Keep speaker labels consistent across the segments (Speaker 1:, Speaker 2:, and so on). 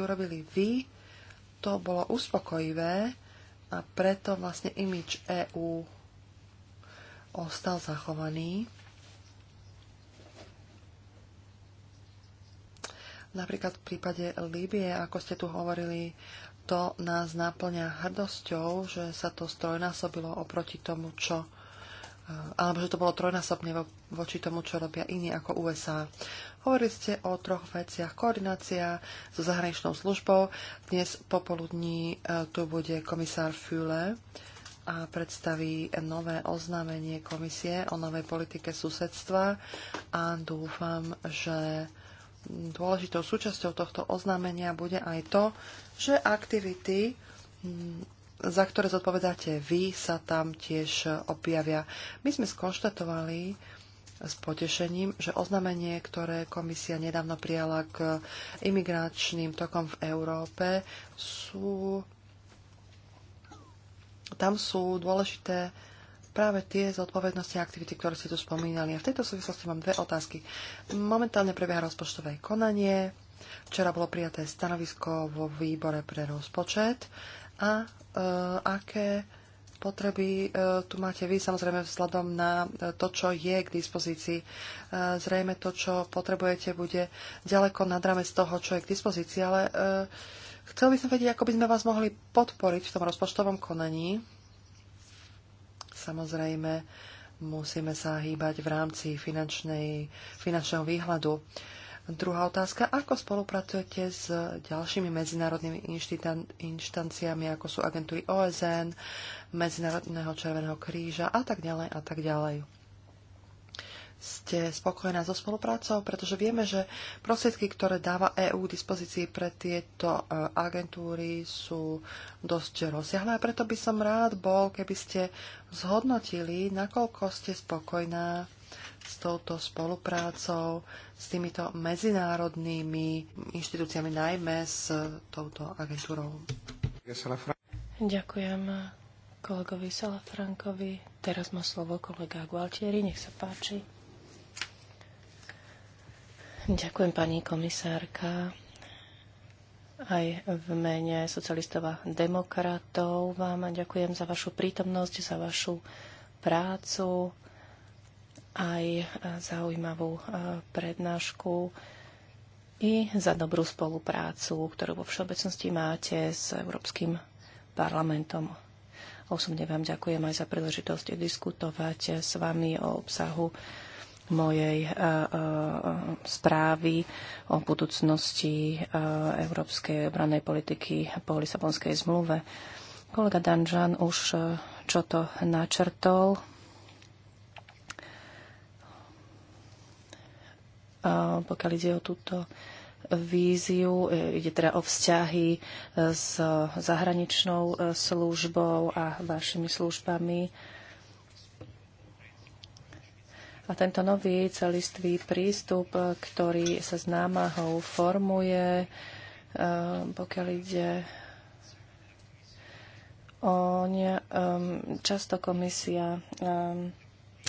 Speaker 1: urobili vy, to bolo uspokojivé a preto vlastne imič EÚ ostal zachovaný. Napríklad v prípade Líbie, ako ste tu hovorili, to nás naplňa hrdosťou, že sa to strojnásobilo oproti tomu, čo Eh, alebo že to bolo trojnásobne vo, voči tomu, čo robia iní ako USA. Hovorili ste o troch veciach. Koordinácia so zahraničnou službou. Dnes popoludní eh, tu bude komisár Füle a predstaví nové oznámenie komisie o novej politike susedstva a dúfam, že dôležitou súčasťou tohto oznámenia bude aj to, že aktivity mm, za ktoré zodpovedáte vy, sa tam tiež objavia. My sme skonštatovali s potešením, že oznamenie, ktoré komisia nedávno prijala k imigračným tokom v Európe, sú... tam sú dôležité práve tie zodpovednosti a aktivity, ktoré ste tu spomínali. A v tejto súvislosti mám dve otázky. Momentálne prebieha rozpočtové konanie. Včera bolo prijaté stanovisko vo výbore pre rozpočet a e, aké potreby e, tu máte vy, samozrejme vzhľadom na e, to, čo je k dispozícii. Zrejme to, čo potrebujete, bude ďaleko nad z toho, čo je k dispozícii, ale chcel by som vedieť, ako by sme vás mohli podporiť v tom rozpočtovom konaní. Samozrejme, musíme sa hýbať v rámci finančnej, finančného výhľadu. Druhá otázka, ako spolupracujete s ďalšími medzinárodnými inštanciami, ako sú agentúry OSN, Medzinárodného červeného kríža a tak ďalej a tak ďalej ste spokojná so spoluprácou, pretože vieme, že prostriedky, ktoré dáva EÚ k dispozícii pre tieto e, agentúry sú dosť rozsiahle a preto by som rád bol, keby ste zhodnotili, nakoľko ste spokojná s touto spoluprácou, s týmito medzinárodnými inštitúciami, najmä s touto agentúrou.
Speaker 2: Ďakujem kolegovi Salafrankovi. Teraz má slovo kolega Gualtieri. Nech sa páči. Ďakujem, pani komisárka. Aj v mene socialistov a demokratov vám ďakujem za vašu prítomnosť, za vašu prácu aj e, zaujímavú e, prednášku i za dobrú spoluprácu, ktorú vo všeobecnosti máte s Európskym parlamentom. Osobne vám ďakujem aj za príležitosť diskutovať s vami o obsahu mojej e, správy o budúcnosti európskej obranej politiky po Lisabonskej zmluve. Kolega Danžan už čo to načrtol. pokiaľ ide o túto víziu, e, ide teda o vzťahy e, s zahraničnou e, službou a vašimi službami. A tento nový celistvý prístup, ktorý sa s námahou formuje, pokiaľ ide ne, často komisia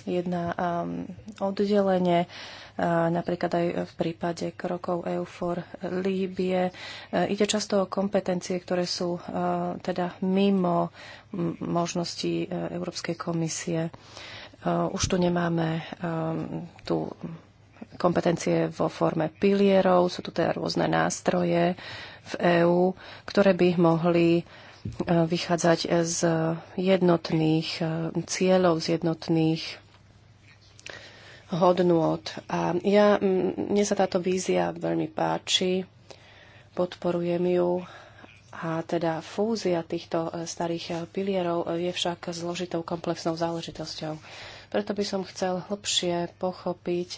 Speaker 2: jedna um, oddelenie, napríklad aj v prípade krokov EUFOR Líbie. E, ide často o kompetencie, ktoré sú e, teda mimo možností e, Európskej komisie. Už tu nemáme tu kompetencie vo forme pilierov, sú tu teda rôzne nástroje v EÚ, ktoré by mohli vychádzať z jednotných cieľov, z jednotných hodnôt. A ja, mne sa táto vízia veľmi páči, podporujem ju. A teda fúzia týchto e, starých e, pilierov e, je však zložitou komplexnou záležitosťou. Preto by som chcel hlbšie pochopiť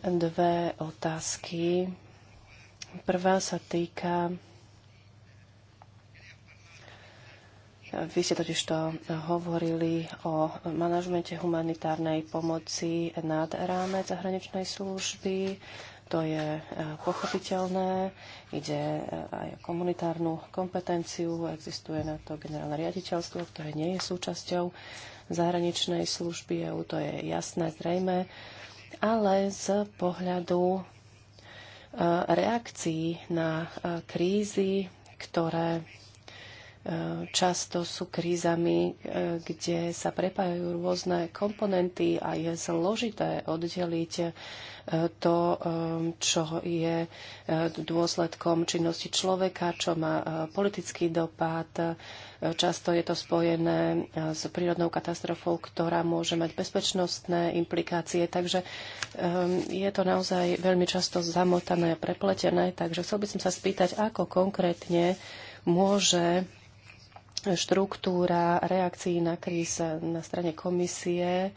Speaker 2: dve otázky. Prvá sa týka Vy ste totiž to hovorili o manažmente humanitárnej pomoci nad rámec zahraničnej služby. To je e, pochopiteľné, ide e, aj o komunitárnu kompetenciu, existuje na to generálne riaditeľstvo, ktoré nie je súčasťou zahraničnej služby EU, to je jasné, zrejme, ale z pohľadu e, reakcií na krízy, ktoré často sú krízami, e, kde sa prepájajú rôzne komponenty a je zložité oddeliť e, to, e, čo je dôsledkom činnosti človeka, čo má politický dopad. Často je to spojené s prírodnou katastrofou, ktorá môže mať bezpečnostné implikácie. Takže je to naozaj veľmi často zamotané a prepletené. Takže chcel by som sa spýtať, ako konkrétne môže štruktúra reakcií na kríz na strane komisie.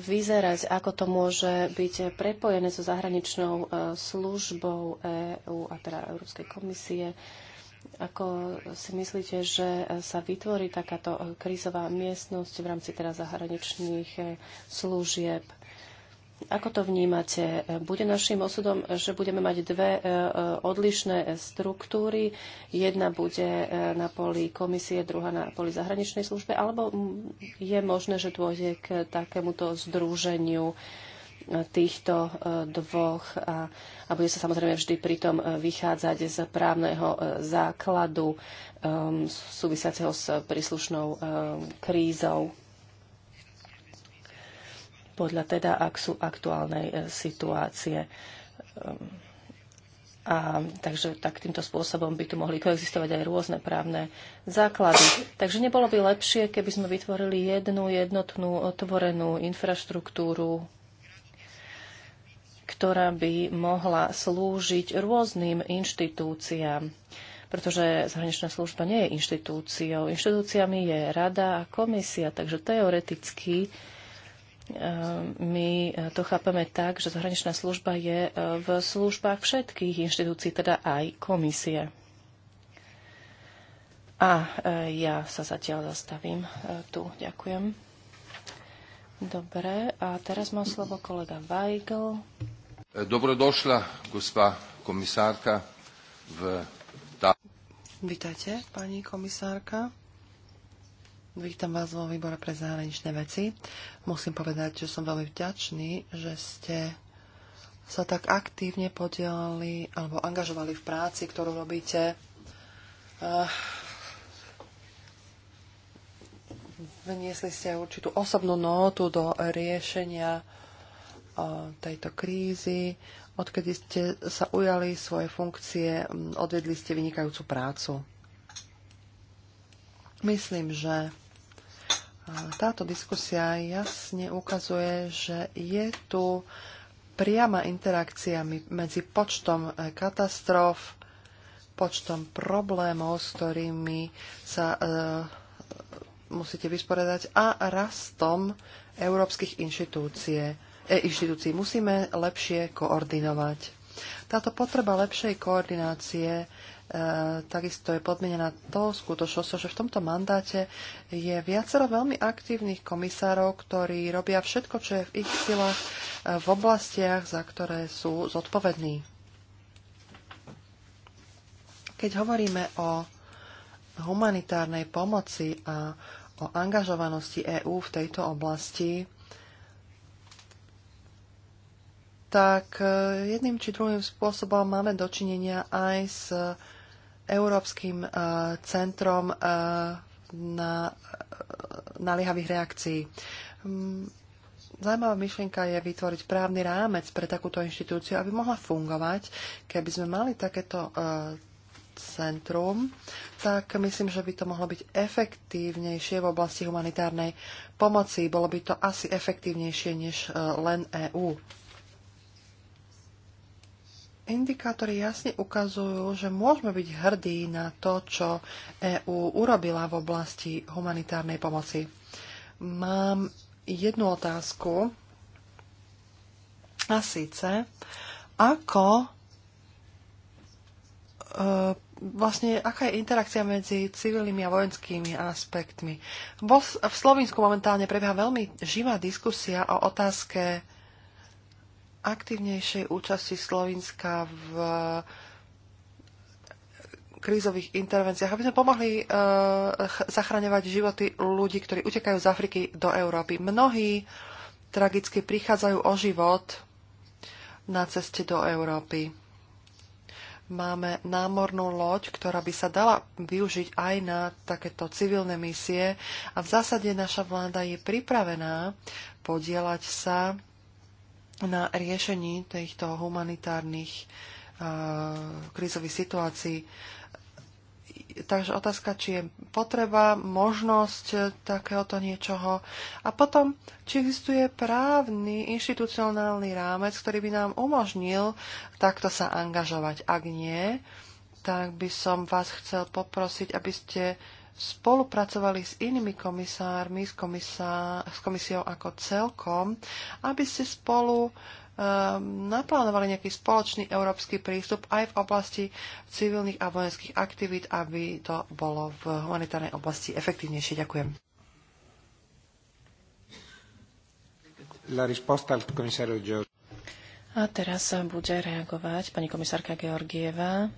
Speaker 2: vyzerať, ako to môže byť prepojené so zahraničnou e, službou EÚ a teda Európskej komisie. Ako si myslíte, že sa vytvorí takáto krízová miestnosť v rámci teda zahraničných e, služieb? Ako to vnímate? Bude našim osudom, že budeme mať dve e, e, odlišné struktúry, Jedna bude e, na poli komisie, druhá na poli zahraničnej službe, alebo je možné, že dôjde k takémuto združeniu týchto dvoch a, a bude sa samozrejme vždy pritom vychádzať z právneho základu um, súvisiaceho s príslušnou um, krízou podľa teda, ak sú aktuálnej e, situácie. Ehm, a, takže tak týmto spôsobom by tu mohli koexistovať aj rôzne právne základy. Takže nebolo by lepšie, keby sme vytvorili jednu jednotnú otvorenú infraštruktúru, ktorá by mohla slúžiť rôznym inštitúciám. Pretože zahraničná služba nie je inštitúciou. Inštitúciami je rada a komisia, takže teoreticky Ehm, my eh, to chápeme tak, že zahraničná služba je eh, v službách všetkých inštitúcií, teda aj komisie. A eh, ja sa zatiaľ zastavím tu. Ďakujem. Dobre, a teraz má slovo kolega Weigl.
Speaker 3: Dobrodošla, gospa komisárka. V
Speaker 1: Vítajte, pani komisárka. Vítam vás vo výbore pre zahraničné veci. Musím povedať, že som veľmi vďačný, že ste sa tak aktívne podielali alebo angažovali v práci, ktorú robíte. Vniesli ste určitú osobnú nótu do riešenia tejto krízy. Odkedy ste sa ujali svoje funkcie, odvedli ste vynikajúcu prácu. Myslím, že táto diskusia jasne ukazuje, že je tu priama interakcia medzi počtom e, katastrof, počtom problémov, s ktorými sa e, musíte vysporiadať a rastom európskych inštitúcie, e, inštitúcií. Musíme lepšie koordinovať. Táto potreba lepšej koordinácie E, takisto je podmienená to skutočnosťou, že v tomto mandáte je viacero veľmi aktívnych komisárov, ktorí robia všetko, čo je v ich silách e, v oblastiach, za ktoré sú zodpovední. Keď hovoríme o humanitárnej pomoci a o angažovanosti EÚ v tejto oblasti, tak e, jedným či druhým spôsobom máme dočinenia aj s Európskym e, centrom e, na e, naliehavých reakcií. Mm, Zajímavá myšlienka je vytvoriť právny rámec pre takúto inštitúciu, aby mohla fungovať. Keby sme mali takéto centrum, tak myslím, že by to mohlo byť efektívnejšie v oblasti humanitárnej pomoci. Bolo by to asi efektívnejšie než len EÚ. Indikátory jasne ukazujú, že môžeme byť hrdí na to, čo EÚ urobila v oblasti humanitárnej pomoci. Mám jednu otázku, a síce, ako e, vlastne, aká je interakcia medzi civilnými a vojenskými aspektmi. v Slovensku momentálne prebieha veľmi živá diskusia o otázke aktívnejšej účasti Slovenska v eh, krízových intervenciách, aby sme pomohli uh, zachraňovať životy ľudí, ktorí utekajú z Afriky do Európy. Mnohí tragicky prichádzajú o život na ceste do Európy. Máme námornú loď, ktorá by sa dala využiť aj na takéto civilné misie a v zásade naša vláda je pripravená podielať sa na riešení týchto humanitárnych uh, krízových situácií. Takže otázka, či je potreba, možnosť eh, takéhoto niečoho a potom, či existuje právny inštitucionálny rámec, ktorý by nám umožnil takto sa angažovať. Ak nie, tak by som vás chcel poprosiť, aby ste uh, spolupracovali s inými komisármi, s, komisá, s komisiou ako celkom, aby ste spolu ehm, naplánovali nejaký spoločný európsky prístup aj v oblasti civilných a vojenských aktivít, aby to bolo v humanitárnej oblasti efektívnejšie. Ďakujem. A teraz sa bude reagovať
Speaker 2: pani komisárka Georgieva.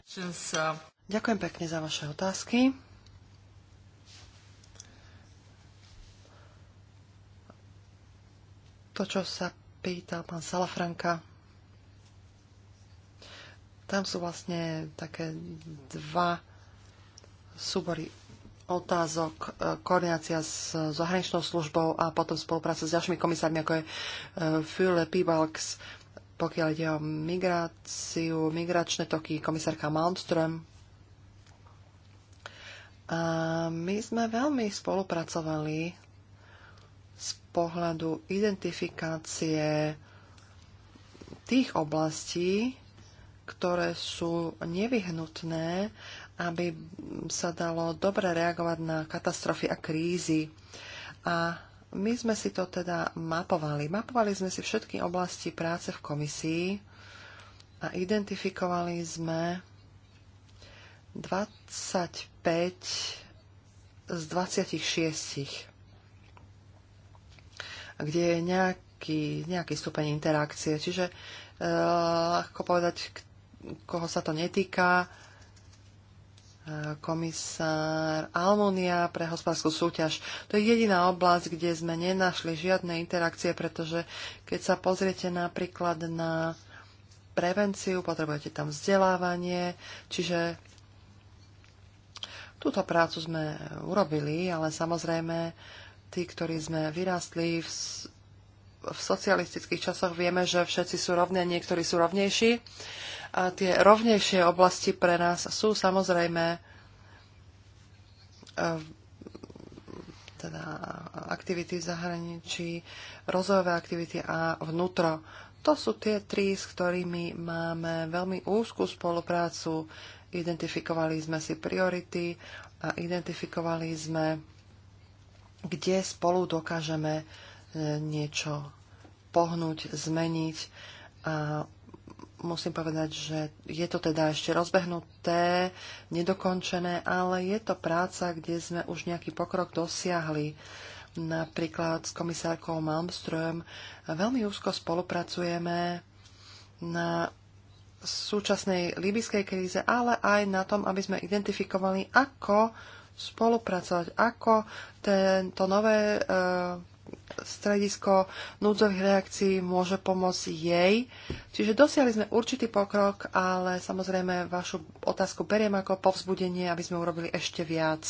Speaker 2: Ďakujem pekne za vaše otázky.
Speaker 1: to, čo sa pýtal pán Salafranka, tam sú vlastne také dva súbory otázok, e, koordinácia s zahraničnou službou a potom spolupráca s ďalšími komisármi, ako je e, Füle, Pibalks, pokiaľ ide o migráciu, migračné toky, komisárka Malmström. A my sme veľmi spolupracovali z pohľadu identifikácie tých oblastí, ktoré sú nevyhnutné, aby sa dalo dobre reagovať na katastrofy a krízy. A my sme si to teda mapovali. Mapovali sme si všetky oblasti práce v komisii a identifikovali sme 25 z 26 kde je nejaký, nejaký stupeň interakcie. Čiže e, eh, ľahko povedať, koho sa to netýka. Eh, komisár Almonia pre hospodárskú súťaž. To je jediná oblasť, kde sme nenašli žiadne interakcie, pretože keď sa pozriete napríklad na prevenciu, potrebujete tam vzdelávanie, čiže túto prácu sme urobili, ale samozrejme tí, ktorí sme vyrástli v, v socialistických časoch, vieme, že všetci sú rovne, a niektorí sú rovnejší. A tie rovnejšie oblasti pre nás sú samozrejme e, teda aktivity v zahraničí, rozvojové aktivity a vnútro. To sú tie tri, s ktorými máme veľmi úzkú spoluprácu. Identifikovali sme si priority a identifikovali sme kde spolu dokážeme e, niečo pohnúť, zmeniť. A musím povedať, že je to teda ešte rozbehnuté, nedokončené, ale je to práca, kde sme už nejaký pokrok dosiahli. Napríklad s komisárkou Malmström veľmi úzko spolupracujeme na súčasnej líbyskej kríze, ale aj na tom, aby sme identifikovali, ako spolupracovať, ako tento nové e, stredisko núdzových reakcií môže pomôcť jej. Čiže dosiahli sme určitý pokrok, ale samozrejme vašu otázku beriem ako povzbudenie, aby sme urobili ešte viac.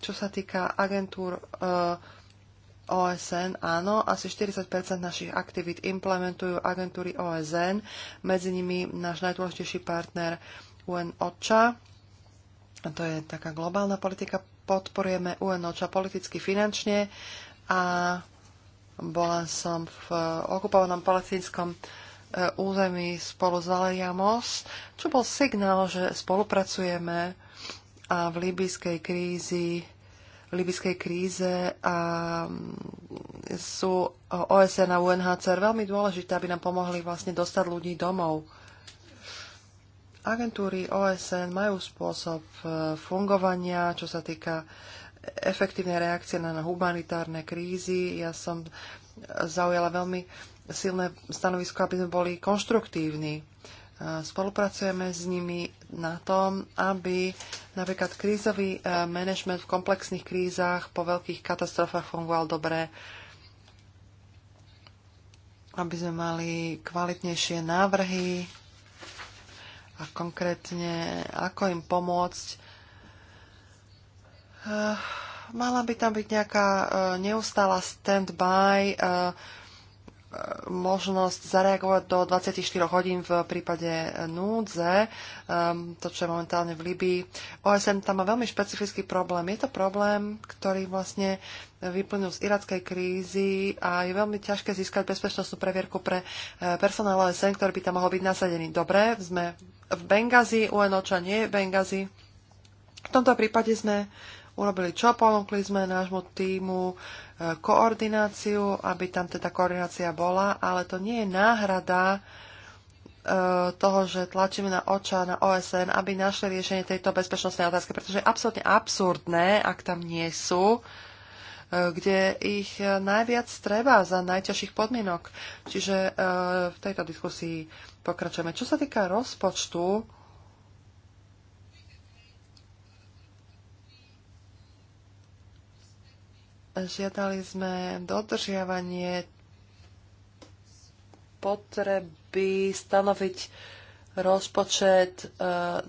Speaker 1: Čo sa týka agentúr e, OSN, áno, asi 40 našich aktivít implementujú agentúry OSN, medzi nimi náš najdôležitejší partner UN OCHA, to je taká globálna politika. Podporujeme UNOČa politicky, finančne a bola som v okupovanom palestínskom e, území spolu s Valeriamos, čo bol signál, že spolupracujeme a v libyskej krízi libyskej kríze a mm, sú OSN a UNHCR veľmi dôležité, aby nám pomohli vlastne dostať ľudí domov. Agentúry OSN majú spôsob e, fungovania, čo sa týka efektívnej reakcie na humanitárne krízy. Ja som zaujala veľmi silné stanovisko, aby sme boli konštruktívni. E, spolupracujeme s nimi na tom, aby napríklad krízový e, manažment v komplexných krízach po veľkých katastrofách fungoval dobre, aby sme mali kvalitnejšie návrhy, a konkrétne ako im pomôcť. Eh, mala by tam byť nejaká eh, neustála stand-by, eh, možnosť zareagovať do 24 hodín v prípade núdze, to čo je momentálne v Libii. OSN tam má veľmi špecifický problém. Je to problém, ktorý vlastne vyplynul z irackej krízy a je veľmi ťažké získať bezpečnostnú previerku pre personál OSN, ktorý by tam mohol byť nasadený. Dobre, sme v Bengazi, UNOČA nie je v Bengazi. V tomto prípade sme urobili čo? Ponúkli sme nášmu týmu e, koordináciu, aby tam teda koordinácia bola, ale to nie je náhrada e, toho, že tlačíme na oča, na OSN, aby našli riešenie tejto bezpečnostnej otázky, pretože je absolútne absurdné, ak tam nie sú, e, kde ich najviac treba za najťažších podmienok. Čiže v tejto diskusii Pokračujeme. Čo sa týka rozpočtu, žiadali sme dodržiavanie potreby stanoviť rozpočet e,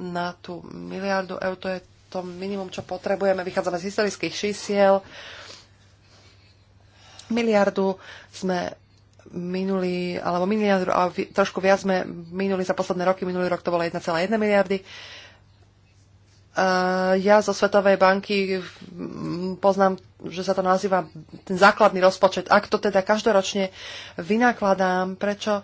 Speaker 1: na tú miliardu eur. To je to minimum, čo potrebujeme. Vychádzame z historických čísiel. Miliardu sme minulý, alebo minulý, a trošku viac sme minuli za posledné roky, minulý rok to bolo 1,1 miliardy. Ja zo Svetovej banky poznám, že sa to nazýva ten základný rozpočet. Ak to teda každoročne vynakladám, prečo e,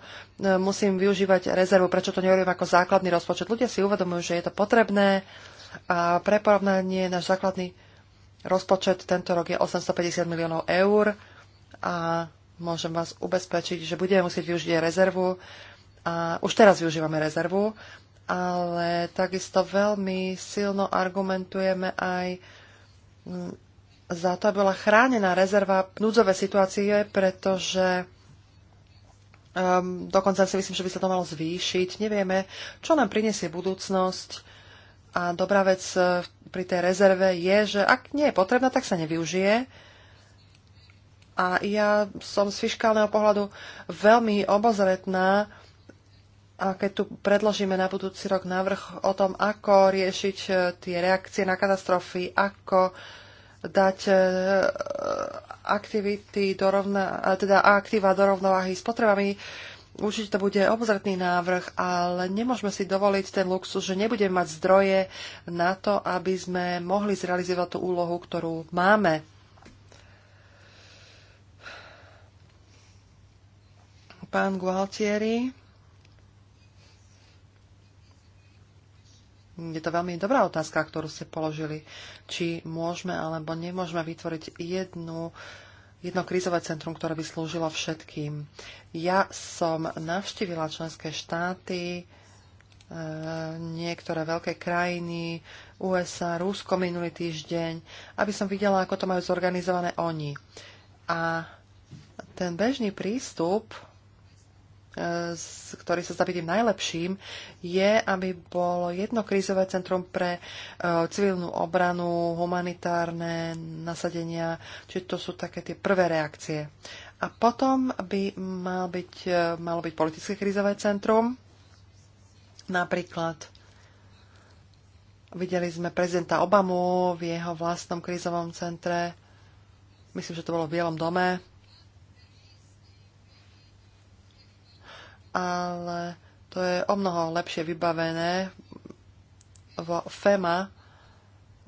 Speaker 1: musím využívať rezervu, prečo to neurobím ako základný rozpočet. Ľudia si uvedomujú, že je to potrebné a pre porovnanie náš základný rozpočet tento rok je 850 miliónov eur a môžem vás ubezpečiť, že budeme musieť využiť rezervu. A už teraz využívame rezervu, ale takisto veľmi silno argumentujeme aj mm, za to, aby bola chránená rezerva núdzové situácie, pretože um, dokonca si myslím, že by sa to malo zvýšiť. Nevieme, čo nám prinesie budúcnosť. A dobrá vec eh, pri tej rezerve je, že ak nie je potrebná, tak sa nevyužije a ja som z fiškálneho pohľadu veľmi obozretná, a keď tu predložíme na budúci rok návrh o tom, ako riešiť e, tie reakcie na katastrofy, ako dať e, aktivity dorovna, teda aktíva do rovnováhy s potrebami, určite to bude obozretný návrh, ale nemôžeme si dovoliť ten luxus, že nebudeme mať zdroje na to, aby sme mohli zrealizovať tú úlohu, ktorú máme. Pán Gualtieri. Je to veľmi dobrá otázka, ktorú ste položili. Či môžeme alebo nemôžeme vytvoriť jednu jedno krízové centrum, ktoré by slúžilo všetkým. Ja som navštívila členské štáty, e, niektoré veľké krajiny, USA, Rusko minulý týždeň, aby som videla, ako to majú zorganizované oni. A ten bežný prístup ktorý sa zdá byť tým najlepším, je, aby bolo jedno krízové centrum pre e, civilnú obranu, humanitárne nasadenia, čiže to sú také tie prvé reakcie. A potom by mal byť, e, malo byť politické krízové centrum, napríklad Videli sme prezidenta Obamu v jeho vlastnom krízovom centre. Myslím, že to bolo v Bielom dome ale to je o mnoho lepšie vybavené. Vo FEMA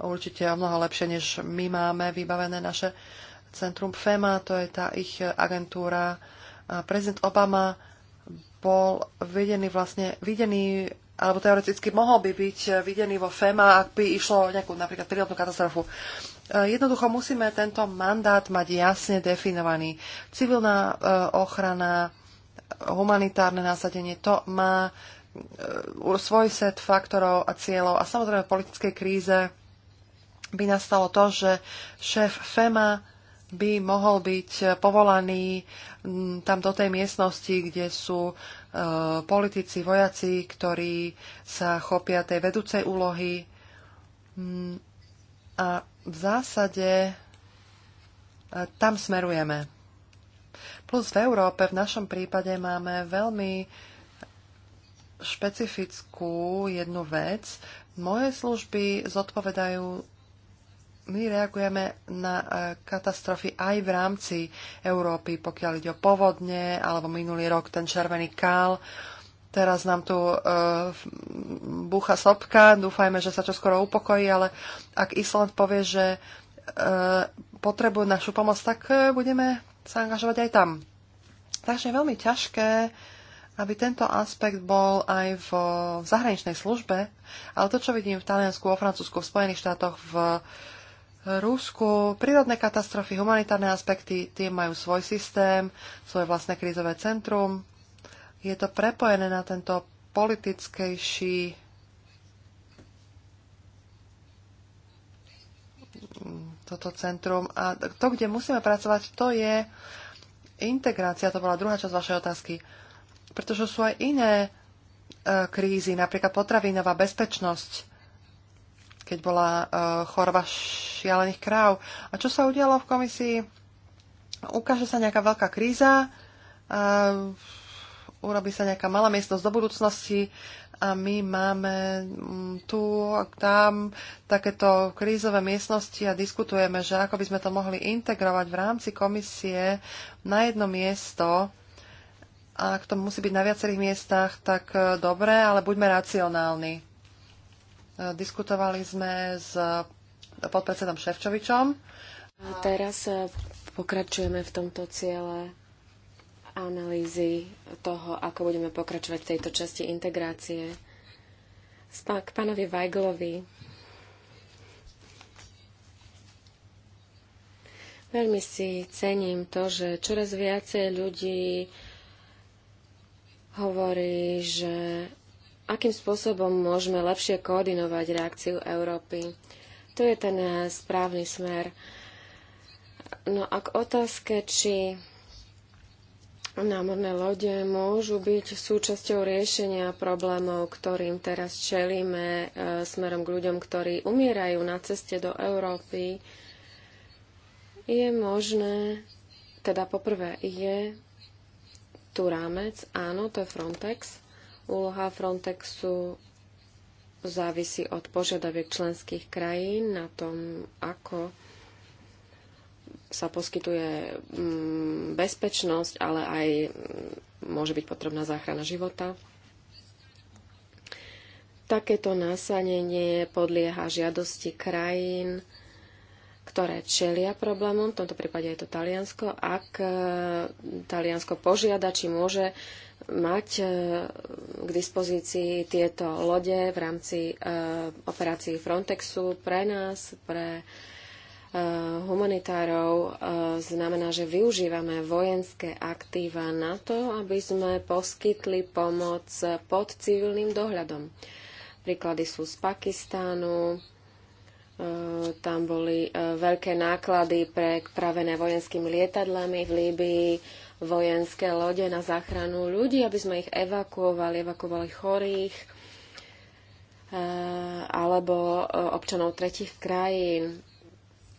Speaker 1: určite o mnoho lepšie, než my máme vybavené naše centrum FEMA, to je tá ich agentúra. A prezident Obama bol videný vlastne, videný, alebo teoreticky mohol by byť videný vo FEMA, ak by išlo o nejakú napríklad prírodnú katastrofu. E, jednoducho musíme tento mandát mať jasne definovaný. Civilná e, ochrana, humanitárne násadenie, to má e, svoj set faktorov a cieľov a samozrejme v politickej kríze by nastalo to, že šéf FEMA by mohol byť povolaný tam do tej miestnosti, kde sú e, politici, vojaci, ktorí sa chopia tej vedúcej úlohy. A v zásade e, tam smerujeme. Plus v Európe v našom prípade máme veľmi špecifickú jednu vec. Moje služby zodpovedajú my reagujeme na e, katastrofy aj v rámci Európy, pokiaľ ide o povodne, alebo minulý rok ten červený kál. Teraz nám tu uh, búcha sopka, dúfajme, že sa to skoro upokojí, ale ak Island povie, že uh, potrebujú našu pomoc, tak budeme sa angažovať aj tam. Takže je veľmi ťažké, aby tento aspekt bol aj v, zahraničnej službe, ale to, čo vidím v Taliansku, vo Francúzsku, v Spojených štátoch, v Rusku, prírodné katastrofy, humanitárne aspekty, tie majú svoj systém, svoje vlastné krízové centrum. Je to prepojené na tento politickejší toto centrum. A to, kde musíme pracovať, to je integrácia. To bola druhá časť vašej otázky. Pretože sú aj iné e, krízy, napríklad potravinová bezpečnosť, keď bola e, choroba šialených kráv. A čo sa udialo v komisii? Ukáže sa nejaká veľká kríza, urobí sa nejaká malá miestnosť do budúcnosti, a my máme mm, tu a tam takéto krízové miestnosti a diskutujeme, že ako by sme to mohli integrovať v rámci komisie na jedno miesto. A ak to musí byť na viacerých miestach, tak e, dobre, ale buďme racionálni. E, diskutovali sme s podpredsedom Ševčovičom. A teraz e, pokračujeme v tomto ciele
Speaker 3: analýzy toho, ako budeme pokračovať v tejto časti integrácie. K pánovi Weiglovi. Veľmi si cením to, že čoraz viacej ľudí hovorí, že akým spôsobom môžeme lepšie koordinovať reakciu Európy. To je ten správny smer. No a k otázke, či Námorné lode môžu byť súčasťou riešenia problémov, ktorým teraz čelíme e, smerom k ľuďom, ktorí umierajú na ceste do Európy. Je možné, teda poprvé je tu rámec, áno, to je Frontex. Úloha Frontexu závisí od požiadaviek členských krajín na tom, ako sa poskytuje mm, bezpečnosť, ale aj mm, môže byť potrebná záchrana života. Takéto nasanenie podlieha žiadosti krajín, ktoré čelia problémom, v tomto prípade je to Taliansko, ak e, Taliansko požiada, či môže mať e, k dispozícii tieto lode v rámci e, operácií Frontexu pre nás, pre uh, Eh, humanitárov eh, znamená, že využívame vojenské aktíva na to, aby sme poskytli pomoc pod civilným dohľadom. Príklady sú z Pakistánu, eh, tam boli veľké náklady prepravené vojenskými lietadlami v Líbii, vojenské lode na záchranu ľudí, aby sme ich evakuovali, evakuovali chorých alebo občanov tretich krajín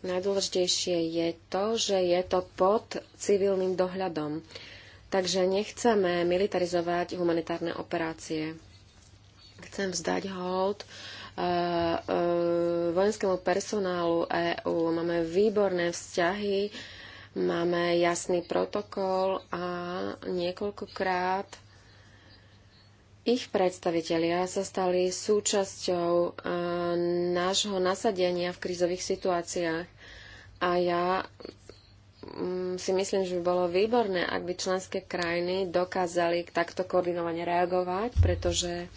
Speaker 3: Najdôležitejšie je to, že je to pod civilným dohľadom. Takže nechceme militarizovať humanitárne operácie. Chcem vzdať hold e, e, vojenskému personálu EÚ. Máme výborné vzťahy, máme jasný protokol a niekoľkokrát ich predstavitelia sa stali súčasťou e, nášho nasadenia v krízových situáciách. A ja mm, si myslím, že by bolo výborné, ak by členské krajiny dokázali takto koordinovane reagovať, pretože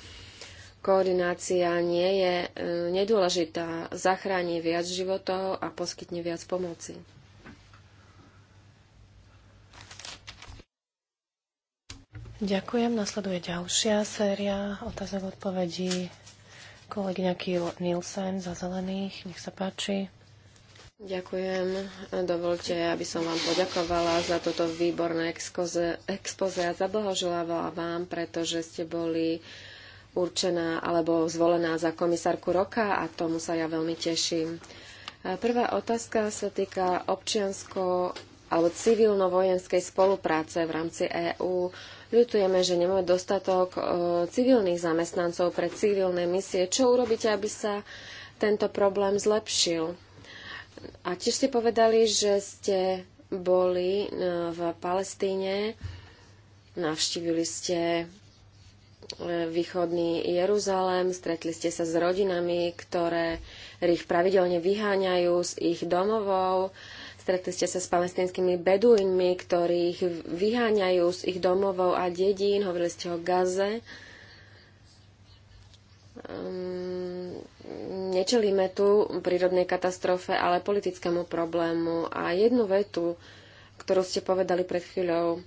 Speaker 3: koordinácia nie je e, nedôležitá. Zachráni viac životov a
Speaker 2: poskytne viac pomoci. Ďakujem. Nasleduje ďalšia séria otázok odpovedí kolegyňa Kiel Nielsen za zelených. Nech sa páči.
Speaker 3: Ďakujem. Dovolte, aby som vám poďakovala za toto výborné expoze, a zablahoželala vám, pretože ste boli určená alebo zvolená za komisárku roka a tomu sa ja veľmi teším. Prvá otázka sa týka občiansko alebo civilno-vojenskej spolupráce v rámci EÚ. Ľutujeme, že nemáme dostatok e, civilných zamestnancov pre civilné misie. Čo urobíte, aby sa tento problém zlepšil? A tiež ste povedali, že ste boli e, v Palestíne, navštívili ste e, východný Jeruzalém, stretli ste sa s rodinami, ktoré ich pravidelne vyháňajú z ich domovov Stretli ste sa s palestinskými beduínmi, ktorých vyháňajú z ich domovov a dedín. Hovorili ste o Gaze. Um, nečelíme tu prírodnej katastrofe, ale politickému problému. A jednu vetu, ktorú ste povedali pred chvíľou,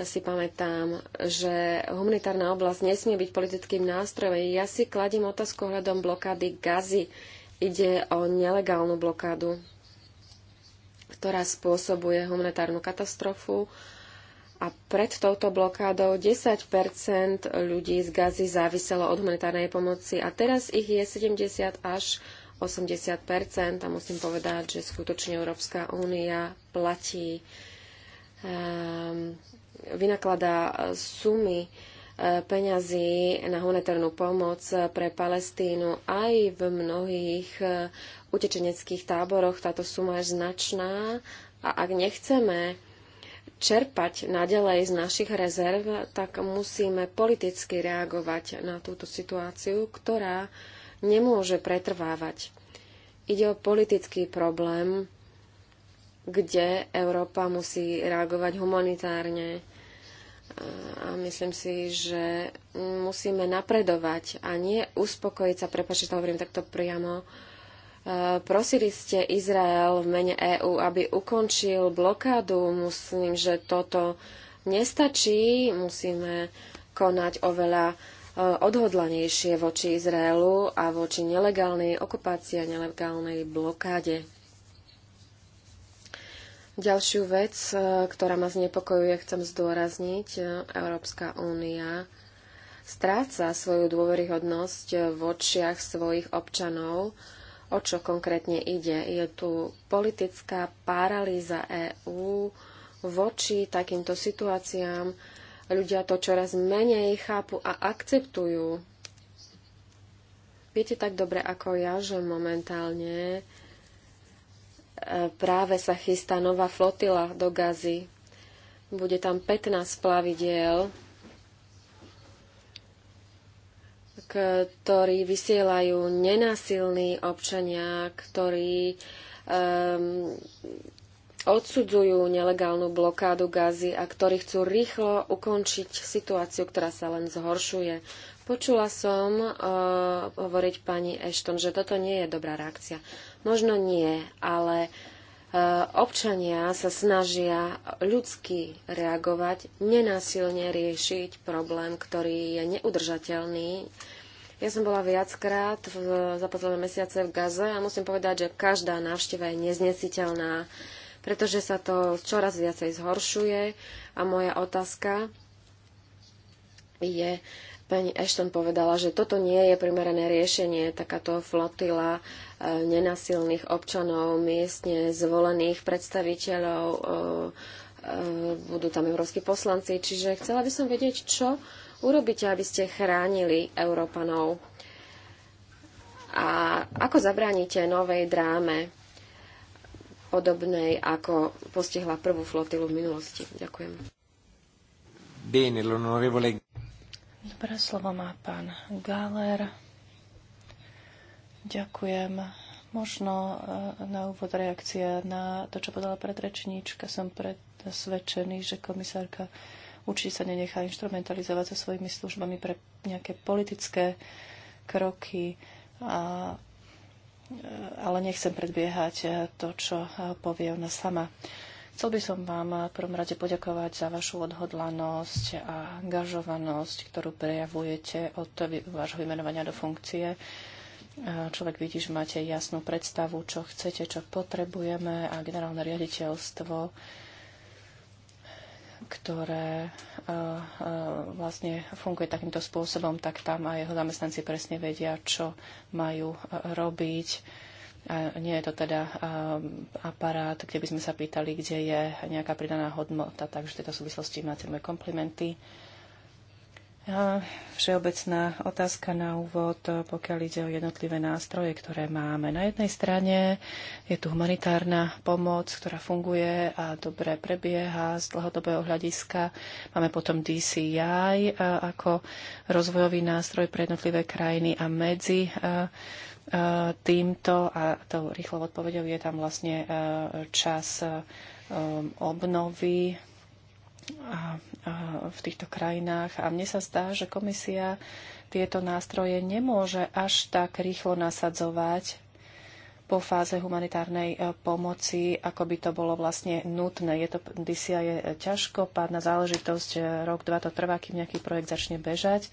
Speaker 3: si pamätám, že humanitárna oblasť nesmie byť politickým nástrojom. Ja si kladím otázku ohľadom blokády Gazy. Ide o nelegálnu blokádu ktorá spôsobuje humanitárnu katastrofu a pred touto blokádou 10 ľudí z Gazy záviselo od humanitárnej pomoci a teraz ich je 70 až 80 a musím povedať, že skutočne Európska únia platí, um, ehm, vynakladá sumy peňazí na humanitárnu pomoc pre Palestínu aj v mnohých e, utečeneckých táboroch. Táto suma je značná a ak nechceme čerpať naďalej z našich rezerv, tak musíme politicky reagovať na túto situáciu, ktorá nemôže pretrvávať. Ide o politický problém, kde Európa musí reagovať humanitárne a myslím si, že musíme napredovať a nie uspokojiť sa, prepáčte, to hovorím takto priamo, e, Prosili ste Izrael v mene EÚ, aby ukončil blokádu. Myslím, že toto nestačí. Musíme konať oveľa e, odhodlanejšie voči Izraelu a voči nelegálnej okupácii a nelegálnej blokáde. Ďalšiu vec, e, ktorá ma znepokojuje, chcem zdôrazniť. E, Európska únia stráca svoju dôveryhodnosť v očiach svojich občanov. O čo konkrétne ide? Je tu politická paralýza EÚ voči takýmto situáciám. Ľudia to čoraz menej chápu a akceptujú. Viete tak dobre ako ja, že momentálne práve sa chystá nová flotila do Gazy. Bude tam 15 plavidiel, ktorí vysielajú nenásilní občania, ktorí um, odsudzujú nelegálnu blokádu Gazy a ktorí chcú rýchlo ukončiť situáciu, ktorá sa len zhoršuje. Počula som uh, hovoriť pani Ashton, že toto nie je dobrá reakcia. Možno nie, ale uh, občania sa snažia ľudsky reagovať, nenásilne riešiť problém, ktorý je neudržateľný. Ja som bola viackrát v, za posledné mesiace v Gaze a musím povedať, že každá návšteva je neznesiteľná, pretože sa to čoraz viacej zhoršuje a moja otázka je, uh, Pani Ashton povedala, že toto nie je primerané riešenie, takáto flotila e, nenasilných občanov, miestne zvolených predstaviteľov, e, e, budú tam európsky poslanci. Čiže chcela by som vedieť, čo urobíte, aby ste chránili Európanov a ako zabránite novej dráme podobnej, ako postihla prvú flotilu v minulosti. Ďakujem.
Speaker 1: Bene, l'onorevole
Speaker 2: Dobré slovo má pán Galer. Ďakujem. Možno eh, na úvod reakcia na to, čo podala predrečníčka. Som presvedčený, že komisárka určite sa nenechá instrumentalizovať so svojimi službami pre nejaké politické kroky, a, eh, ale nechcem predbiehať eh, to, čo povie ona sama. Chcel by som vám v prvom rade poďakovať za vašu odhodlanosť a angažovanosť, ktorú prejavujete od vášho vymenovania do funkcie. Človek vidí, že máte jasnú predstavu, čo chcete, čo potrebujeme a generálne riaditeľstvo ktoré vlastne funguje takýmto spôsobom, tak tam aj jeho zamestnanci presne vedia, čo majú robiť nie je to teda aparát, kde by sme sa pýtali, kde je nejaká pridaná hodnota, takže v tejto súvislosti máte moje komplimenty. Uh, všeobecná otázka na úvod, pokiaľ ide o jednotlivé nástroje, ktoré máme. Na jednej strane je tu humanitárna pomoc, ktorá funguje a dobre prebieha z dlhodobého hľadiska. Máme potom DCI ako rozvojový nástroj pre jednotlivé krajiny a medzi týmto a tou rýchlou odpovedou je tam vlastne e, čas e, obnovy v týchto krajinách. A mne sa zdá, že komisia tieto nástroje nemôže až tak rýchlo nasadzovať po fáze humanitárnej e, pomoci, ako by to bolo vlastne nutné. Je to, DCI je ťažko, pádna záležitosť, rok, dva to trvá, kým nejaký projekt začne bežať.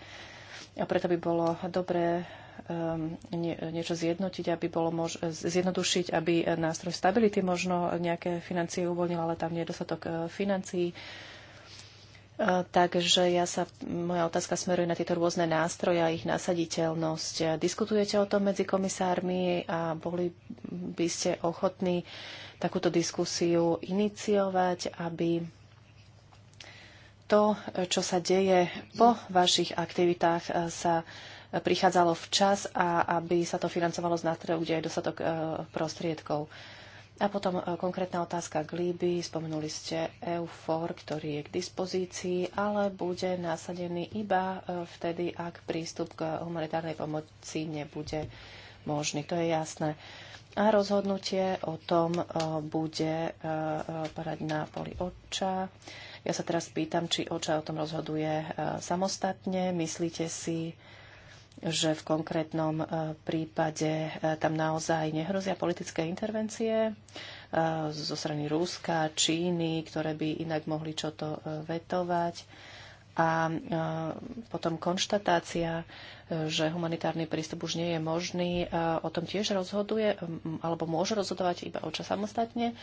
Speaker 2: A preto by bolo dobré Um, niečo zjednotiť, aby bolo mož- zjednodušiť, aby nástroj stability možno nejaké financie uvoľnil, ale tam nie je dostatok uh, financií. Uh, takže ja sa, moja otázka smeruje na tieto rôzne nástroje a ich nasaditeľnosť. Diskutujete o tom medzi komisármi a boli by ste ochotní takúto diskusiu iniciovať, aby to, čo sa deje po vašich aktivitách, uh, sa prichádzalo včas a aby sa to financovalo z nástrojov, kde je dostatok e, prostriedkov. A potom e, konkrétna otázka k Líby. Spomenuli ste EUFOR, ktorý je k dispozícii, ale bude násadený iba e, vtedy, ak prístup k humanitárnej pomoci nebude možný. To je jasné. A rozhodnutie o tom bude padať na poli oča. Ja sa teraz pýtam, či oča o tom rozhoduje samostatne. Myslíte si, že v konkrétnom e, prípade e, tam naozaj nehrozia politické intervencie e, zo strany Ruska, Číny, ktoré by inak mohli čo to vetovať. A potom konštatácia, že humanitárny prístup už nie je možný, o tom tiež rozhoduje, alebo môže rozhodovať iba oča samostatne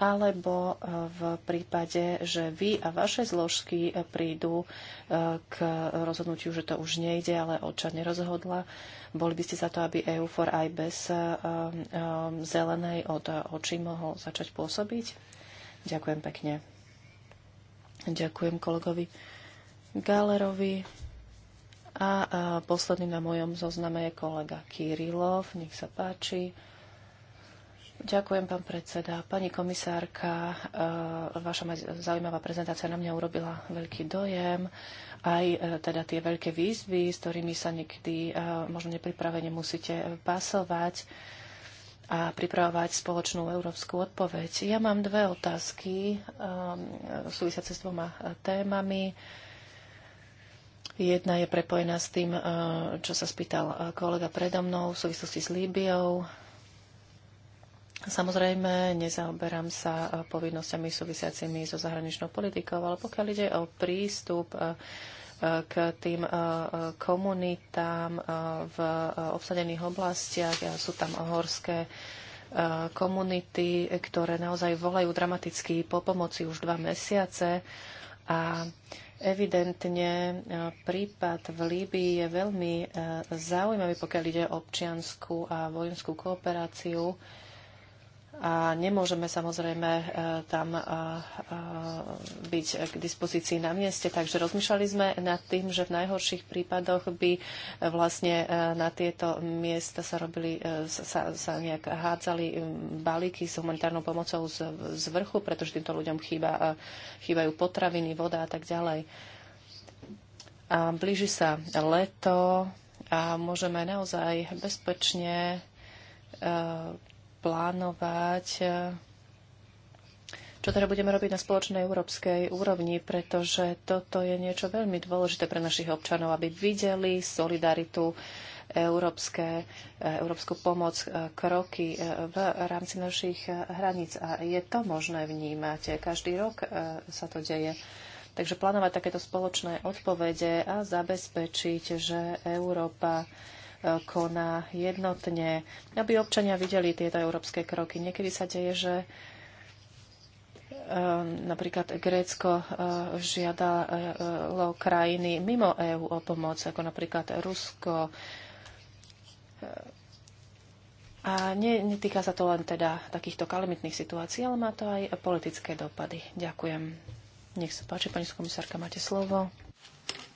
Speaker 2: alebo e, v prípade, že vy a vaše zložky e, prídu e, k rozhodnutiu, že to už nejde, ale oča nerozhodla, boli by ste za to, aby EU for aj bez zelenej od očí mohol začať pôsobiť? Ďakujem pekne. Ďakujem kolegovi Galerovi. A, a posledný na mojom zozname je kolega Kirilov. Nech sa páči. Ďakujem, pán predseda. Pani komisárka, eh, vaša zaujímavá prezentácia na mňa urobila veľký dojem. Aj eh, teda tie veľké výzvy, s ktorými sa niekedy eh, možno nepripravene musíte pasovať a pripravovať spoločnú európsku odpoveď. Ja mám dve otázky súvisiace s dvoma témami. Jedna je prepojená s tým, čo sa spýtal kolega predo mnou v súvislosti s Líbiou Samozrejme, nezaoberám sa e, povinnosťami súvisiacimi so zahraničnou politikou, ale pokiaľ ide o prístup e, e, k tým komunitám v obsadených oblastiach, sú tam horské komunity, ktoré naozaj volajú dramaticky po pomoci už dva mesiace a Evidentne prípad v Líbii je veľmi zaujímavý, pokiaľ ide o občianskú a vojenskú kooperáciu a nemôžeme samozrejme e, tam e, e, byť k dispozícii na mieste. Takže rozmýšľali sme nad tým, že v najhorších prípadoch by vlastne na tieto miesta sa robili, sa, sa nejak hádzali balíky s humanitárnou pomocou z, z vrchu, pretože týmto ľuďom chýba, chýbajú potraviny, voda a tak ďalej. A blíži sa leto a môžeme naozaj bezpečne plánovať, e, čo teda budeme robiť na spoločnej európskej úrovni, pretože toto je niečo veľmi dôležité pre našich občanov, aby videli solidaritu, európske, e, európsku pomoc, e, kroky v rámci našich hraníc. A je to možné vnímať. Každý rok sa to deje. Takže plánovať takéto spoločné odpovede a zabezpečiť, že Európa koná jednotne, aby občania videli tieto európske kroky. Niekedy sa deje, že eh, napríklad Grécko eh, žiadalo eh, krajiny mimo EÚ o pomoc, ako napríklad Rusko. A netýka sa to len teda takýchto kalamitných situácií, ale má to aj politické dopady. Ďakujem. Nech sa páči, pani komisárka, máte slovo.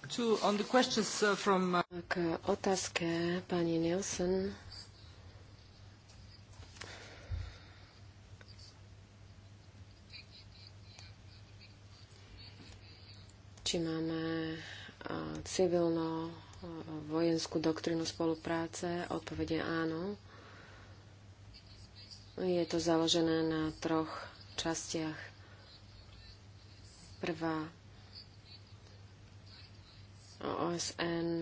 Speaker 2: Uh,
Speaker 3: uh, K otázke pani Nielsen. Či máme uh, civilno vojenskú doktrínu spolupráce? Odpovede áno. Je to založené na troch častiach. Prvá OSN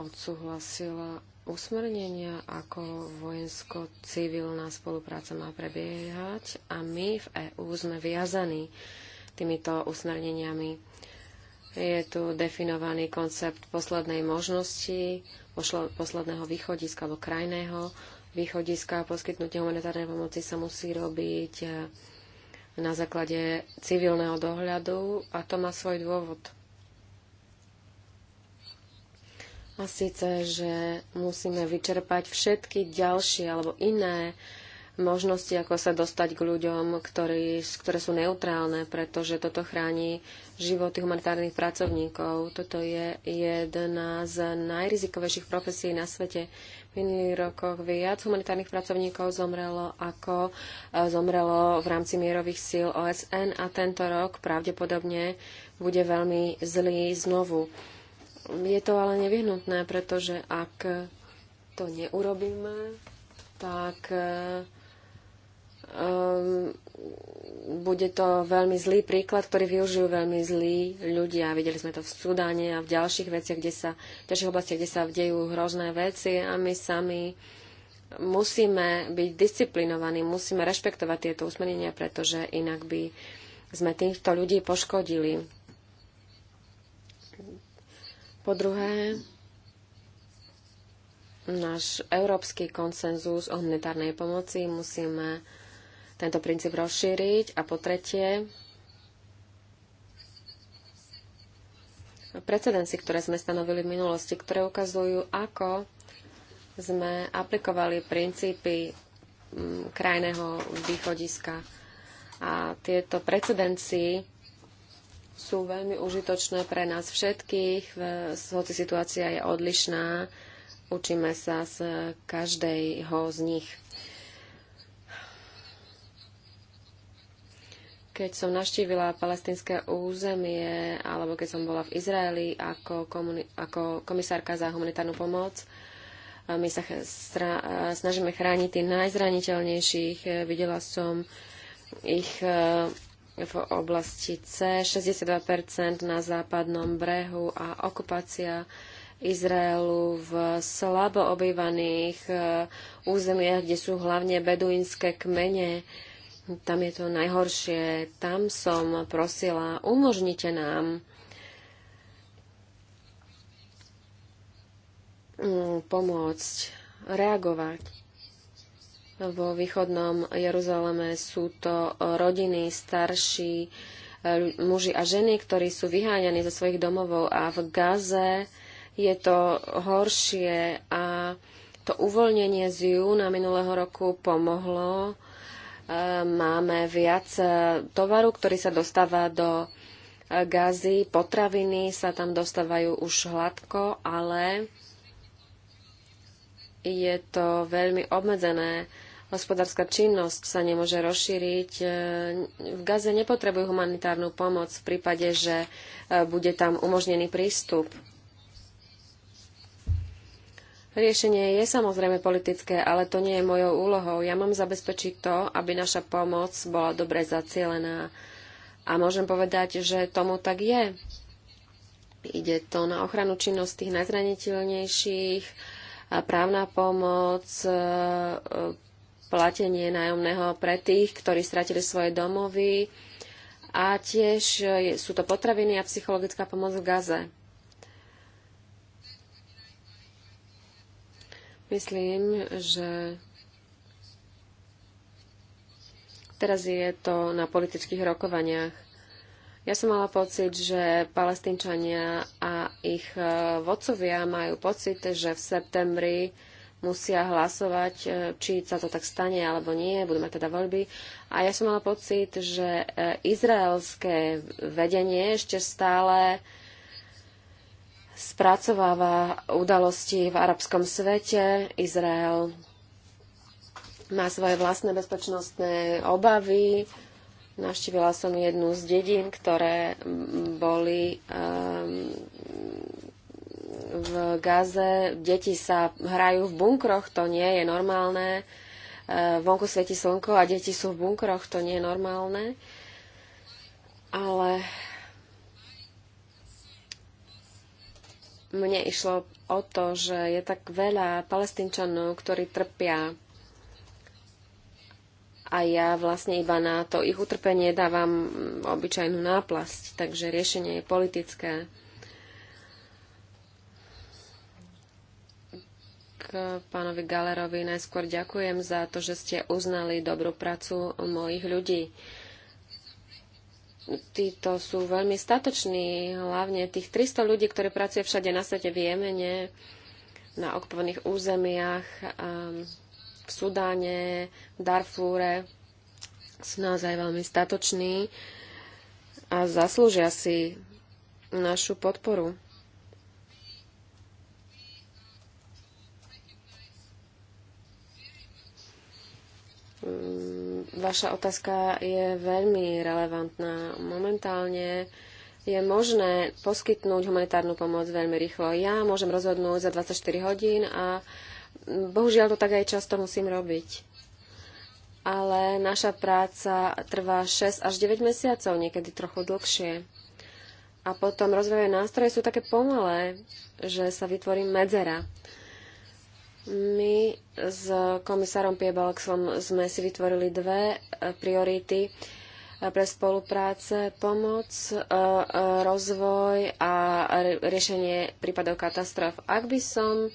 Speaker 3: odsúhlasila usmernenia, ako vojensko-civilná spolupráca má prebiehať a my v EÚ sme viazaní týmito usmerneniami. Je tu definovaný koncept poslednej možnosti, posledného východiska alebo krajného východiska. Poskytnutie humanitárnej pomoci sa musí robiť eh, na základe civilného dohľadu a to má svoj dôvod. A síce, že musíme vyčerpať všetky ďalšie alebo iné možnosti, ako sa dostať k ľuďom, ktorí, ktoré sú neutrálne, pretože toto chráni životy humanitárnych pracovníkov. Toto je jedna z najrizikovejších profesí na svete. V minulých rokoch viac humanitárnych pracovníkov zomrelo, ako e, zomrelo v rámci mierových síl OSN a tento rok pravdepodobne bude veľmi zlý znovu. Je to ale nevyhnutné, pretože ak to neurobíme, tak um, bude to veľmi zlý príklad, ktorý využijú veľmi zlí ľudia. Videli sme to v Sudáne a v ďalších veciach, kde sa, v ďalších oblastiach, kde sa dejú hrozné veci a my sami musíme byť disciplinovaní, musíme rešpektovať tieto usmernenia, pretože inak by sme týchto ľudí poškodili. Po druhé, náš európsky konsenzus o humanitárnej pomoci musíme tento princíp rozšíriť. A po tretie, precedenci, ktoré sme stanovili v minulosti, ktoré ukazujú, ako sme aplikovali princípy mm, krajného východiska. A tieto precedenci sú veľmi užitočné pre nás všetkých, hoci situácia je odlišná, učíme sa z každého z nich. Keď som naštívila palestinské územie, alebo keď som bola v Izraeli ako, ako komisárka za humanitárnu pomoc, my sa snažíme chrániť tých najzraniteľnejších. Videla som ich e, v oblasti C, 62% na západnom brehu a okupácia Izraelu v slabo obývaných e, územiach, kde sú hlavne beduínske kmene. Tam je to najhoršie. Tam som prosila, umožnite nám mm, pomôcť, reagovať vo východnom Jeruzaleme sú to e, rodiny, starší e, muži a ženy, ktorí sú vyháňaní zo svojich domovov a v Gaze je to horšie a to uvoľnenie z júna minulého roku pomohlo. E, máme viac tovaru, ktorý sa dostáva do gazy, potraviny sa tam dostávajú už hladko, ale je to veľmi obmedzené hospodárska činnosť sa nemôže rozšíriť. E, v Gaze nepotrebujú humanitárnu pomoc v prípade, že e, bude tam umožnený prístup. Riešenie je samozrejme politické, ale to nie je mojou úlohou. Ja mám zabezpečiť to, aby naša pomoc bola dobre zacielená. A môžem povedať, že tomu tak je. Ide to na ochranu činnosti tých najzraniteľnejších, právna pomoc, e, platenie nájomného pre tých, ktorí stratili svoje domovy a tiež sú to potraviny a psychologická pomoc v Gaze. Myslím, že teraz je to na politických rokovaniach. Ja som mala pocit, že palestínčania a ich eh, vodcovia majú pocit, že v septembri musia hlasovať, e, či sa to tak stane alebo nie, budú mať teda voľby. A ja som mala pocit, že e, izraelské vedenie ešte stále spracováva udalosti v arabskom svete. Izrael má svoje vlastné bezpečnostné obavy. Navštívila som jednu z dedín, ktoré boli um, v Gaze deti sa hrajú v bunkroch, to nie je normálne. E, vonku svieti slnko a deti sú v bunkroch, to nie je normálne. Ale mne išlo o to, že je tak veľa palestínčanov, ktorí trpia a ja vlastne iba na to ich utrpenie dávam obyčajnú náplasť, takže riešenie je politické. pánovi Galerovi. Najskôr ďakujem za to, že ste uznali dobrú prácu mojich ľudí. Títo sú veľmi statoční, hlavne tých 300 ľudí, ktorí pracuje všade na svete v Jemene, na okupovaných územiach, ehm, v Sudáne, v Darfúre. Sú naozaj veľmi statoční a zaslúžia si našu podporu. Mm, vaša otázka je veľmi relevantná. Momentálne je možné poskytnúť humanitárnu pomoc veľmi rýchlo. Ja môžem rozhodnúť za 24 hodín a bohužiaľ to tak aj často musím robiť. Ale naša práca trvá 6 až 9 mesiacov, niekedy trochu dlhšie. A potom rozvojové nástroje sú také pomalé, že sa vytvorí medzera my s komisárom Piebalksom sme si vytvorili dve e, priority e, pre spolupráce, pomoc, e, rozvoj a riešenie prípadov katastrof. Ak by som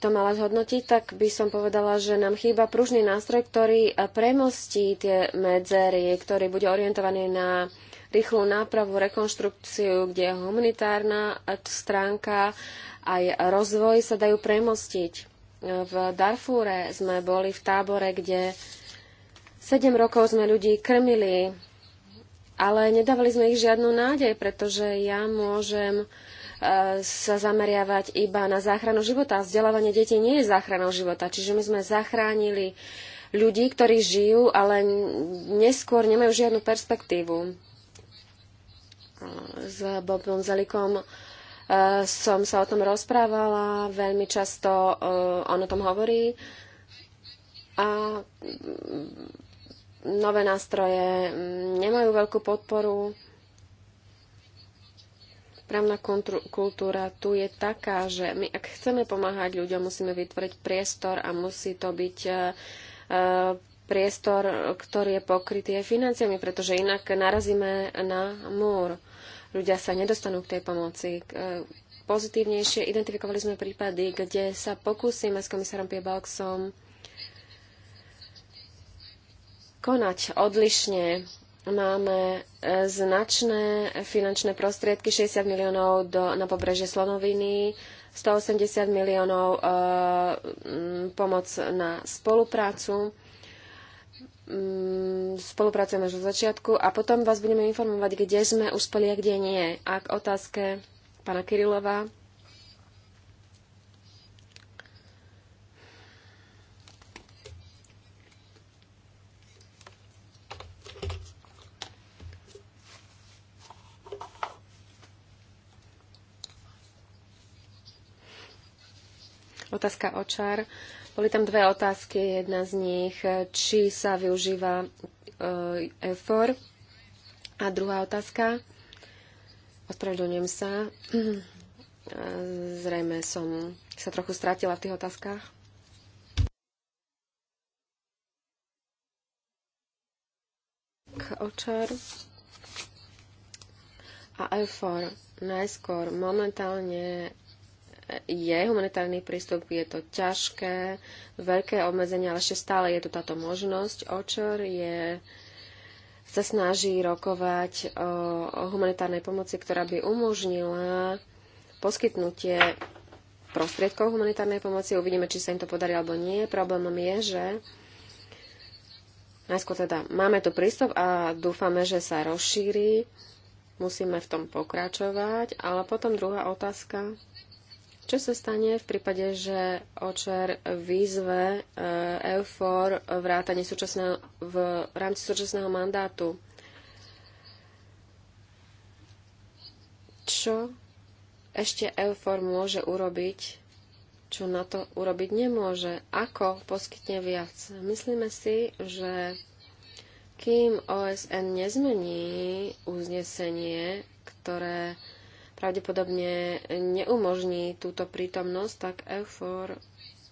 Speaker 3: to mala zhodnotiť, tak by som povedala, že nám chýba pružný nástroj, ktorý premostí tie medzery, ktorý bude orientovaný na rýchlu nápravu, rekonštrukciu, kde humanitárna stránka aj rozvoj sa dajú premostiť. V Darfúre sme boli v tábore, kde 7 rokov sme ľudí krmili, ale nedávali sme ich žiadnu nádej, pretože ja môžem e, sa zameriavať iba na záchranu života. A vzdelávanie detí nie je záchranou života. Čiže my sme zachránili ľudí, ktorí žijú, ale neskôr nemajú žiadnu perspektívu s Bobom Zelikom e, som sa o tom rozprávala, veľmi často e, on o tom hovorí a mm, nové nástroje mm, nemajú veľkú podporu. Právna kultúra tu je taká, že my ak chceme pomáhať ľuďom, musíme vytvoriť priestor a musí to byť e, priestor, ktorý je pokrytý aj financiami, pretože inak narazíme na múr ľudia sa nedostanú k tej pomoci. E, pozitívnejšie identifikovali sme prípady, kde sa pokúsime s komisárom Piebalksom konať odlišne. Máme e, značné finančné prostriedky, 60 miliónov do, na pobreže Slonoviny, 180 miliónov e, pomoc na spoluprácu. Mm, spolupracujeme už od začiatku a potom vás budeme informovať, kde sme uspeli a kde nie. A k otázke pána Kirilova. Otázka o očar. Uh, boli tam dve otázky, jedna z nich, či sa využíva e, EFOR a druhá otázka, ospravedlňujem sa, zrejme som sa trochu strátila v tých otázkach. Očar a EFOR najskôr momentálne je humanitárny prístup, je to ťažké, veľké obmedzenia, ale ešte stále je tu táto možnosť. Očor je sa snaží rokovať o, o humanitárnej pomoci, ktorá by umožnila poskytnutie prostriedkov humanitárnej pomoci. Uvidíme, či sa im to podarí alebo nie. Problémom je, že najskôr teda máme tu prístup a dúfame, že sa rozšíri. Musíme v tom pokračovať. Ale potom druhá otázka čo sa stane v prípade, že očer výzve eh, EUFOR vrátanie súčasného, v rámci súčasného mandátu? Čo ešte EUFOR môže urobiť, čo na to urobiť nemôže? Ako poskytne viac? Myslíme si, že kým OSN nezmení uznesenie, ktoré pravdepodobne neumožní túto prítomnosť, tak EUFOR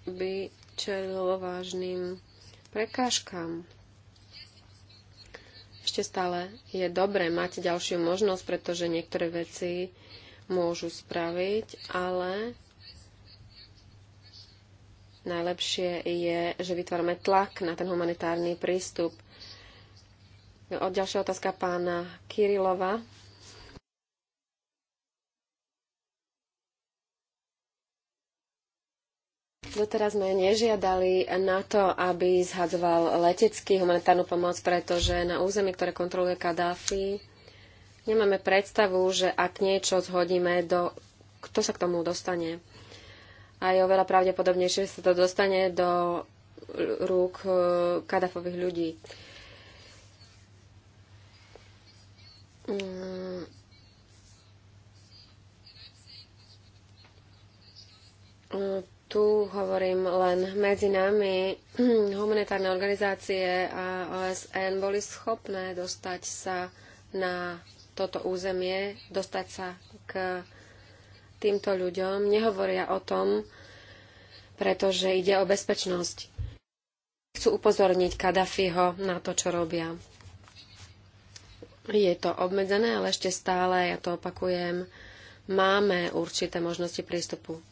Speaker 3: by čelilo vážnym prekážkam. Ešte stále je dobré mať ďalšiu možnosť, pretože niektoré veci môžu spraviť, ale najlepšie je, že vytvárame tlak na ten humanitárny prístup. Od ďalšia otázka pána Kirilova. Doteraz sme nežiadali na to, aby zhadzoval letecký humanitárnu pomoc, pretože na území, ktoré kontroluje Kadáfi, nemáme predstavu, že ak niečo zhodíme, do, kto sa k tomu dostane. A je oveľa pravdepodobnejšie, že sa to dostane do rúk e, Kadáfových ľudí. Mm tu hovorím len medzi nami, humanitárne organizácie a OSN boli schopné dostať sa na toto územie, dostať sa k týmto ľuďom. Nehovoria o tom, pretože ide o bezpečnosť. Chcú upozorniť Kadafiho na to, čo robia. Je to obmedzené, ale ešte stále, ja to opakujem, máme určité možnosti prístupu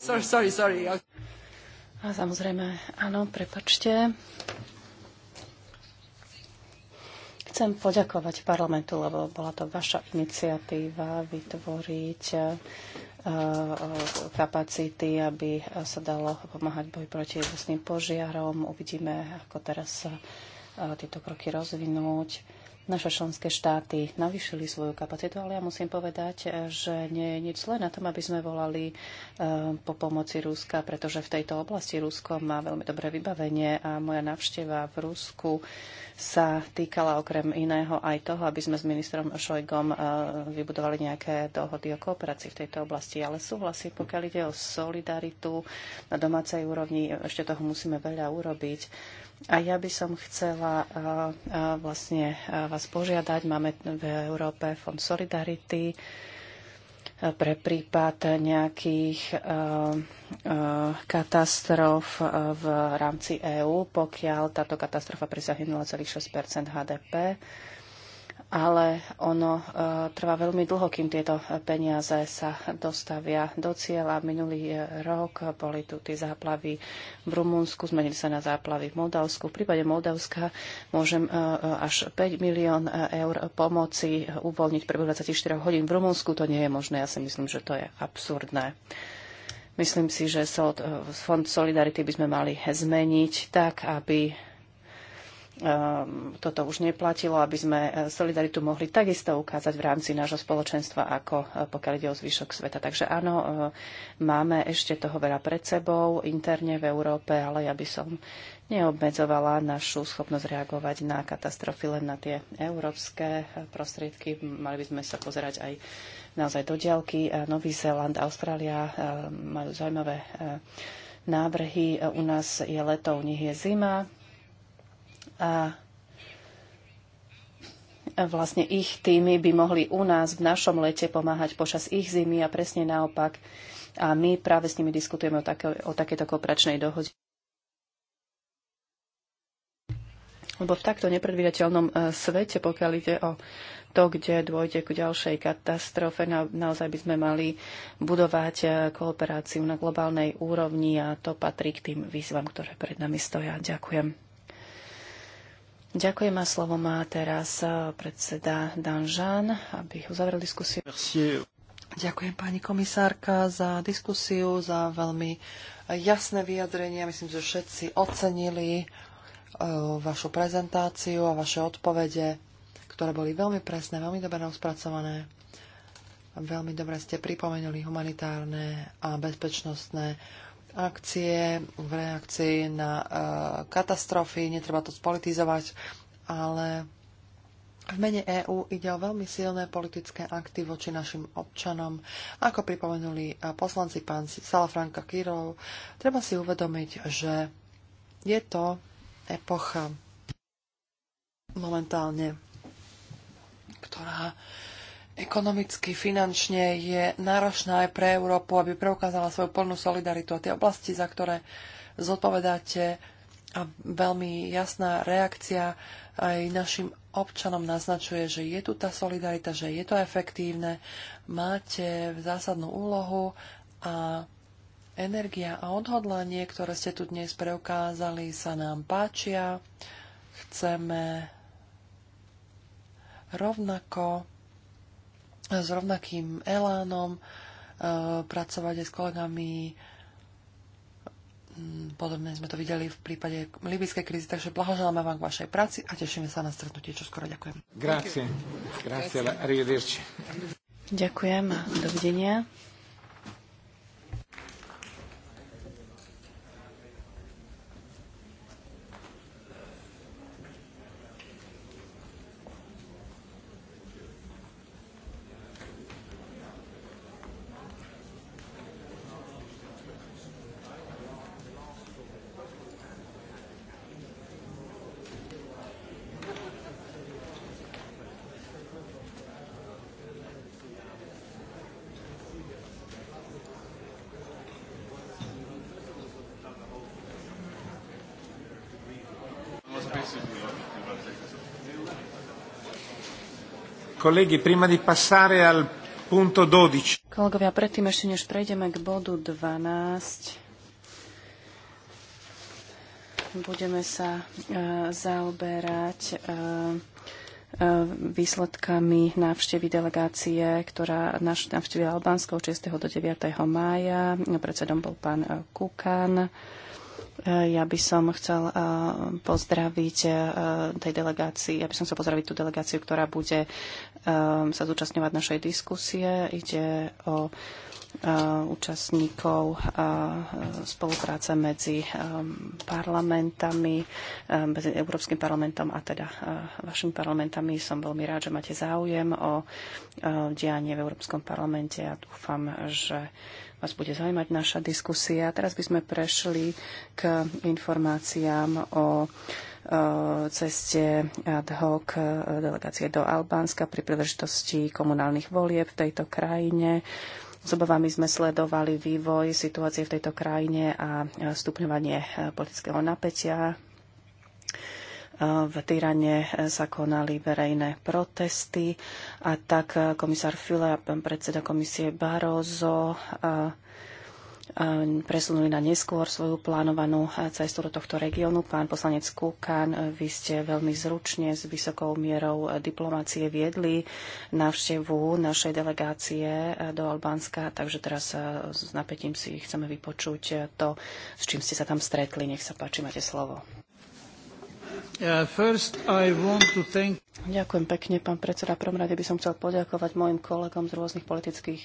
Speaker 1: Sorry, sorry, sorry. A
Speaker 2: samozrejme, áno, prepačte. Chcem poďakovať parlamentu, lebo bola to vaša iniciatíva vytvoriť e, e, kapacity, aby sa dalo pomáhať boj proti vlastným požiarom. Uvidíme, ako teraz sa e, tieto kroky rozvinúť naše členské štáty navýšili svoju kapacitu, ale ja musím povedať, eh, že nie je nič zlé na tom, aby sme volali eh, po pomoci Ruska, pretože v tejto oblasti Rusko má veľmi dobré vybavenie a moja návšteva v Rusku sa týkala okrem iného aj toho, aby sme s ministrom Šojgom eh, vybudovali nejaké dohody o kooperácii v tejto oblasti. Ale súhlasím, pokiaľ ide o solidaritu na domácej úrovni, ešte toho musíme veľa urobiť a ja by som chcela eh, eh, vlastne eh, vás požiadať, máme v Európe Fond Solidarity pre prípad nejakých katastrof v rámci EÚ, pokiaľ táto katastrofa presahne 0,6 HDP ale ono e, trvá veľmi dlho, kým tieto peniaze sa dostavia do cieľa. Minulý e, rok boli tu tie záplavy v Rumunsku, zmenili sa na záplavy v Moldavsku. V prípade Moldavska môžem e, až 5 milión eur pomoci uvoľniť pre 24 hodín. V Rumunsku to nie je možné. Ja si myslím, že to je absurdné. Myslím si, že Fond Solidarity by sme mali zmeniť tak, aby Ehm, toto už neplatilo, aby sme e, solidaritu mohli takisto ukázať v rámci nášho spoločenstva, ako e, pokiaľ ide o zvyšok sveta. Takže áno, e, máme ešte toho veľa pred sebou interne v Európe, ale ja by som neobmedzovala našu schopnosť reagovať na katastrofy len na tie európske prostriedky. Mali by sme sa pozerať aj naozaj do diaľky. Nový Zéland, Austrália majú zaujímavé návrhy. U nás je leto, u nich je zima a vlastne ich týmy by mohli u nás v našom lete pomáhať počas ich zimy a presne naopak. A my práve s nimi diskutujeme o, také, o takéto kooperačnej dohode. Lebo v takto nepredvídateľnom e, svete, pokiaľ ide o to, kde dôjde ku ďalšej katastrofe, na, naozaj by sme mali budovať e, kooperáciu na globálnej úrovni a to patrí k tým výzvam, ktoré pred nami stoja. Ďakujem. Ďakujem a slovo má teraz eh,
Speaker 1: predseda Danžan, aby uzavrel diskusiu. Merci. Ďakujem pani komisárka za diskusiu, za veľmi jasné vyjadrenia. Myslím, že všetci ocenili eh, vašu prezentáciu a vaše odpovede, ktoré boli veľmi presné, veľmi dobre rozpracované. Veľmi dobre ste pripomenuli humanitárne a bezpečnostné akcie v reakcii na e, katastrofy, netreba to spolitizovať, ale v mene EÚ ide o veľmi silné politické akty voči našim občanom. Ako pripomenuli e, poslanci pán Salafranka Kirov, treba si uvedomiť, že je to epocha momentálne, ktorá ekonomicky, finančne je náročná aj pre Európu, aby preukázala svoju plnú solidaritu a tie oblasti, za ktoré zodpovedáte a veľmi jasná reakcia aj našim občanom naznačuje, že je tu tá solidarita, že je to efektívne, máte zásadnú úlohu a energia a odhodlanie, ktoré ste tu dnes preukázali, sa nám páčia. Chceme rovnako s rovnakým elánom, e, pracovať aj s kolegami. Mm, podobne sme to videli v prípade libyskej krízy, takže blahoželáme vám k vašej práci a tešíme sa na stretnutie, čo skoro ďakujem. Grazie. Grazie. Ďakujem a dovidenia.
Speaker 2: prima di passare al punto 12. Kolegovia, predtým ešte než prejdeme k bodu 12, budeme sa e, zaoberať e, e, výsledkami návštevy delegácie, ktorá navštívila Albánsko od 6. do 9. mája. Predsedom bol pán Kukan. Ja by som chcel eh, pozdraviť eh, tej delegácii, ja by som chcel pozdraviť tú delegáciu, ktorá bude eh, sa zúčastňovať našej diskusie. Ide o účastníkov spolupráce medzi parlamentami, medzi Európskym parlamentom a teda vašimi parlamentami. Som veľmi rád, že máte záujem o dianie v Európskom parlamente a ja dúfam, že vás bude zaujímať naša diskusia. Teraz by sme prešli k informáciám o e, ceste ad hoc e, delegácie do Albánska pri príležitosti komunálnych volieb v tejto krajine. S obavami sme sledovali vývoj situácie v tejto krajine a e, stupňovanie politického napätia. V Tyrane sa konali verejné protesty a tak komisár File a pán predseda komisie Barozo presunuli na neskôr svoju plánovanú cestu do tohto regiónu. Pán poslanec Kukan, vy ste veľmi zručne s vysokou mierou diplomácie viedli návštevu našej delegácie do Albánska, takže teraz s napätím si chceme vypočuť to, s čím ste sa tam stretli. Nech sa páči, máte slovo. Uh, thank... Ďakujem pekne, pán predseda. Prvom rade by som chcel poďakovať mojim kolegom z rôznych politických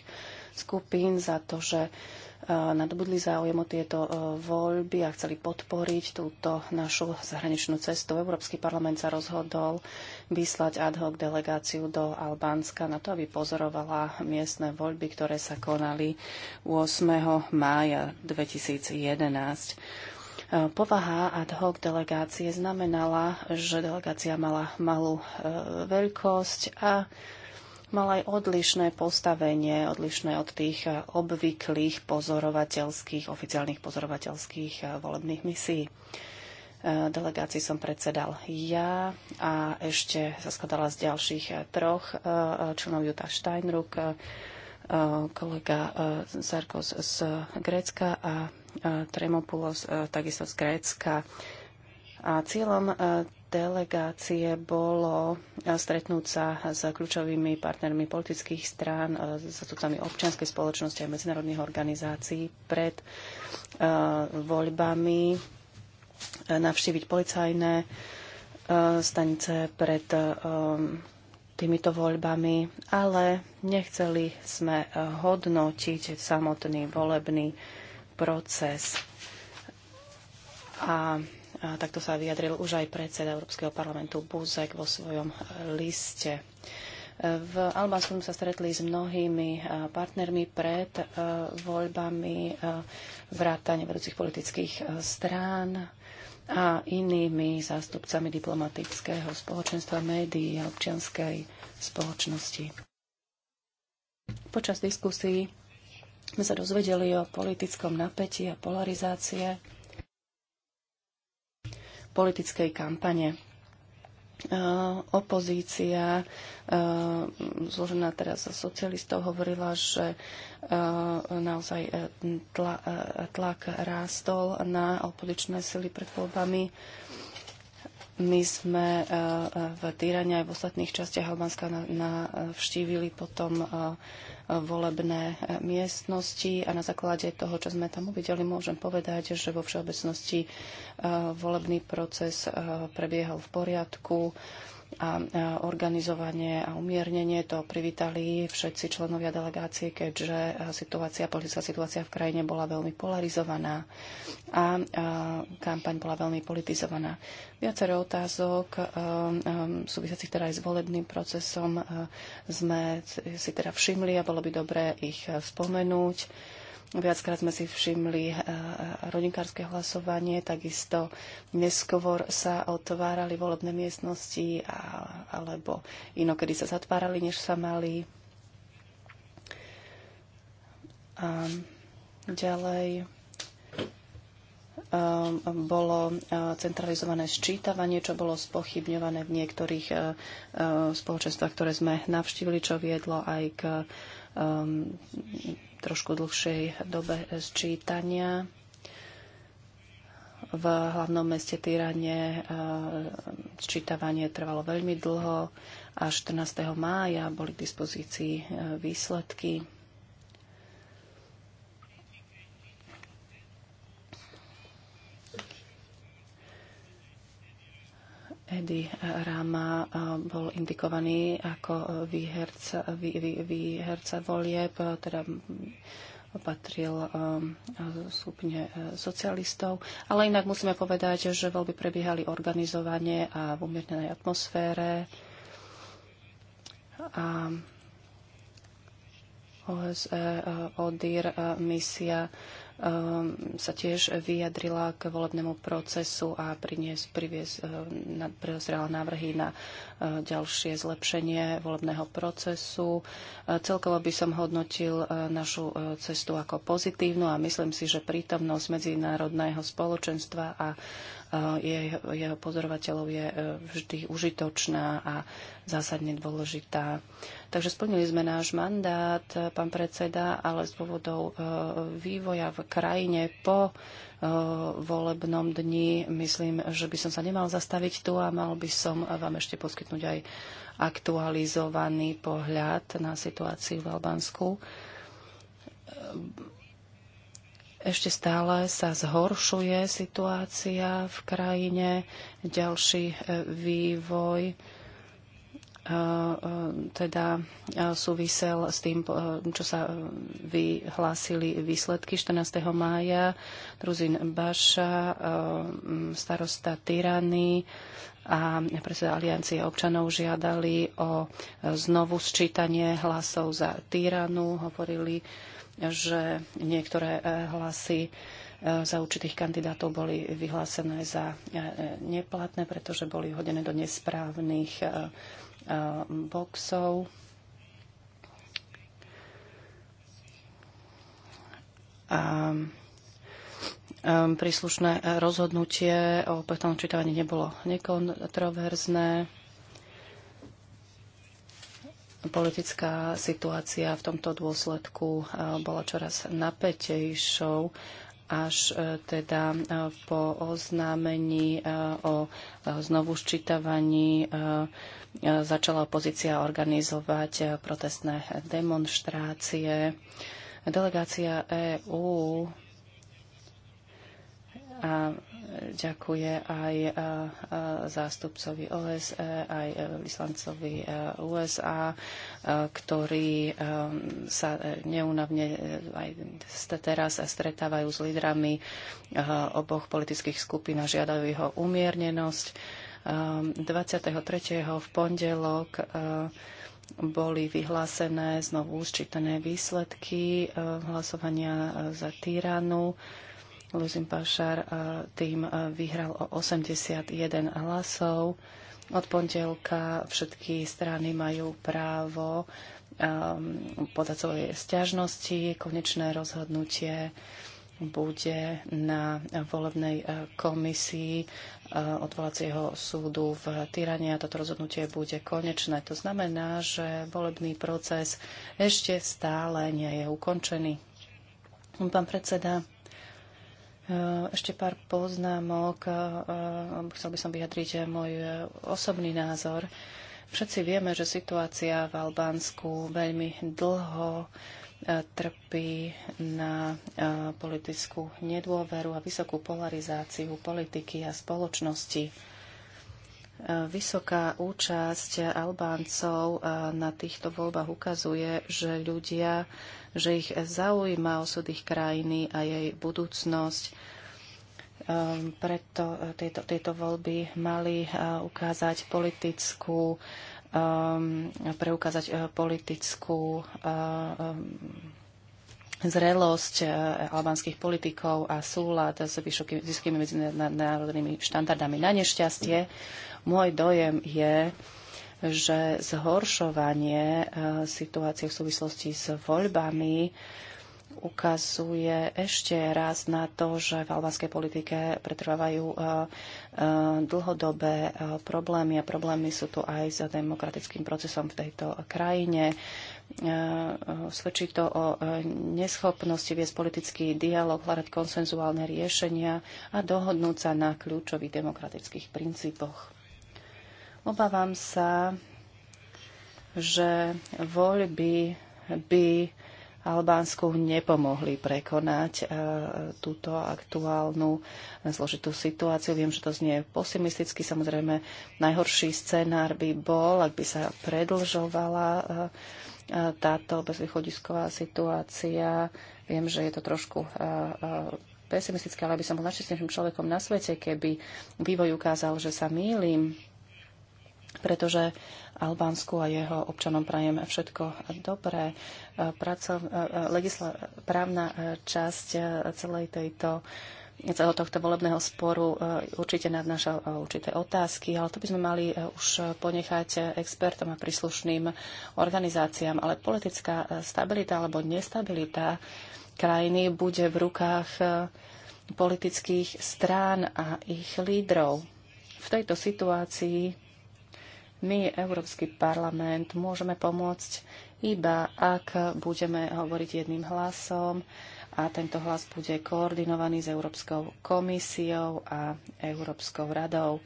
Speaker 2: skupín za to, že uh, nadobudli záujem o tieto uh, voľby a chceli podporiť túto našu zahraničnú cestu. Európsky parlament sa rozhodol vyslať ad hoc delegáciu do Albánska na to, aby pozorovala miestne voľby, ktoré sa konali 8. mája 2011. E, povaha ad hoc delegácie znamenala, že delegácia mala malú e, veľkosť a mala aj odlišné postavenie, odlišné od tých e, obvyklých pozorovateľských, oficiálnych pozorovateľských volebných misií. Delegácii som predsedal ja a ešte sa skladala z ďalších troch členov Juta Steinruck, kolega Sarkos z Grécka a Tremopulos, e, takisto z Grécka. A cieľom e, delegácie bolo e, stretnúť sa s kľúčovými partnermi politických strán, zastupcami občianskej spoločnosti a medzinárodných organizácií pred voľbami, navštíviť policajné stanice pred týmito voľbami, ale nechceli sme hodnotiť samotný volebný proces. A a takto sa vyjadril už aj predseda Európskeho parlamentu Buzek vo svojom e, liste. E, v Albánsku sa stretli s mnohými e, partnermi pred voľbami vrátane vedúcich politických strán a inými zástupcami diplomatického spoločenstva, médií a občianskej spoločnosti. Počas diskusí sme sa dozvedeli o politickom napätí a polarizácie politickej kampane. E, opozícia, e, zložená teraz socialistov, hovorila, že e, naozaj tlak rástol na opozičné sily pred voľbami my sme eh, v týrania aj v ostatných častiach Albánska navštívili potom eh, volebné eh, miestnosti a na základe toho, čo sme tam uvideli, môžem povedať, že vo všeobecnosti volebný proces prebiehal v poriadku a organizovanie a umiernenie. To privítali všetci členovia delegácie, keďže situácia, politická situácia v krajine bola veľmi polarizovaná a kampaň bola veľmi politizovaná. Viacero otázok súvisiacich teda aj s volebným procesom sme si teda všimli a bolo by dobré ich spomenúť Viackrát sme si všimli eh, eh, rodinkárske hlasovanie, takisto neskôr sa otvárali volebné miestnosti a, alebo inokedy sa zatvárali, než sa mali. A ďalej eh, bolo centralizované sčítavanie, čo bolo spochybňované v niektorých spoločenstvách, ktoré sme navštívili, čo viedlo aj k trošku dlhšej dobe sčítania. V hlavnom meste Týrane e, sčítavanie trvalo veľmi dlho až 14. mája boli k dispozícii e, výsledky Eddie Rama eh, bol indikovaný ako eh, výherca, vý, vý, výherca volieb, eh, teda patril skupine socialistov. Ale inak musíme povedať, že voľby prebiehali organizovane a v umiernenej atmosfére. A OSE, ODIR, misia Ehm, sa tiež vyjadrila k volebnému procesu a prinies, privies, ehm, návrhy na ehm, ďalšie zlepšenie volebného procesu. Celkovo by som hodnotil našu cestu ako pozitívnu a myslím si, že prítomnosť medzinárodného spoločenstva a Eh, jeho, jeho pozorovateľov je eh, vždy užitočná a zásadne dôležitá. Takže splnili sme náš mandát, eh, pán predseda, ale z dôvodov vývoja v krajine po volebnom dni myslím, že by som sa nemal zastaviť tu a mal by som vám ešte poskytnúť aj aktualizovaný pohľad na situáciu v Albánsku ešte stále sa zhoršuje situácia v krajine, ďalší e, vývoj e, e, teda súvisel s tým, čo sa vyhlásili výsledky 14. mája. Druzin Baša, starosta Tyrany a predseda Aliancie občanov žiadali o znovu sčítanie hlasov za Tyranu. Hovorili že niektoré e, hlasy e, za určitých kandidátov boli vyhlásené za e, neplatné, pretože boli hodené do nesprávnych boxov. A príslušné rozhodnutie o opätovnom čítaní nebolo nekontroverzné politická situácia v tomto dôsledku eh, bola čoraz napätejšou až eh, teda eh, po oznámení o znovu ščítavaní začala opozícia organizovať protestné demonstrácie. Delegácia EÚ a Ďakuje aj e, e, zástupcovi OSE, aj e, vyslancovi USA, ktorí sa neúnavne aj teraz stretávajú s lídrami oboch politických skupín a žiadajú jeho umiernenosť. 23. v pondelok boli vyhlásené znovu účtené výsledky hlasovania za Týranu. Luzin Pašar e, tým e, vyhral o 81 hlasov. Od pondelka všetky strany majú právo ehm, podať svoje stiažnosti. Konečné rozhodnutie bude na volebnej e, komisii odvolacieho súdu v Tyrane a toto rozhodnutie bude konečné. To znamená, že volebný proces ešte stále nie je ukončený. Pán predseda, Eh, ešte pár poznámok. Eh, chcel by som vyjadriť eh, môj osobný názor. Všetci vieme, že situácia v Albánsku veľmi dlho trpí na politickú nedôveru a vysokú polarizáciu politiky a spoločnosti vysoká účasť Albáncov na týchto voľbách ukazuje, že ľudia že ich zaujíma osud ich krajiny a jej budúcnosť. Ehm, preto e, tieto, tieto voľby mali e, ukázať politickú, ehm, preukázať e, politickú zrelosť albánskych politikov a súlad s vysokými medzinárodnými štandardami. Na nešťastie môj dojem je, že zhoršovanie e, situácie v súvislosti s voľbami ukazuje ešte raz na to, že v albanskej politike pretrvávajú e, e, dlhodobé problémy a problémy sú tu aj s demokratickým procesom v tejto krajine. Svedčí to o neschopnosti viesť politický dialog, hľadať konsenzuálne riešenia a dohodnúť sa na kľúčových demokratických princípoch. Obávam sa, že voľby by Albánsku nepomohli prekonať e, túto aktuálnu zložitú situáciu. Viem, že to znie posimisticky. Samozrejme, najhorší scenár by bol, ak by sa predlžovala e, e, táto bezvýchodisková situácia. Viem, že je to trošku pesimistické, ale by som bol najšťastnejším človekom na svete, keby vývoj ukázal, že sa mýlim pretože Albánsku a jeho občanom prajem všetko dobré. E, pracov, e, e, legisla, právna časť celej tejto celého tohto volebného sporu určite nadnáša určité otázky, ale to by sme mali už ponechať expertom a príslušným organizáciám. Ale politická stabilita alebo nestabilita krajiny bude v rukách politických strán a ich lídrov. V tejto situácii my, Európsky parlament, môžeme pomôcť iba ak budeme hovoriť jedným hlasom a tento hlas bude koordinovaný s Európskou komisiou a Európskou radou.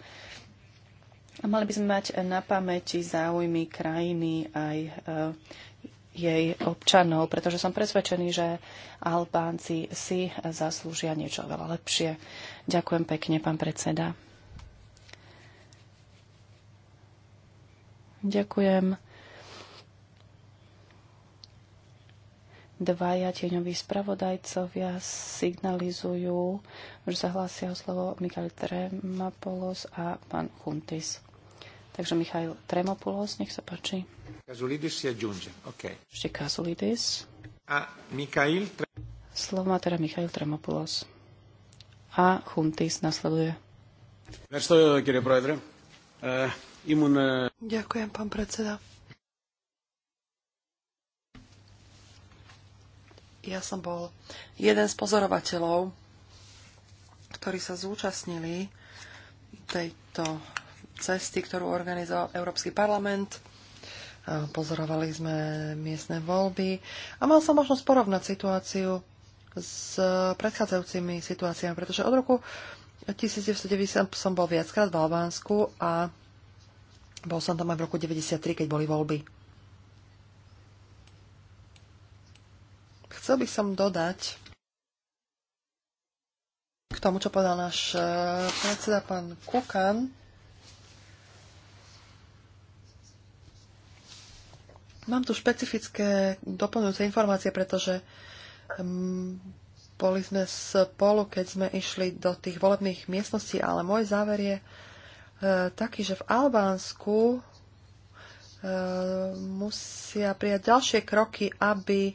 Speaker 2: A mali by sme mať na pamäti záujmy krajiny aj e, jej občanov, pretože som presvedčený, že Albánci si zaslúžia niečo veľa lepšie. Ďakujem pekne, pán predseda. Ďakujem. Dvaja tieňoví spravodajcovia signalizujú, že sa hlásia o slovo Michal Tremopoulos a pán Huntis. Takže Michal Tremopoulos, nech sa páči. Kazulidis si aggiunge, ok. Ešte Kazulidis. A Michal Tremopoulos. Slovo má teda Michal Tremopoulos. A Huntis nasleduje.
Speaker 1: Ευχαριστώ κύριε Πρόεδρε. Ε, Imun... Ďakujem, pán predseda. Ja som bol jeden z pozorovateľov, ktorí sa zúčastnili tejto cesty, ktorú organizoval Európsky parlament. Pozorovali sme miestne voľby a mal som možnosť porovnať situáciu s predchádzajúcimi situáciami, pretože od roku 1990 som bol viackrát v Albánsku a bol som tam aj v roku 93, keď boli voľby. Chcel by som dodať k tomu, čo povedal náš e, predseda pán Kukan. Mám tu špecifické doplňujúce informácie, pretože boli sme spolu, keď sme išli do tých volebných miestností, ale môj záver je, E, taký, že v Albánsku e, musia prijať ďalšie kroky, aby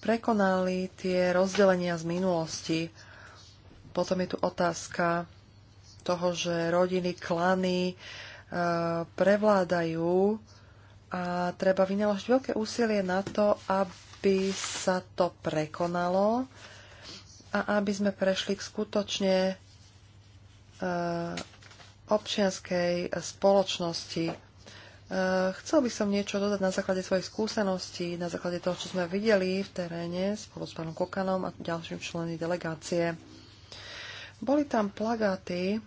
Speaker 1: prekonali tie rozdelenia z minulosti. Potom je tu otázka toho, že rodiny, klany e, prevládajú a treba vynaložiť veľké úsilie na to, aby sa to prekonalo a aby sme prešli k skutočne občianskej spoločnosti. E, chcel by som niečo dodať na základe svojich skúseností, na základe toho, čo sme videli v teréne spolu s pánom Kokanom a ďalším členmi delegácie. Boli tam plagáty,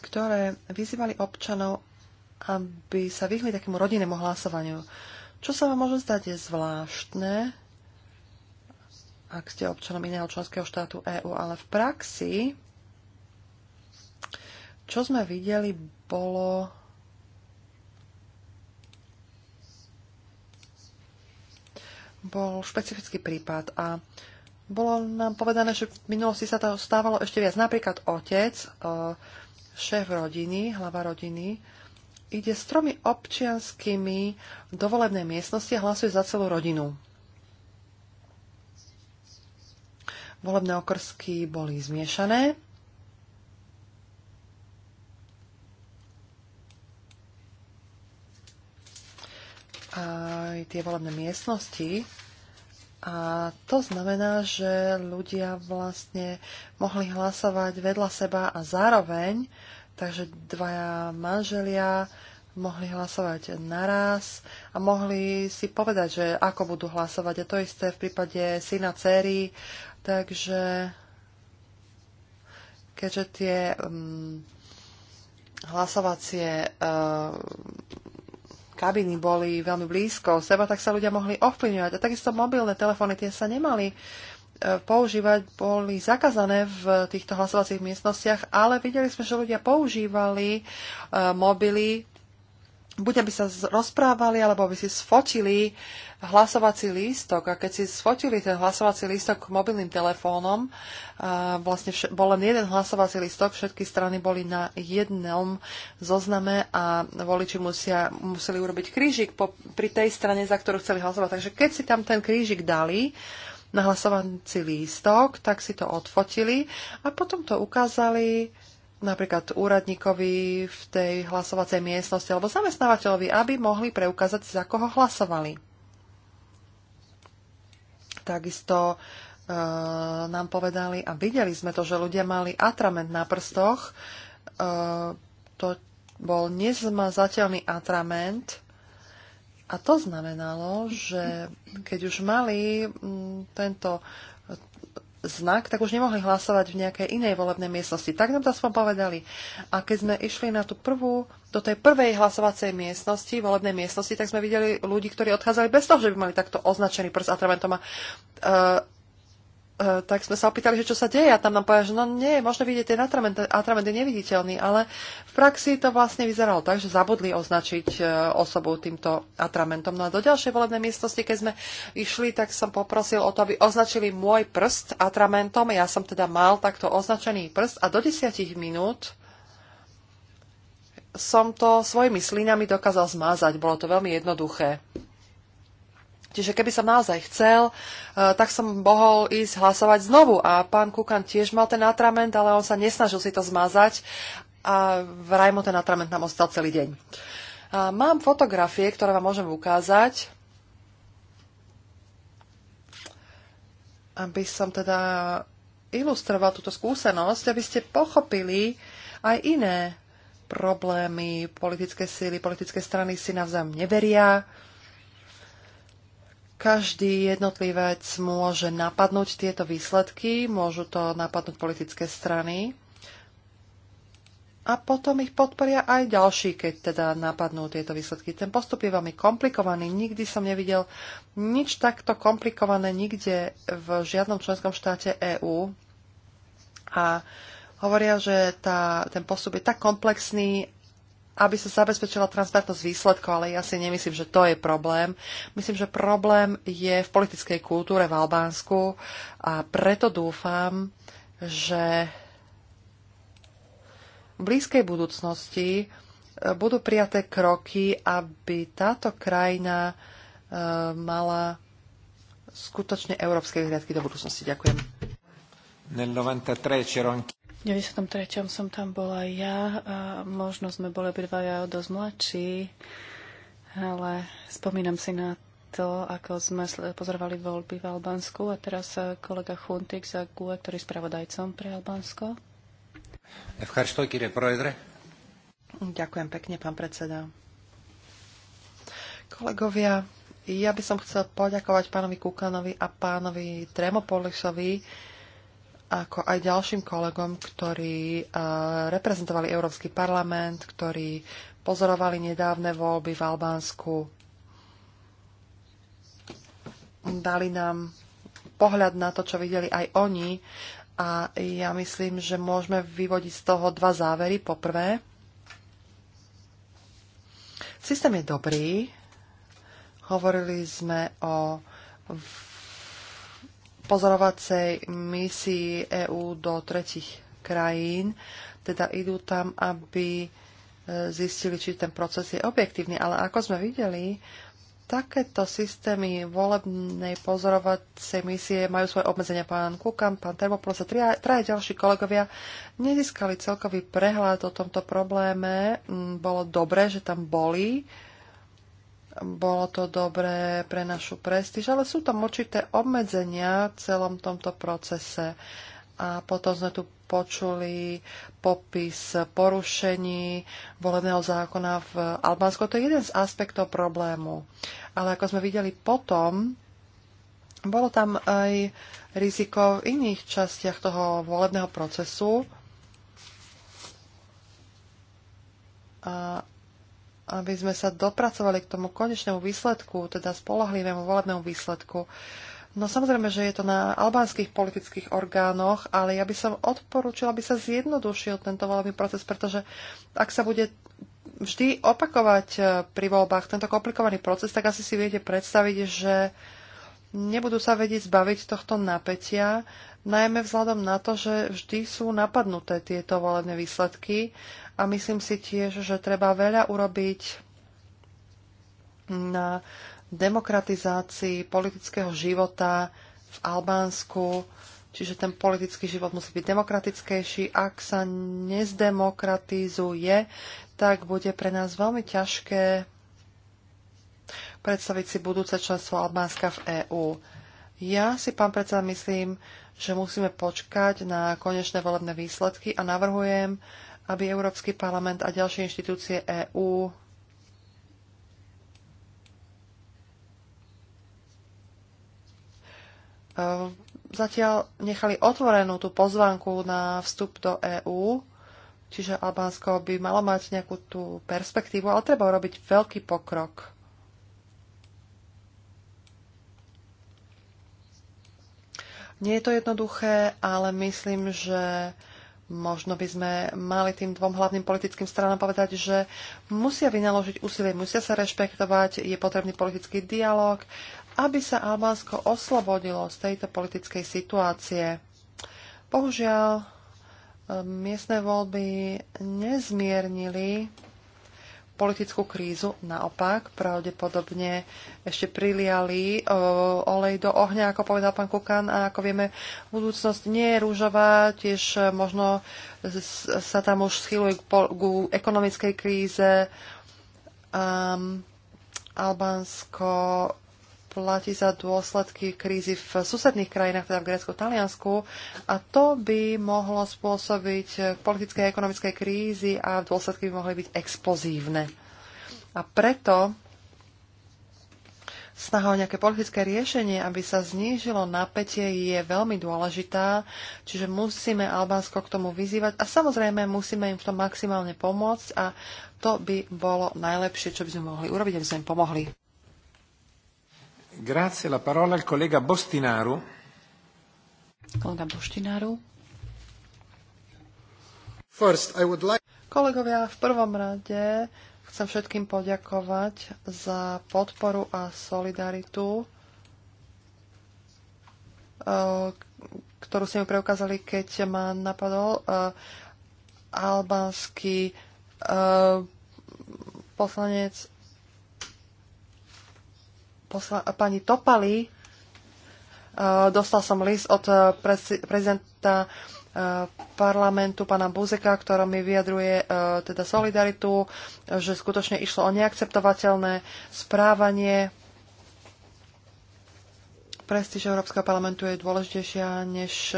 Speaker 1: ktoré vyzývali občanov, aby sa vyhli takému rodinnému hlasovaniu. Čo sa vám môže zdať je zvláštne, ak ste občanom iného členského štátu EÚ, ale v praxi čo sme videli, bolo bol špecifický prípad a bolo nám povedané, že v minulosti sa to stávalo ešte viac. Napríklad otec, e, šéf rodiny, hlava rodiny, ide s tromi občianskými do volebnej miestnosti a hlasuje za celú rodinu. Volebné okrsky boli zmiešané aj tie volebné miestnosti. A to znamená, že ľudia vlastne mohli hlasovať vedľa seba a zároveň, takže dvaja manželia mohli hlasovať naraz a mohli si povedať, že ako budú hlasovať. A to isté v prípade syna, céry. Takže keďže tie um, hlasovacie uh, kabiny boli veľmi blízko seba, tak sa ľudia mohli ovplyvňovať. A takisto mobilné telefóny, tie sa nemali e, používať, boli zakazané v týchto hlasovacích miestnostiach, ale videli sme, že ľudia používali e, mobily buď aby sa rozprávali, alebo aby si sfotili hlasovací lístok. A keď si sfotili ten hlasovací lístok mobilným telefónom, vlastne vš- bol len jeden hlasovací lístok, všetky strany boli na jednom zozname a voliči musia, museli urobiť krížik po, pri tej strane, za ktorú chceli hlasovať. Takže keď si tam ten krížik dali, na hlasovací lístok, tak si to odfotili a potom to ukázali napríklad úradníkovi v tej hlasovacej miestnosti alebo zamestnávateľovi, aby mohli preukázať, za koho hlasovali. Takisto e, nám povedali a videli sme to, že ľudia mali atrament na prstoch. E, to bol nezmazateľný atrament a to znamenalo, že keď už mali m, tento znak, tak už nemohli hlasovať v nejakej inej volebnej miestnosti. Tak nám to aspoň povedali. A keď sme išli na tú prvú, do tej prvej hlasovacej miestnosti, volebnej miestnosti, tak sme videli ľudí, ktorí odchádzali bez toho, že by mali takto označený prst atramentom. A, uh, E, tak sme sa opýtali, že čo sa deje a tam nám povedali, že no nie možno vidieť ten atrament, atrament je neviditeľný, ale v praxi to vlastne vyzeralo tak, že zabudli označiť e, osobu týmto atramentom. No a do ďalšej volebnej miestnosti, keď sme išli, tak som poprosil o to, aby označili môj prst atramentom. Ja som teda mal takto označený prst a do desiatich minút som to svojimi slinami dokázal zmazať. Bolo to veľmi jednoduché. Čiže keby som naozaj chcel, e, tak som mohol ísť hlasovať znovu. A pán Kukan tiež mal ten atrament, ale on sa nesnažil si to zmazať a vraj mu ten atrament nám ostal celý deň. A e, mám fotografie, ktoré vám môžem ukázať. Aby som teda ilustroval túto skúsenosť, aby ste pochopili aj iné problémy. Politické síly, politické strany si navzájom neveria každý jednotlivec môže napadnúť tieto výsledky, môžu to napadnúť politické strany a potom ich podporia aj ďalší, keď teda napadnú tieto výsledky. Ten postup je veľmi komplikovaný, nikdy som nevidel nič takto komplikované nikde v žiadnom členskom štáte EÚ a hovoria, že tá, ten postup je tak komplexný aby sa zabezpečila transparentnosť výsledkov, ale ja si nemyslím, že to je problém. Myslím, že problém je v politickej kultúre v Albánsku a preto dúfam, že v blízkej budúcnosti e, budú prijaté kroky, aby táto krajina e, mala skutočne európske hliadky do budúcnosti. Ďakujem. Nel 93 c'ero 93. som tam bola ja
Speaker 2: a možno sme boli obidvaja dosť mladší, ale spomínam si na to, ako sme pozorovali voľby v Albánsku a teraz eh, kolega Chuntik za GUE, ktorý je spravodajcom pre Albánsko.
Speaker 1: Ďakujem pekne, pán predseda. Kolegovia, ja by som chcel poďakovať pánovi Kukanovi a pánovi Tremopolisovi, ako aj ďalším kolegom, ktorí eh, reprezentovali Európsky parlament, ktorí pozorovali nedávne voľby v Albánsku. Dali nám pohľad na to, čo videli aj oni a ja myslím, že môžeme vyvodiť z toho dva závery. Poprvé, systém je dobrý. Hovorili sme o pozorovacej misii EÚ do tretich krajín. Teda idú tam, aby e, zistili, či ten proces je objektívny. Ale ako sme videli, takéto systémy volebnej pozorovacej misie majú svoje obmedzenia. Pán Kukan, pán Termopolos a traje ďalší kolegovia nezískali celkový prehľad o tomto probléme. Mm, bolo dobré, že tam boli bolo to dobré pre našu prestíž, ale sú tam určité obmedzenia v celom tomto procese. A potom sme tu počuli popis porušení volebného zákona v Albánsku. To je jeden z aspektov problému. Ale ako sme videli potom, bolo tam aj riziko v iných častiach toho volebného procesu. A aby sme sa dopracovali k tomu konečnému výsledku, teda spolahlivému volebnému výsledku. No samozrejme, že je to na albánskych politických orgánoch, ale ja by som odporúčila, aby sa zjednodušil tento volebný proces, pretože ak sa bude vždy opakovať e, pri voľbách tento komplikovaný proces, tak asi si viete predstaviť, že nebudú sa vedieť zbaviť tohto napätia, najmä vzhľadom na to, že vždy sú napadnuté tieto volebné výsledky a myslím si tiež, že treba veľa urobiť na demokratizácii politického života v Albánsku. Čiže ten politický život musí byť demokratickejší. Ak sa nezdemokratizuje, tak bude pre nás veľmi ťažké predstaviť si budúce členstvo Albánska v EÚ. Ja si, pán predseda, myslím, že musíme počkať na konečné volebné výsledky a navrhujem, aby Európsky parlament a ďalšie inštitúcie EÚ e, zatiaľ nechali otvorenú tú pozvanku na vstup do EÚ, čiže Albánsko by malo mať nejakú tú perspektívu, ale treba urobiť veľký pokrok. Nie je to jednoduché, ale myslím, že Možno by sme mali tým dvom hlavným politickým stranám povedať, že musia vynaložiť úsilie, musia sa rešpektovať, je potrebný politický dialog, aby sa Albánsko oslobodilo z tejto politickej situácie. Bohužiaľ, miestne voľby nezmiernili politickú krízu. Naopak, pravdepodobne ešte priliali e, olej do ohňa, ako povedal pán Kukan. A ako vieme, budúcnosť nie je rúžová, tiež možno sa tam už schyluje k ekonomickej kríze. Um, Albánsko platí za dôsledky krízy v susedných krajinách, teda v Grécku, v Taliansku. A to by mohlo spôsobiť politické a ekonomické krízy a dôsledky by mohli byť explozívne. A preto snaha o nejaké politické riešenie, aby sa znížilo napätie, je veľmi dôležitá, čiže musíme Albánsko k tomu vyzývať a samozrejme musíme im v tom maximálne pomôcť a to by bolo najlepšie, čo by sme mohli urobiť, aby sme im pomohli.
Speaker 2: Grazie, la parola al collega Bostinaru. Kolega First, I would like...
Speaker 1: Kolegovia, v prvom rade chcem všetkým poďakovať za podporu a solidaritu, eh, ktorú ste mi preukázali, keď ma napadol eh, albánsky eh, poslanec posla- pani Topali. E, dostal som list od e, prezidenta e, parlamentu pána Buzeka, ktorý mi vyjadruje teda solidaritu, že skutočne išlo o neakceptovateľné správanie. Prestíž Európskeho parlamentu je dôležitejšia než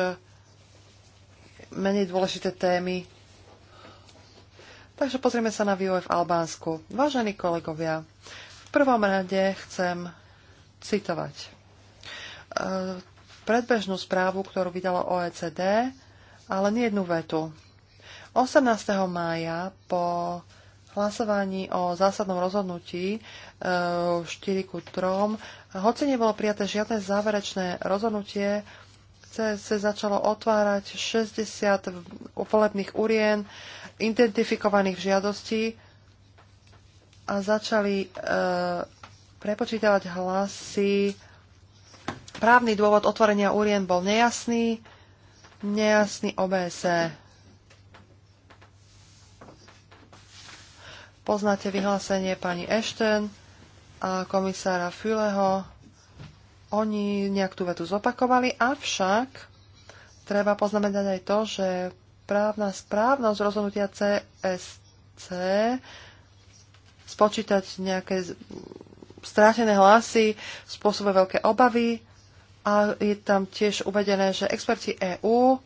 Speaker 1: menej dôležité témy. Takže pozrieme sa na vývoj v Albánsku. Vážení kolegovia, v prvom rade chcem citovať. E, predbežnú správu, ktorú vydalo OECD, ale nie jednu vetu. 18. mája po hlasovaní o zásadnom rozhodnutí 4 e, ku 3, hoci nebolo prijaté žiadne záverečné rozhodnutie, sa začalo otvárať 60 volebných urien identifikovaných v žiadosti a začali e, prepočítavať hlasy. Právny dôvod otvorenia úrien bol nejasný, nejasný OBSE. Poznáte vyhlásenie pani Ešten a komisára Füleho. Oni nejak tú vetu zopakovali, avšak treba poznamenať aj to, že právna správnosť rozhodnutia CSC spočítať nejaké strátené hlasy spôsobuje veľké obavy a je tam tiež uvedené, že experti EÚ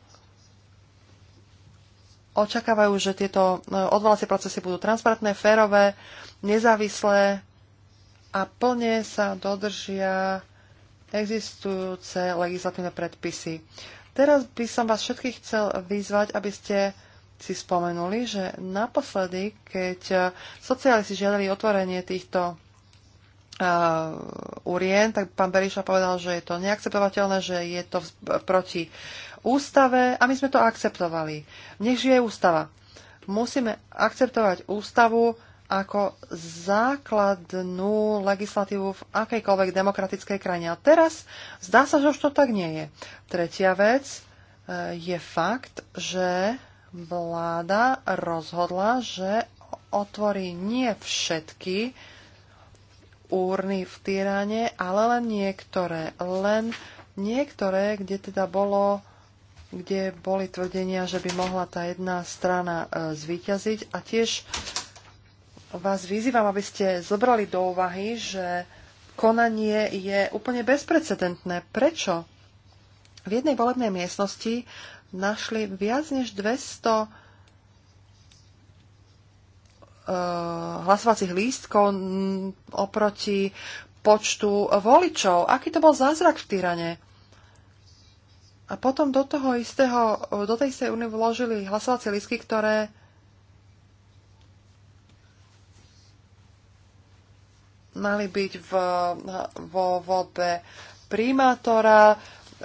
Speaker 1: očakávajú, že tieto e, odvolacie procesy budú transparentné, férové, nezávislé a plne sa dodržia existujúce legislatívne predpisy. Teraz by som vás všetkých chcel vyzvať, aby ste si spomenuli, že naposledy, keď e, socialisti žiadali otvorenie týchto Uh, Urien, tak pán Beriša povedal, že je to neakceptovateľné, že je to proti ústave a my sme to akceptovali. Nech žije ústava. Musíme akceptovať ústavu ako základnú legislatívu v akejkoľvek demokratickej krajine. A teraz zdá sa, že už to tak nie je. Tretia vec uh, je fakt, že vláda rozhodla, že otvorí nie všetky úrny v Týráne, ale len niektoré. Len niektoré, kde teda bolo kde boli tvrdenia, že by mohla tá jedna strana e, zvíťaziť. A tiež vás vyzývam, aby ste zobrali do úvahy, že konanie je úplne bezprecedentné. Prečo? V jednej volebnej miestnosti našli viac než 200 Eh, hlasovacích lístkov oproti počtu voličov. Aký to bol zázrak v Tyrane? A potom do toho istého, do tej istej urny vložili hlasovacie lístky, ktoré mali byť v, vo voľbe primátora,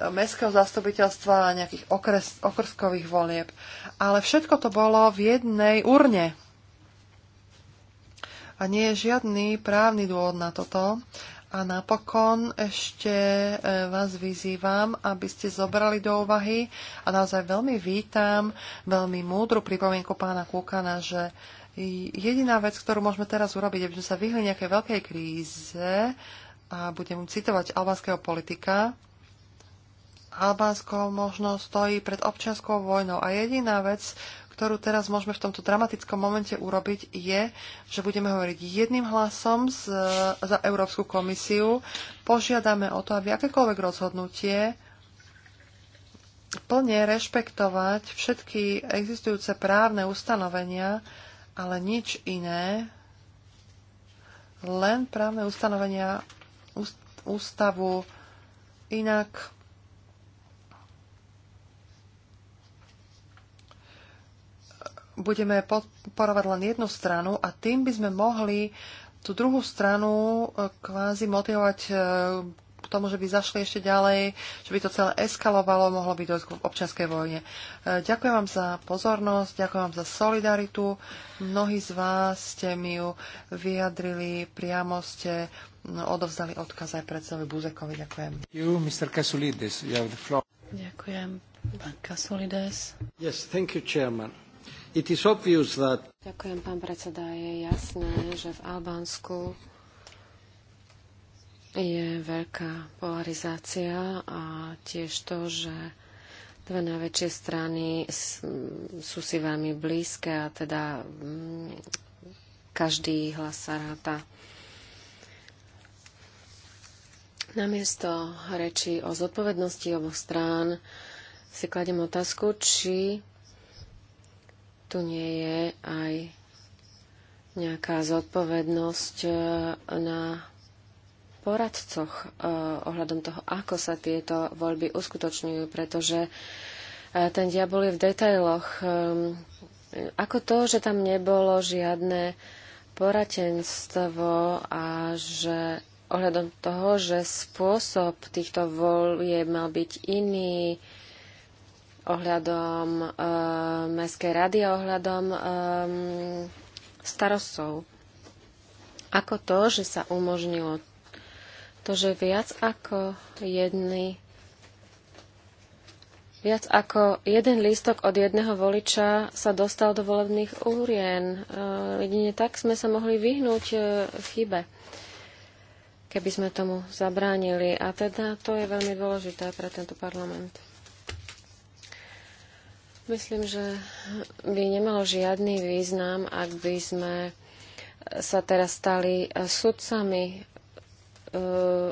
Speaker 1: mestského zastupiteľstva a nejakých okres, okrskových volieb. Ale všetko to bolo v jednej urne a nie je žiadny právny dôvod na toto. A napokon ešte e, vás vyzývam, aby ste zobrali do úvahy a naozaj veľmi vítam veľmi múdru pripomienku pána Kúkana, že jediná vec, ktorú môžeme teraz urobiť, aby sme sa vyhli nejakej veľkej kríze, a budem citovať albánskeho politika, Albánsko možno stojí pred občianskou vojnou a jediná vec, ktorú teraz môžeme v tomto dramatickom momente urobiť, je, že budeme hovoriť jedným hlasom z, za Európsku komisiu. Požiadame o to, aby akékoľvek rozhodnutie plne rešpektovať všetky existujúce právne ustanovenia, ale nič iné, len právne ustanovenia ústavu. Inak budeme podporovať len jednu stranu a tým by sme mohli tú druhú stranu e, kvázi motivovať e, k tomu, že by zašli ešte ďalej, že by to celé eskalovalo, mohlo by dojsť k občianskej vojne. E, ďakujem vám za pozornosť, ďakujem vám za solidaritu. Mnohí z vás ste mi ju vyjadrili, priamo ste no, odovzdali odkaz aj predsedovi Buzekovi. Ďakujem. You, Mr. Kasulides, you have the floor. Ďakujem, pán Kasulides. Yes, thank you, chairman. It is obvious that... Ďakujem,
Speaker 3: pán predseda. Je jasné, že v Albánsku je veľká polarizácia a tiež to, že dve najväčšie strany sú si veľmi blízke a teda mm, každý hlas sa ráta. Namiesto reči o zodpovednosti oboch strán si kladiem otázku, či tu nie je aj nejaká zodpovednosť e, na poradcoch e, ohľadom toho, ako sa tieto voľby uskutočňujú, pretože e, ten diabol je v detailoch. Ako to, že tam nebolo žiadne poradenstvo a že ohľadom toho, že spôsob týchto volieb mal byť iný, ohľadom e, Mestskej rady a ohľadom e, starostov. Ako to, že sa umožnilo to, že viac ako jedný Viac ako jeden lístok od jedného voliča sa dostal do volebných úrien. Eh, jedine tak sme sa mohli vyhnúť chybe, keby sme tomu zabránili. A teda to je veľmi dôležité pre tento parlament. Myslím, že by nemalo žiadny význam, ak by sme sa teraz stali sudcami, e,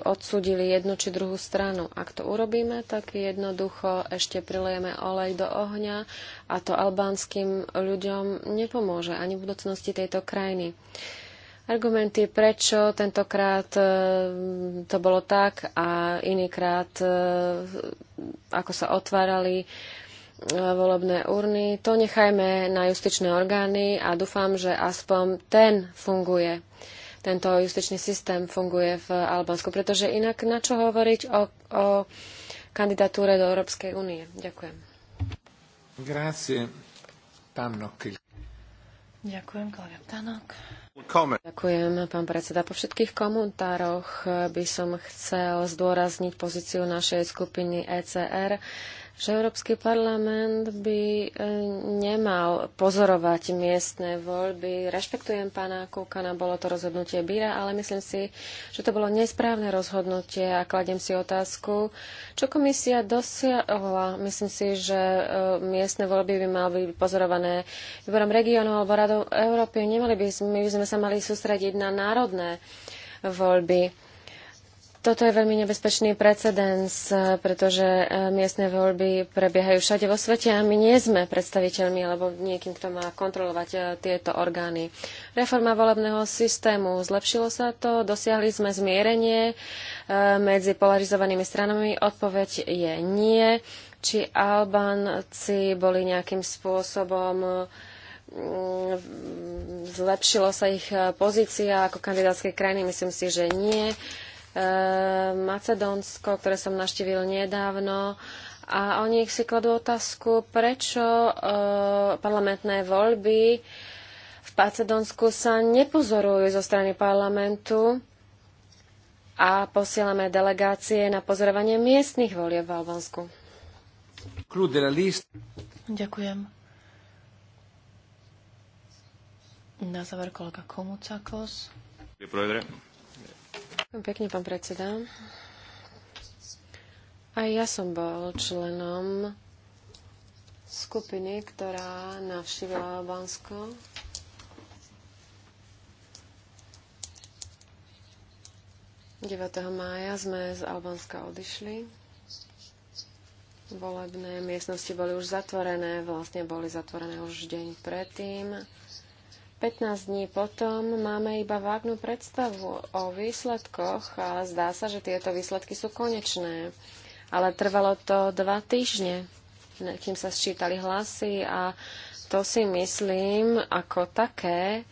Speaker 3: odsudili jednu či druhú stranu. Ak to urobíme, tak jednoducho ešte prilejeme olej do ohňa a to albánskym ľuďom nepomôže ani v budúcnosti tejto krajiny. Argumenty, prečo tentokrát e, to bolo tak a inýkrát, e, ako sa otvárali E, volebné urny. To nechajme na justičné orgány a dúfam, že aspoň ten funguje. Tento justičný systém funguje v Albánsku, pretože inak na čo hovoriť o, o kandidatúre do Európskej únie. Ďakujem.
Speaker 1: Grazie. Tannok.
Speaker 2: Ďakujem, kolega Tanok.
Speaker 3: Ďakujem, pán predseda. Po všetkých komentároch by som chcel zdôrazniť pozíciu našej skupiny ECR že Európsky parlament by e, nemal pozorovať miestne voľby. Rešpektujem pána Kúkana, bolo to rozhodnutie Bíra, ale myslím si, že to bolo nesprávne rozhodnutie a kladiem si otázku, čo komisia dosiahla. Myslím si, že e, miestne voľby by mali byť pozorované výborom regiónu alebo radou Európy. Nemali by, my by sme sa mali sústrediť na národné voľby toto je veľmi nebezpečný precedens, pretože e, miestne voľby prebiehajú všade vo svete a my nie sme predstaviteľmi alebo niekým, kto má kontrolovať e, tieto orgány. Reforma volebného systému, zlepšilo sa to, dosiahli sme zmierenie e, medzi polarizovanými stranami, odpoveď je nie. Či Albánci boli nejakým spôsobom zlepšilo sa ich pozícia ako kandidátskej krajiny? Myslím si, že nie. Ehm, Macedónsko, ktoré som naštívil nedávno. A oni si kladú otázku, prečo eh, parlamentné voľby v Macedónsku sa nepozorujú zo strany parlamentu a posielame delegácie na pozorovanie miestnych volieb v Albánsku.
Speaker 2: Ďakujem. Na záver kolega Komucakos. Pekne, pán
Speaker 3: predseda. Aj ja som bol členom skupiny, ktorá navštívila Albánsko. 9. mája sme z Albánska odišli. Volebné miestnosti boli už zatvorené, vlastne boli zatvorené už deň predtým. 15 dní potom máme iba vágnu predstavu o výsledkoch a zdá sa, že tieto výsledky sú konečné. Ale trvalo to dva týždne, kým sa sčítali hlasy a to si myslím ako také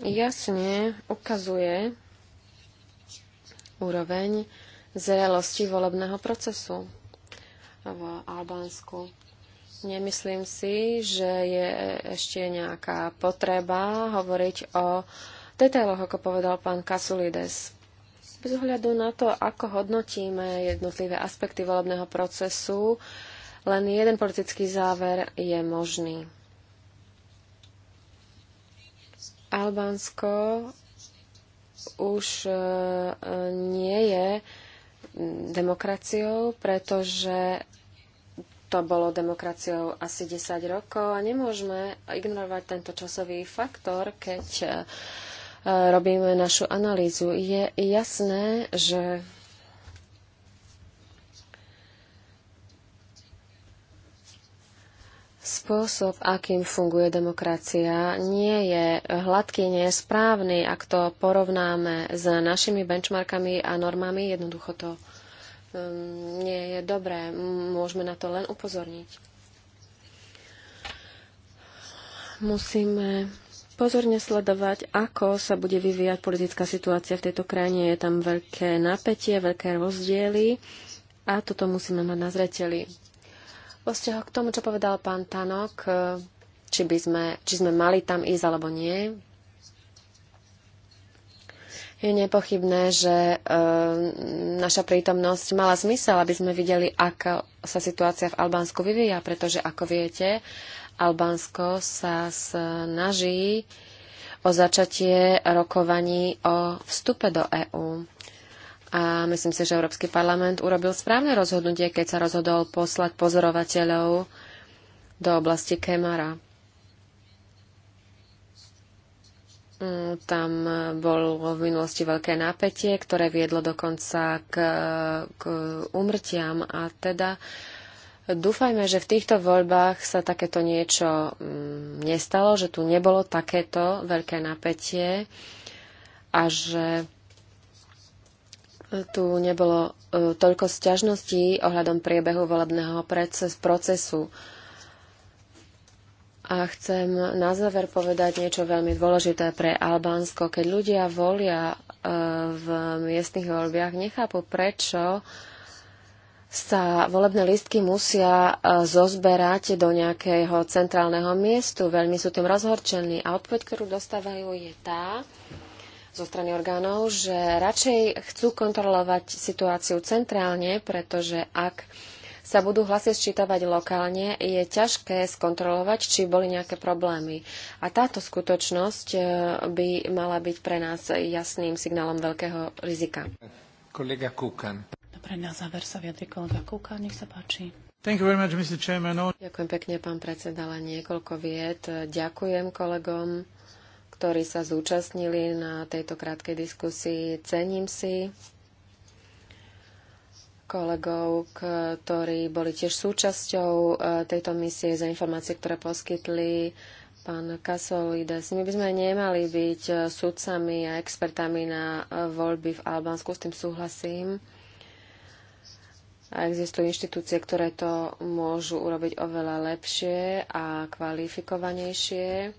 Speaker 3: jasne ukazuje úroveň zrelosti volebného procesu v Albánsku. Nemyslím si, že je ešte nejaká potreba hovoriť o detailoch, ako povedal pán Kasulides. Bez ohľadu na to, ako hodnotíme jednotlivé aspekty volebného procesu, len jeden politický záver je možný. Albánsko už e, nie je demokraciou, pretože to bolo demokraciou asi 10 rokov a nemôžeme ignorovať tento časový faktor, keď e, robíme našu analýzu. Je jasné, že Spôsob, akým funguje demokracia, nie je hladký, nie je správny. Ak to porovnáme s našimi benchmarkami a normami, jednoducho to nie je dobré. Môžeme na to len upozorniť. Musíme pozorne sledovať, ako sa bude vyvíjať politická situácia v tejto krajine. Je tam veľké napätie, veľké rozdiely a toto musíme mať na zreteli. Vo vzťahu k tomu, čo povedal pán Tanok, či, by sme, či sme mali tam ísť alebo nie, je nepochybné, že e, naša prítomnosť mala zmysel, aby sme videli, ako sa situácia v Albánsku vyvíja, pretože, ako viete, Albánsko sa snaží o začatie rokovaní o vstupe do EÚ. A myslím si, že Európsky parlament urobil správne rozhodnutie, keď sa rozhodol poslať pozorovateľov do oblasti Kemara. Tam bolo v minulosti veľké napätie, ktoré viedlo dokonca k, k umrtiam a teda dúfajme, že v týchto voľbách sa takéto niečo mm, nestalo, že tu nebolo takéto veľké napätie a že tu nebolo e, toľko sťažností ohľadom priebehu volebného procesu. A chcem na záver povedať niečo veľmi dôležité pre Albánsko. Keď ľudia volia e, v miestnych voľbiach, nechápu prečo sa volebné listky musia e, zozberať do nejakého centrálneho miestu. Veľmi sú tým rozhorčení. A odpoveď, ktorú dostávajú, je tá zo strany orgánov, že radšej chcú kontrolovať situáciu centrálne, pretože ak sa budú hlasy sčítavať lokálne, je ťažké skontrolovať, či boli nejaké problémy. A táto skutočnosť e, by mala byť pre nás jasným signálom veľkého rizika. Kolega Kukan.
Speaker 2: Dobre, na záver sa vyjadri kolega Kukan, nech sa páči. Much, Ďakujem pekne, pán predseda, len niekoľko viet.
Speaker 3: Ďakujem kolegom, ktorí sa zúčastnili na tejto krátkej diskusii. Cením si kolegov, ktorí boli tiež súčasťou e, tejto misie za informácie, ktoré poskytli pán Kasolides. My by sme nemali byť e, sudcami a expertami na e, voľby v Albánsku, s tým súhlasím. A existujú inštitúcie, ktoré to môžu urobiť oveľa lepšie a kvalifikovanejšie.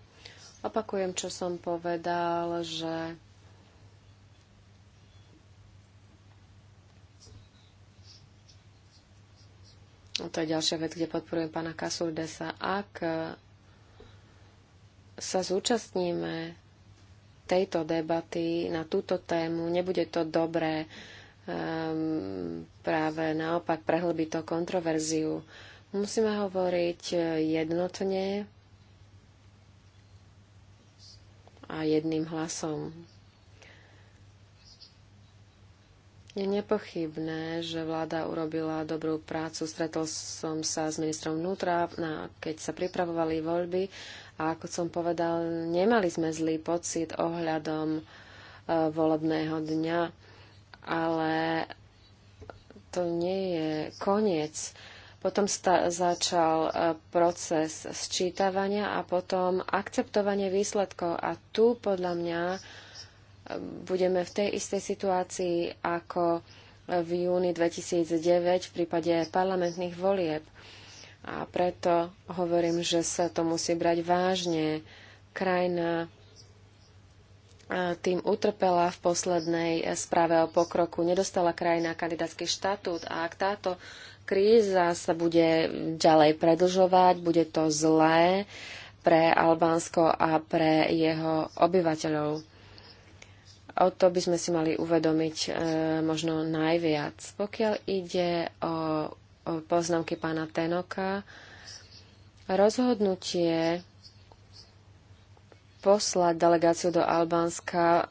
Speaker 3: Opakujem, čo som povedal, že No to je ďalšia vec, kde podporujem pána Kasurdesa. Ak e, sa zúčastníme tejto debaty na túto tému, nebude to dobré, um, práve naopak prehlbiť to kontroverziu. Musíme hovoriť e, jednotne a jedným hlasom. Je nepochybné, že vláda urobila dobrú prácu. Stretol som sa s ministrom vnútra, na, keď sa pripravovali voľby a ako som povedal, nemali sme zlý pocit ohľadom e, volebného dňa, ale to nie je koniec. Potom sta- začal e, proces sčítavania a potom akceptovanie výsledkov a tu podľa mňa budeme v tej istej situácii ako v júni 2009 v prípade parlamentných volieb. A preto hovorím, že sa to musí brať vážne. Krajina tým utrpela v poslednej správe o pokroku. Nedostala krajina kandidátsky štatút a ak táto kríza sa bude ďalej predlžovať, bude to zlé pre Albánsko a pre jeho obyvateľov. O to by sme si mali uvedomiť e, možno najviac. Pokiaľ ide o, o poznámky pána Tenoka, rozhodnutie poslať delegáciu do Albánska.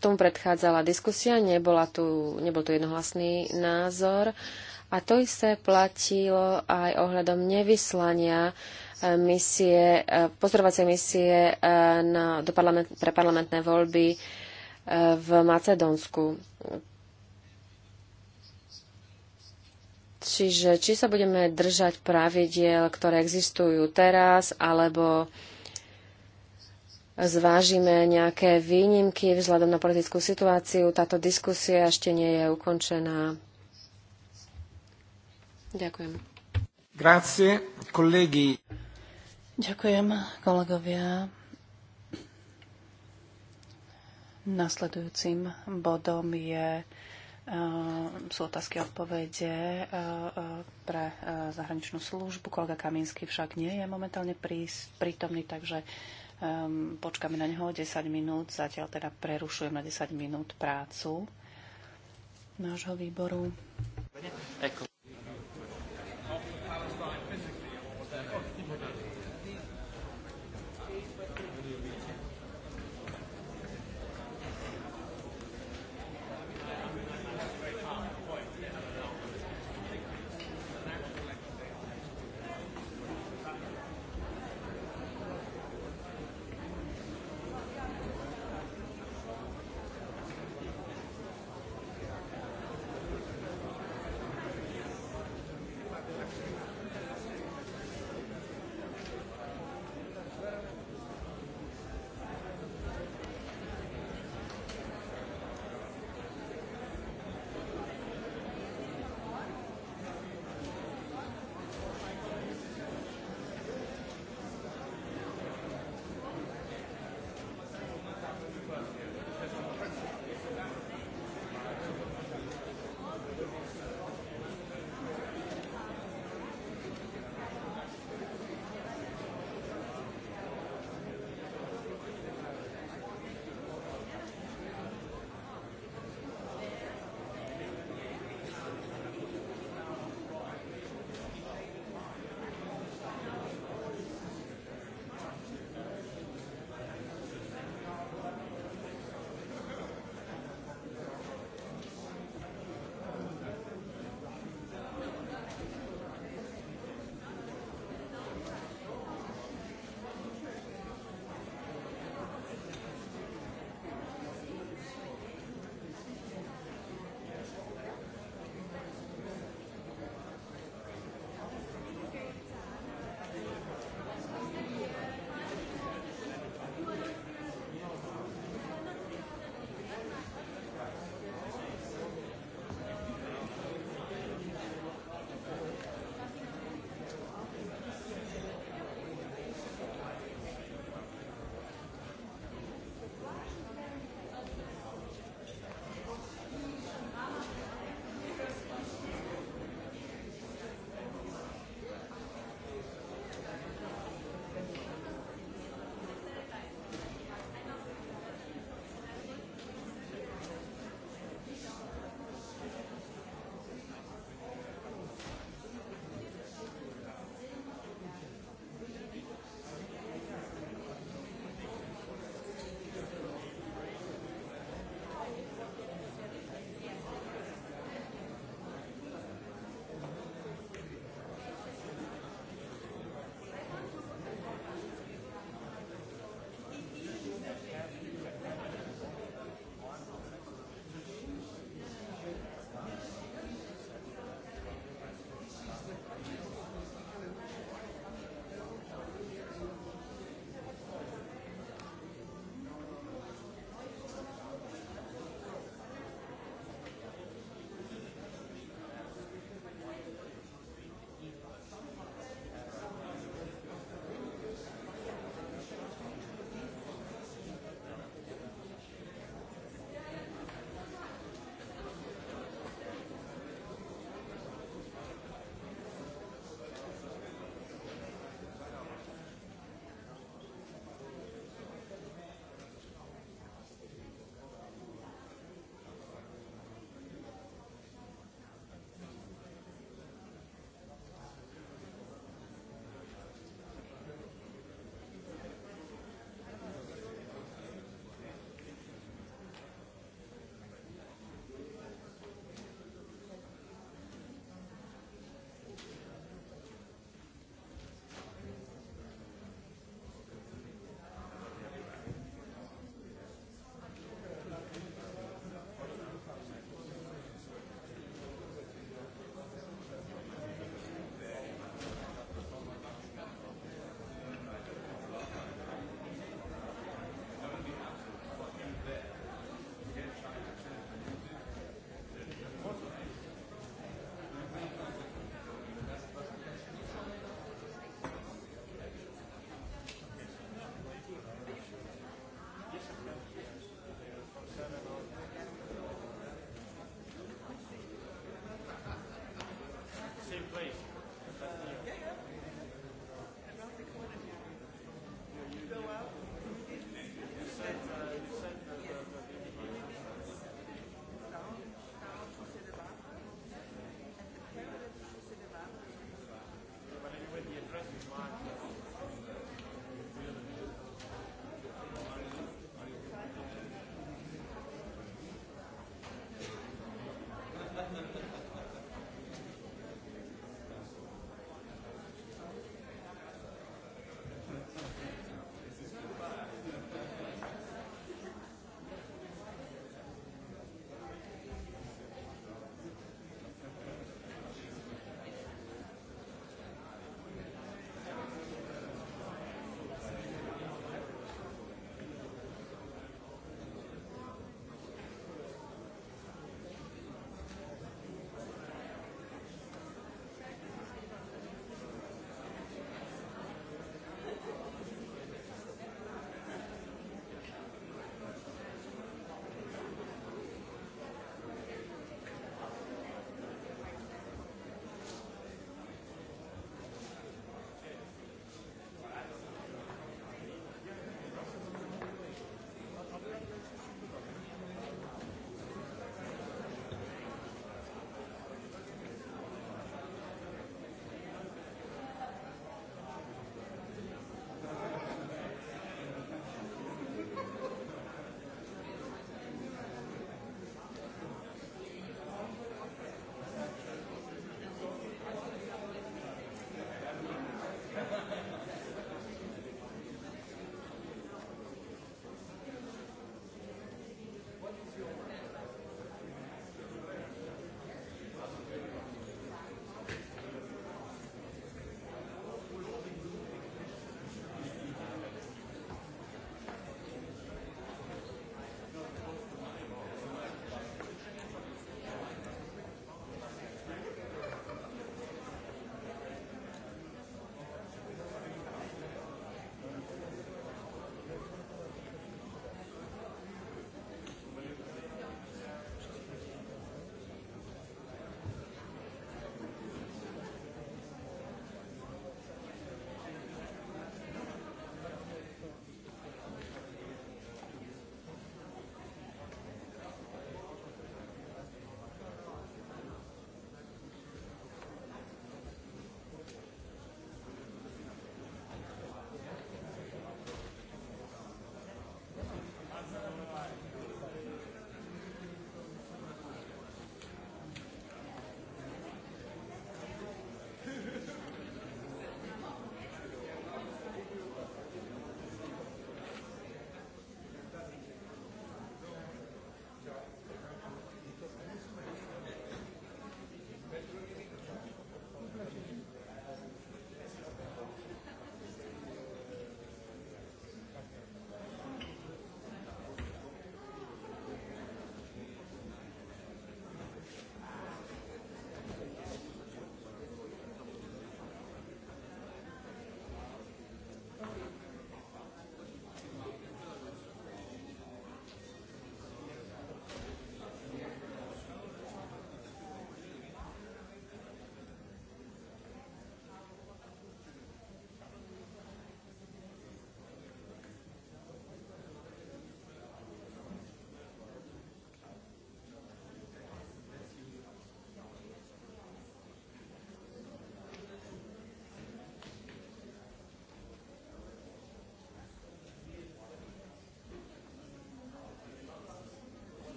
Speaker 3: Tomu predchádzala diskusia, nebola tu, nebol tu jednohlasný názor. A to isté platilo aj ohľadom nevyslania e, misie, e, pozorovacej misie e, na, do parlament, pre parlamentné voľby v Macedónsku. Čiže či sa budeme držať pravidiel, ktoré existujú teraz, alebo zvážime nejaké výnimky vzhľadom na politickú situáciu. Táto diskusia ešte nie je ukončená. Ďakujem.
Speaker 1: Grazie, kolegy.
Speaker 2: Ďakujem, kolegovia. Nasledujúcim bodom je, e, sú otázky a odpovede e, e, pre zahraničnú službu. Kolega Kaminsky však nie je momentálne prítomný, takže počkáme na neho 10 minút. Zatiaľ teda prerušujem na 10 minút prácu nášho výboru.
Speaker 1: Eko.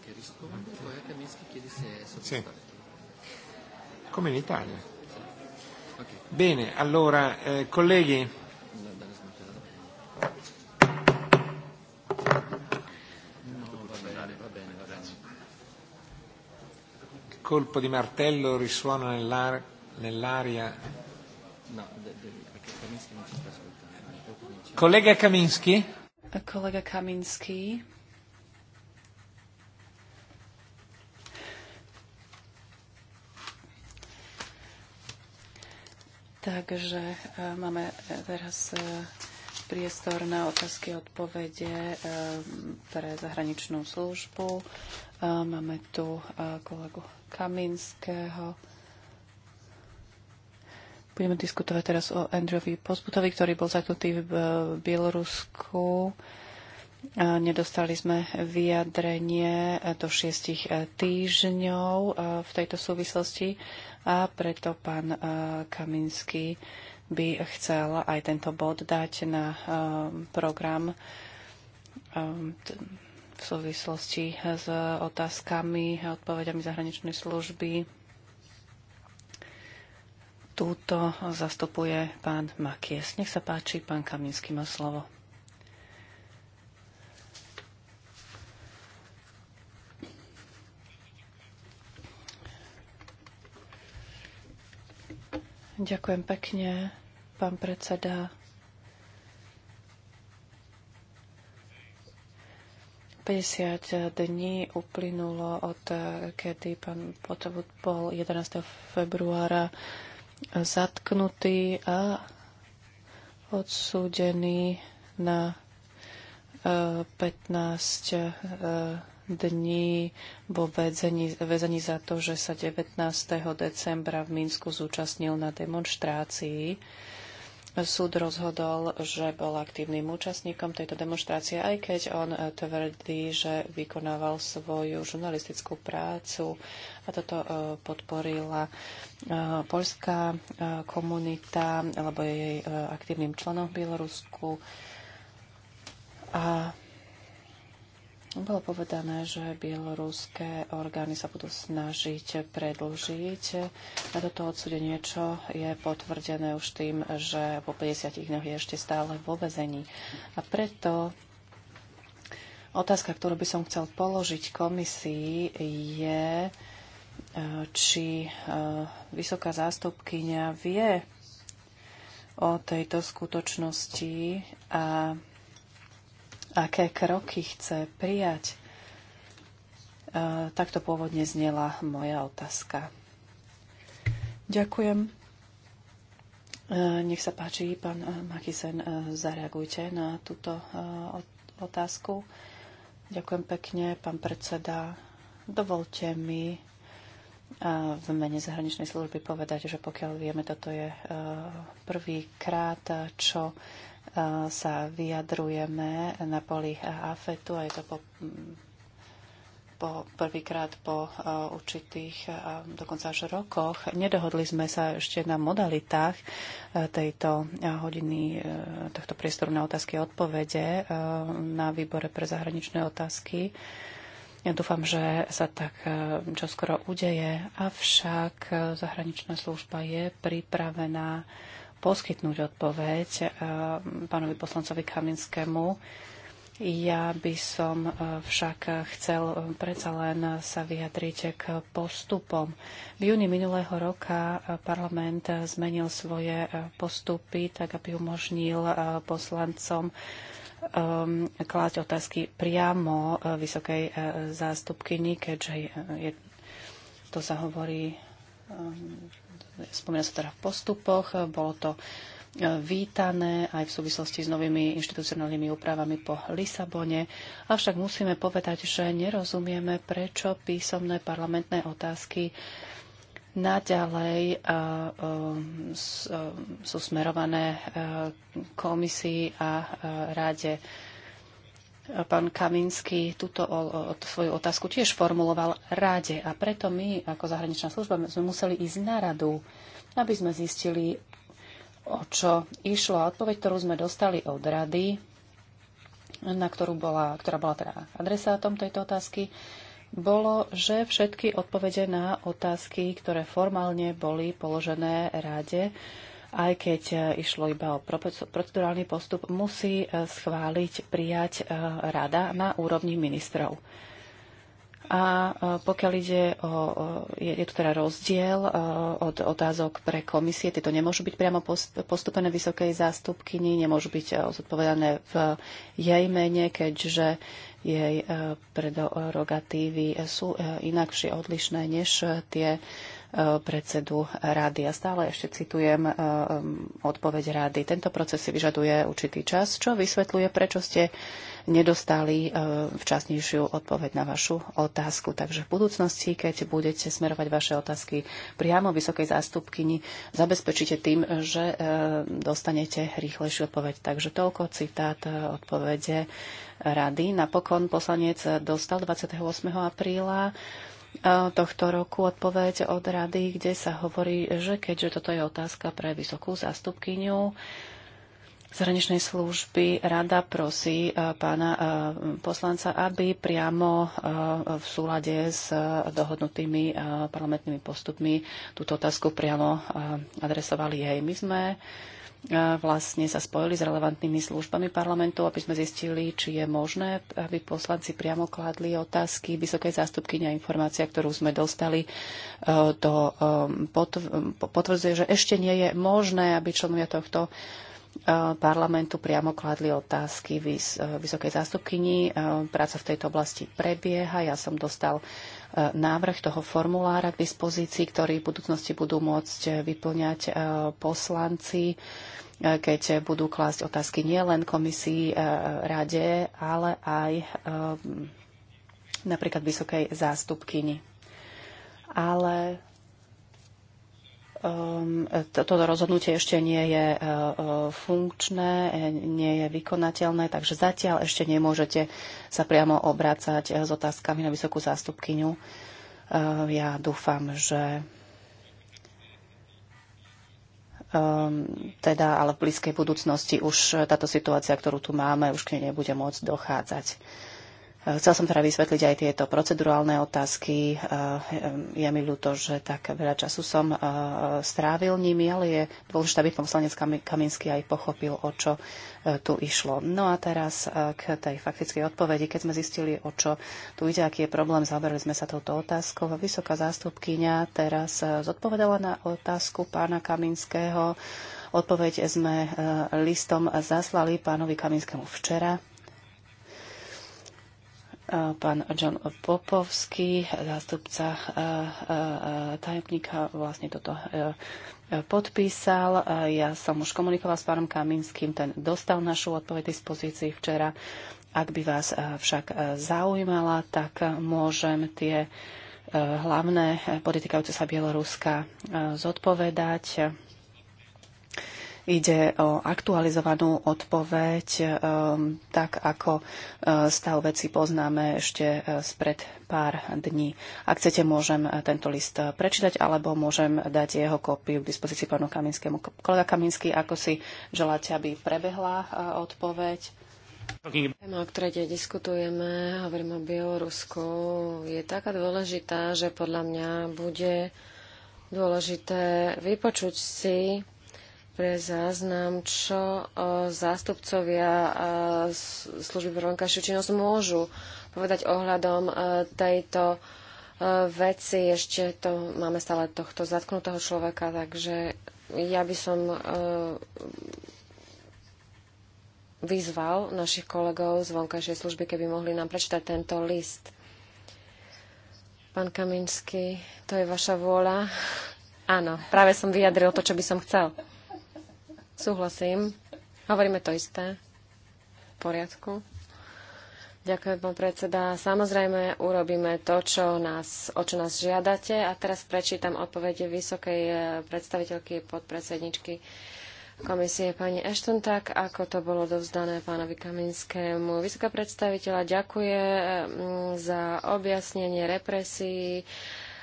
Speaker 1: che poi e è Sì. Come in Italia. Sì. Okay. Bene, allora, eh, colleghi. No, Il no, colpo di martello risuona nell'ar- nell'aria.
Speaker 2: No, de- de- perché Kaminsky non ci sta
Speaker 1: ascoltando. Collega
Speaker 2: Kaminsky? Kaminsky. Takže e, máme e, teraz e, priestor na otázky a odpovede pre zahraničnú službu. Máme tu kolegu Kaminského. Budeme diskutovať teraz o Andrewovi Pozbutovi, ktorý bol zatknutý v Bielorusku. Nedostali sme vyjadrenie do šiestich týždňov e, v tejto súvislosti a preto pán e, Kaminsky by chcel aj tento bod dať na e, program v súvislosti s otázkami a odpovediami zahraničnej služby. Túto zastupuje pán Makies. Nech sa páči, pán Kaminsky má slovo. Ďakujem pekne, pán predseda. Päťdesiat dní uplynulo od kedy pán Potovud bol 11. februára zatknutý a odsúdený na 15 eh, dní vo väzení, za to, že sa 19. decembra v Minsku zúčastnil na demonstrácii. Súd rozhodol, že bol aktívnym účastníkom tejto demonstrácie, aj keď on tvrdí, že vykonával svoju žurnalistickú prácu a toto e, podporila e, poľská e, komunita, alebo je jej aktívnym členom v Bielorusku. A bolo povedané, že bieloruské orgány sa budú snažiť predlžiť toto odsudenie, čo je potvrdené už tým, že po 50 dňoch je ešte stále vo vezení. A preto otázka, ktorú by som chcel položiť komisii, je, či e, vysoká zástupkynia vie o tejto skutočnosti a aké kroky chce prijať. E, takto pôvodne znela moja otázka. Ďakujem. E, nech sa páči, pán Makisen, e, zareagujte na túto otázku. Ďakujem pekne, pán predseda. Dovolte mi v mene zahraničnej služby povedať, že pokiaľ vieme, toto je prvýkrát, čo sa vyjadrujeme na poli AFETu a je to po, po prvýkrát po e, určitých e, dokonca až rokoch. Nedohodli sme sa ešte na modalitách e, tejto hodiny, tohto priestoru na otázky a odpovede na výbore pre zahraničné otázky. Ja dúfam, že sa tak čoskoro udeje, avšak zahraničná služba je pripravená poskytnúť odpoveď eh, pánovi poslancovi Kaminskému. Ja by som eh, však chcel eh, predsa len sa vyjadriť k postupom. V júni minulého roka parlament zmenil svoje postupy tak, aby umožnil poslancom klásť otázky priamo vysokej zástupkyni, keďže je, to sa hovorí spomína sa teda v postupoch, bolo to e, vítané aj v súvislosti s novými inštitucionálnymi úpravami po Lisabone. Avšak musíme povedať, že nerozumieme, prečo písomné parlamentné otázky naďalej e, e, sú smerované komisii a rade. Pán Kaminsky túto svoju otázku tiež formuloval ráde a preto my ako zahraničná služba sme museli ísť na radu, aby sme zistili, o čo išlo. A odpoveď, ktorú sme dostali od rady, na ktorú bola, ktorá bola teda adresátom tejto otázky, bolo, že všetky odpovede na otázky, ktoré formálne boli položené ráde, aj keď e, išlo iba o procedurálny postup, musí e, schváliť, prijať e, rada na úrovni ministrov. A pokiaľ ide o, je, je tu teda rozdiel od otázok pre komisie, tieto nemôžu byť priamo postupené vysokej zástupkyni, nemôžu byť zodpovedané v jej mene, keďže jej prerogatívy sú inakšie odlišné než tie predsedu rady. A stále ešte citujem eh, odpoveď rady. Tento proces si vyžaduje určitý čas, čo vysvetľuje, prečo ste nedostali eh, včasnejšiu odpoveď na vašu otázku. Takže v budúcnosti, keď budete smerovať vaše otázky priamo vysokej zástupkyni, zabezpečíte tým, že eh, dostanete rýchlejšiu odpoveď. Takže toľko citát odpovede rady. Napokon poslanec dostal 28. apríla tohto roku odpoveď od rady, kde sa hovorí, že keďže toto je otázka pre vysokú zástupkyňu zahraničnej služby, rada prosí e, pána e, poslanca, aby priamo e, v súlade s dohodnutými parlamentnými postupmi túto otázku priamo adresovali jej. My sme vlastne sa spojili s relevantnými službami parlamentu, aby sme zistili, či je možné, aby poslanci priamo kladli otázky vysokej zástupkyne a informácia, ktorú sme dostali, to e, e, e, potvrdzuje, že ešte nie je možné, aby členovia tohto parlamentu priamo kladli otázky vysokej zástupkyni. Práca v tejto oblasti prebieha. Ja som dostal návrh toho formulára k dispozícii, ktorý v budúcnosti budú môcť vyplňať e, poslanci, e, keď budú klásť otázky nielen komisii, e, rade, ale aj napríklad vysokej zástupkyni. Ale Ehm, toto rozhodnutie ešte nie je eh, eh, funkčné, nie je vykonateľné, takže zatiaľ ešte nemôžete sa priamo obrácať eh, s otázkami na vysokú zástupkyňu. Ehm, ja dúfam, že ehm, teda ale v blízkej budúcnosti už táto situácia, ktorú tu máme, už k nej nebude môcť dochádzať. Chcel som teda vysvetliť aj tieto procedurálne otázky. Eh, je mi ľúto, že tak veľa času som eh, strávil nimi, ale je dôležité, aby poslanec Kaminsky aj pochopil, o čo eh, tu išlo. No a teraz k tej faktickej odpovedi. Keď sme zistili, o čo tu ide, aký je problém, zaoberali sme sa touto otázkou. Vysoká zástupkynia teraz zodpovedala na otázku pána Kaminského. Odpoveď sme listom zaslali pánovi Kaminskému včera pán John Popovský, zástupca tajomníka, vlastne toto podpísal. Ja som už komunikoval s pánom Kaminským, ten dostal našu odpoveď dispozícii včera. Ak by vás však zaujímala, tak môžem tie hlavné politikajúce sa Bieloruska zodpovedať. Ide o aktualizovanú odpoveď, eh, tak ako eh, stav veci poznáme ešte eh, spred pár dní. Ak chcete, môžem tento list prečítať, alebo môžem dať jeho kópiu k dispozícii pánu Kaminskému. Kolega Kaminský, ako si želáte, aby prebehla odpoveď? Téma, o ktorej diskutujeme, hovoríme o
Speaker 3: Bielorusku, je taká dôležitá, že podľa mňa bude dôležité vypočuť si pre záznam, čo e, zástupcovia e, služby pre vonkajšiu činnosť môžu povedať ohľadom e, tejto veci. Ešte to máme stále tohto zatknutého človeka, takže ja by som vyzval našich kolegov z vonkajšej služby, keby mohli nám prečítať tento list. Pán Kaminsky, to je vaša vôľa? Áno, práve som vyjadril to, čo by som chcel. Súhlasím. Hovoríme to isté. V poriadku. Ďakujem, pán predseda. Samozrejme, urobíme to, čo nás, o čo nás žiadate. A teraz prečítam odpovede vysokej eh, predstaviteľky podpredsedničky komisie pani Ashton, tak ako to bolo dovzdané pánovi Kaminskému. Vysoká predstaviteľa ďakuje mm, za objasnenie represií.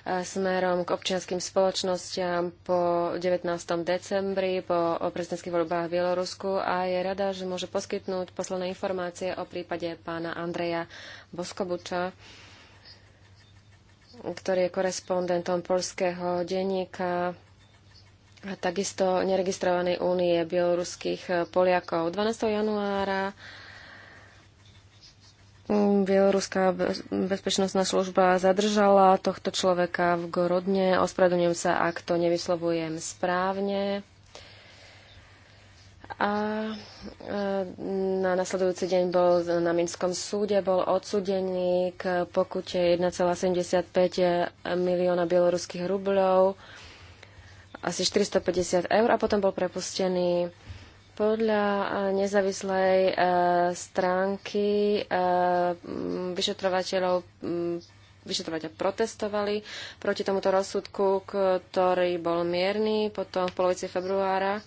Speaker 3: Eh, smerom k občianským spoločnostiam po 19. decembri, po prezidentských voľbách v Bielorusku a je rada, že môže poskytnúť posledné informácie o prípade pána Andreja Boskobuča, ktorý je korespondentom polského denníka a takisto neregistrovanej únie bieloruských eh, Poliakov. 12. januára Mm, Bieloruská bezpečnostná služba zadržala tohto človeka v Gorodne. Ospravedlňujem sa, ak to nevyslovujem správne. A e, na nasledujúci deň bol na Minskom súde, bol odsudený k pokute 1,75 milióna bieloruských rubľov, asi 450 eur a potom bol prepustený podľa eh, nezávislej eh, stránky eh, vyšetrovateľov mm, vyšetrovateľ protestovali proti tomuto rozsudku, ktorý bol mierny. Potom v polovici februára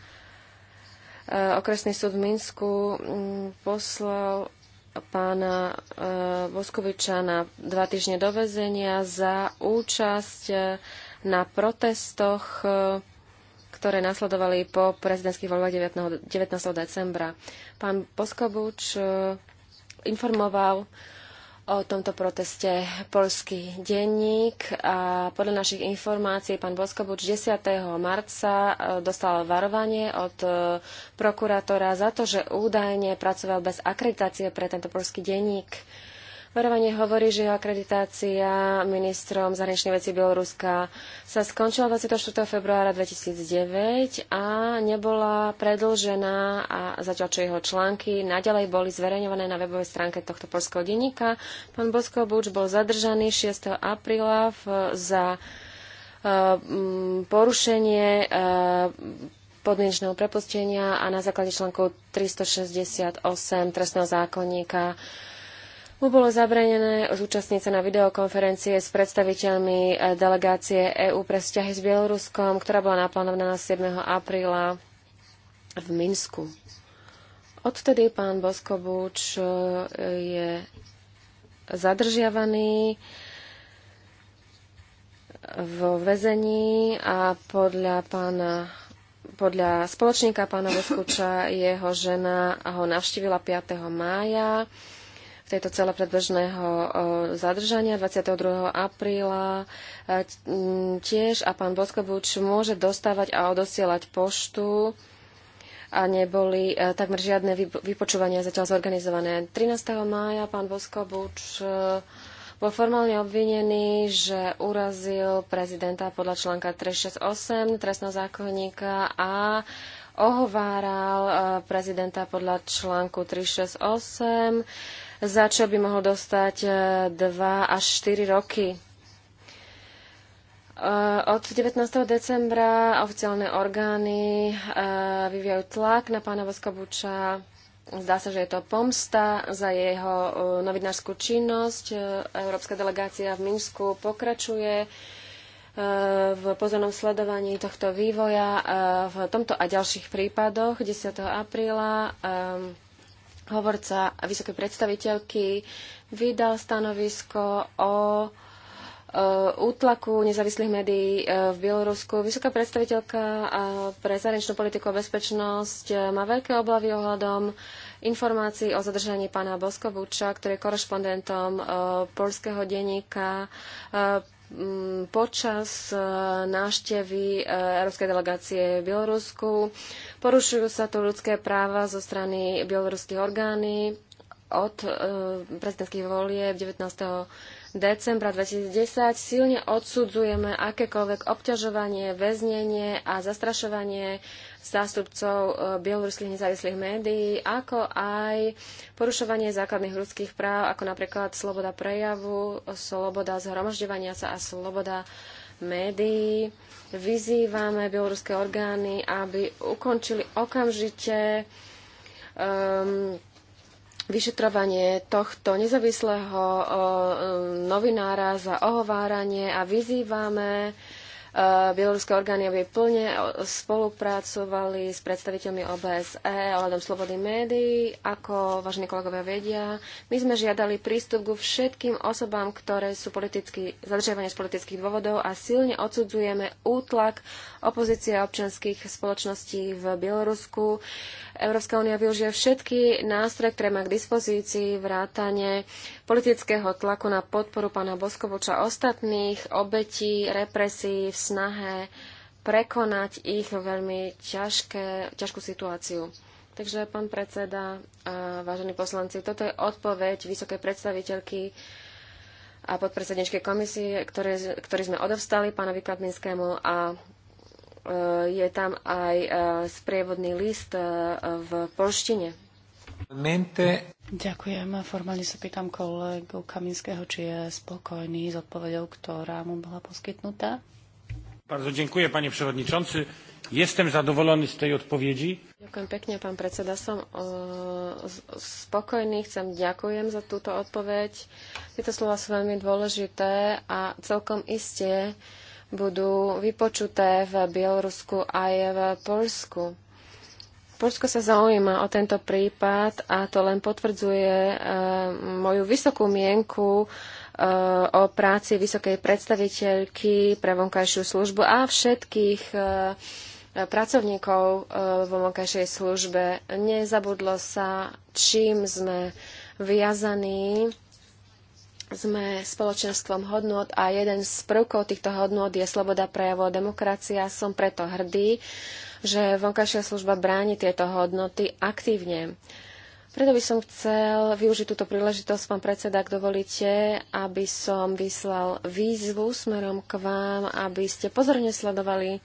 Speaker 3: okresný súd v Minsku mm, poslal pána Voskoviča na dva týždne do vezenia za účasť na protestoch ktoré nasledovali po prezidentských voľbách 19. decembra. Pán Poskobuč e, informoval o tomto proteste polský denník a podľa našich informácií pán Boskobuč 10. marca e, dostal varovanie od e, prokurátora za to, že údajne pracoval bez akreditácie pre tento polský denník. Varovanie hovorí, že akreditácia ministrom zahraničnej veci Bieloruska sa skončila 24. februára 2009 a nebola predlžená a zatiaľ čo jeho články naďalej boli zverejňované na webovej stránke tohto polského denníka. Pán Bosko Buč bol zadržaný 6. apríla v, za e, porušenie e, podmienečného prepustenia a na základe článkov 368 trestného zákonníka mu bolo zabranené zúčastniť sa na videokonferencie s predstaviteľmi eh, delegácie EÚ pre vzťahy s Bieloruskom, ktorá bola naplánovaná na 7. apríla v Minsku. Odtedy pán Boskobuč eh, je zadržiavaný vo väzení a podľa pána podľa spoločníka pána Boskuča jeho žena ho navštívila 5. mája v tejto cele predbežného zadržania 22. apríla tiež a pán Boskobuč môže dostávať a odosielať poštu a neboli e, takmer žiadne vypočúvania zatiaľ zorganizované. 13. mája pán Boskobuč e, bol formálne obvinený, že urazil prezidenta podľa článka 368 trestného zákonníka a ohováral e, prezidenta podľa článku 368 za čo by mohol dostať 2 e, až 4 roky. E, od 19. decembra oficiálne orgány e, vyvíjajú tlak na pána Voskobuča. Zdá sa, že je to pomsta za jeho novinárskú činnosť. Európska delegácia v Minsku pokračuje v pozornom sledovaní tohto vývoja v tomto a ďalších prípadoch 10. apríla hovorca vysokej predstaviteľky vydal stanovisko o e, útlaku nezávislých médií e, v Bielorusku. Vysoká predstaviteľka e, pre zahraničnú politiku a bezpečnosť má veľké obavy ohľadom informácií o zadržaní pána Boskovuča, ktorý je korešpondentom polského denníka počas e, návštevy e, Európskej delegácie v Bielorusku. Porušujú sa tu ľudské práva zo strany bieloruských orgány od e, prezidentských volieb 19 decembra 2010 silne odsudzujeme akékoľvek obťažovanie, väznenie a zastrašovanie zástupcov e, bieloruských nezávislých médií, ako aj porušovanie základných ľudských práv, ako napríklad sloboda prejavu, sloboda zhromažďovania sa a sloboda médií. Vyzývame bieloruské orgány, aby ukončili okamžite um, vyšetrovanie tohto nezávislého eh, novinára za ohováranie a vyzývame Eh, bieloruské orgány, aby plne spolupracovali s predstaviteľmi OBSE ohľadom slobody médií. Ako vážení kolegovia vedia, my sme žiadali prístup ku všetkým osobám, ktoré sú politicky zadržiavané z politických dôvodov a silne odsudzujeme útlak opozície a občanských spoločností v Bielorusku. Európska únia využije všetky nástroje, ktoré má k dispozícii, vrátane politického tlaku na podporu pána Boskovoča ostatných obetí represí v snahe prekonať ich veľmi ťažké, ťažkú situáciu. Takže, pán predseda, a vážení poslanci, toto je odpoveď vysokej predstaviteľky a podpredsedničkej komisie, ktoré, ktorý sme odovstali pánovi Kladminskému a e, je tam aj e, sprievodný list e, v polštine.
Speaker 2: Mente. Ďakujem. Formálne sa pýtam kolegu Kaminského, či je spokojný s odpovedou, ktorá mu bola poskytnutá.
Speaker 3: Bardzo dziękuję, panie przewodniczący. Jestem zadowolony z tej odpowiedzi.
Speaker 2: Ďakujem pekne, pán predseda. Som
Speaker 3: e, spokojný, chcem ďakujem za túto odpoveď. Tieto slova sú veľmi dôležité a celkom isté budú vypočuté v Bielorusku aj v Polsku. Polsko sa zaujíma o tento prípad a to len potvrdzuje e, moju vysokú mienku e, o práci vysokej predstaviteľky pre vonkajšiu službu a všetkých e, pracovníkov vo vonkajšej službe. Nezabudlo sa, čím sme viazaní. Sme spoločenstvom hodnot a jeden z prvkov týchto hodnot je sloboda prejavu a demokracia. Som preto hrdý, že vonkajšia služba bráni tieto hodnoty aktívne. Preto by som chcel využiť túto príležitosť, pán predseda, ak dovolíte, aby som vyslal výzvu smerom k vám, aby ste pozorne sledovali,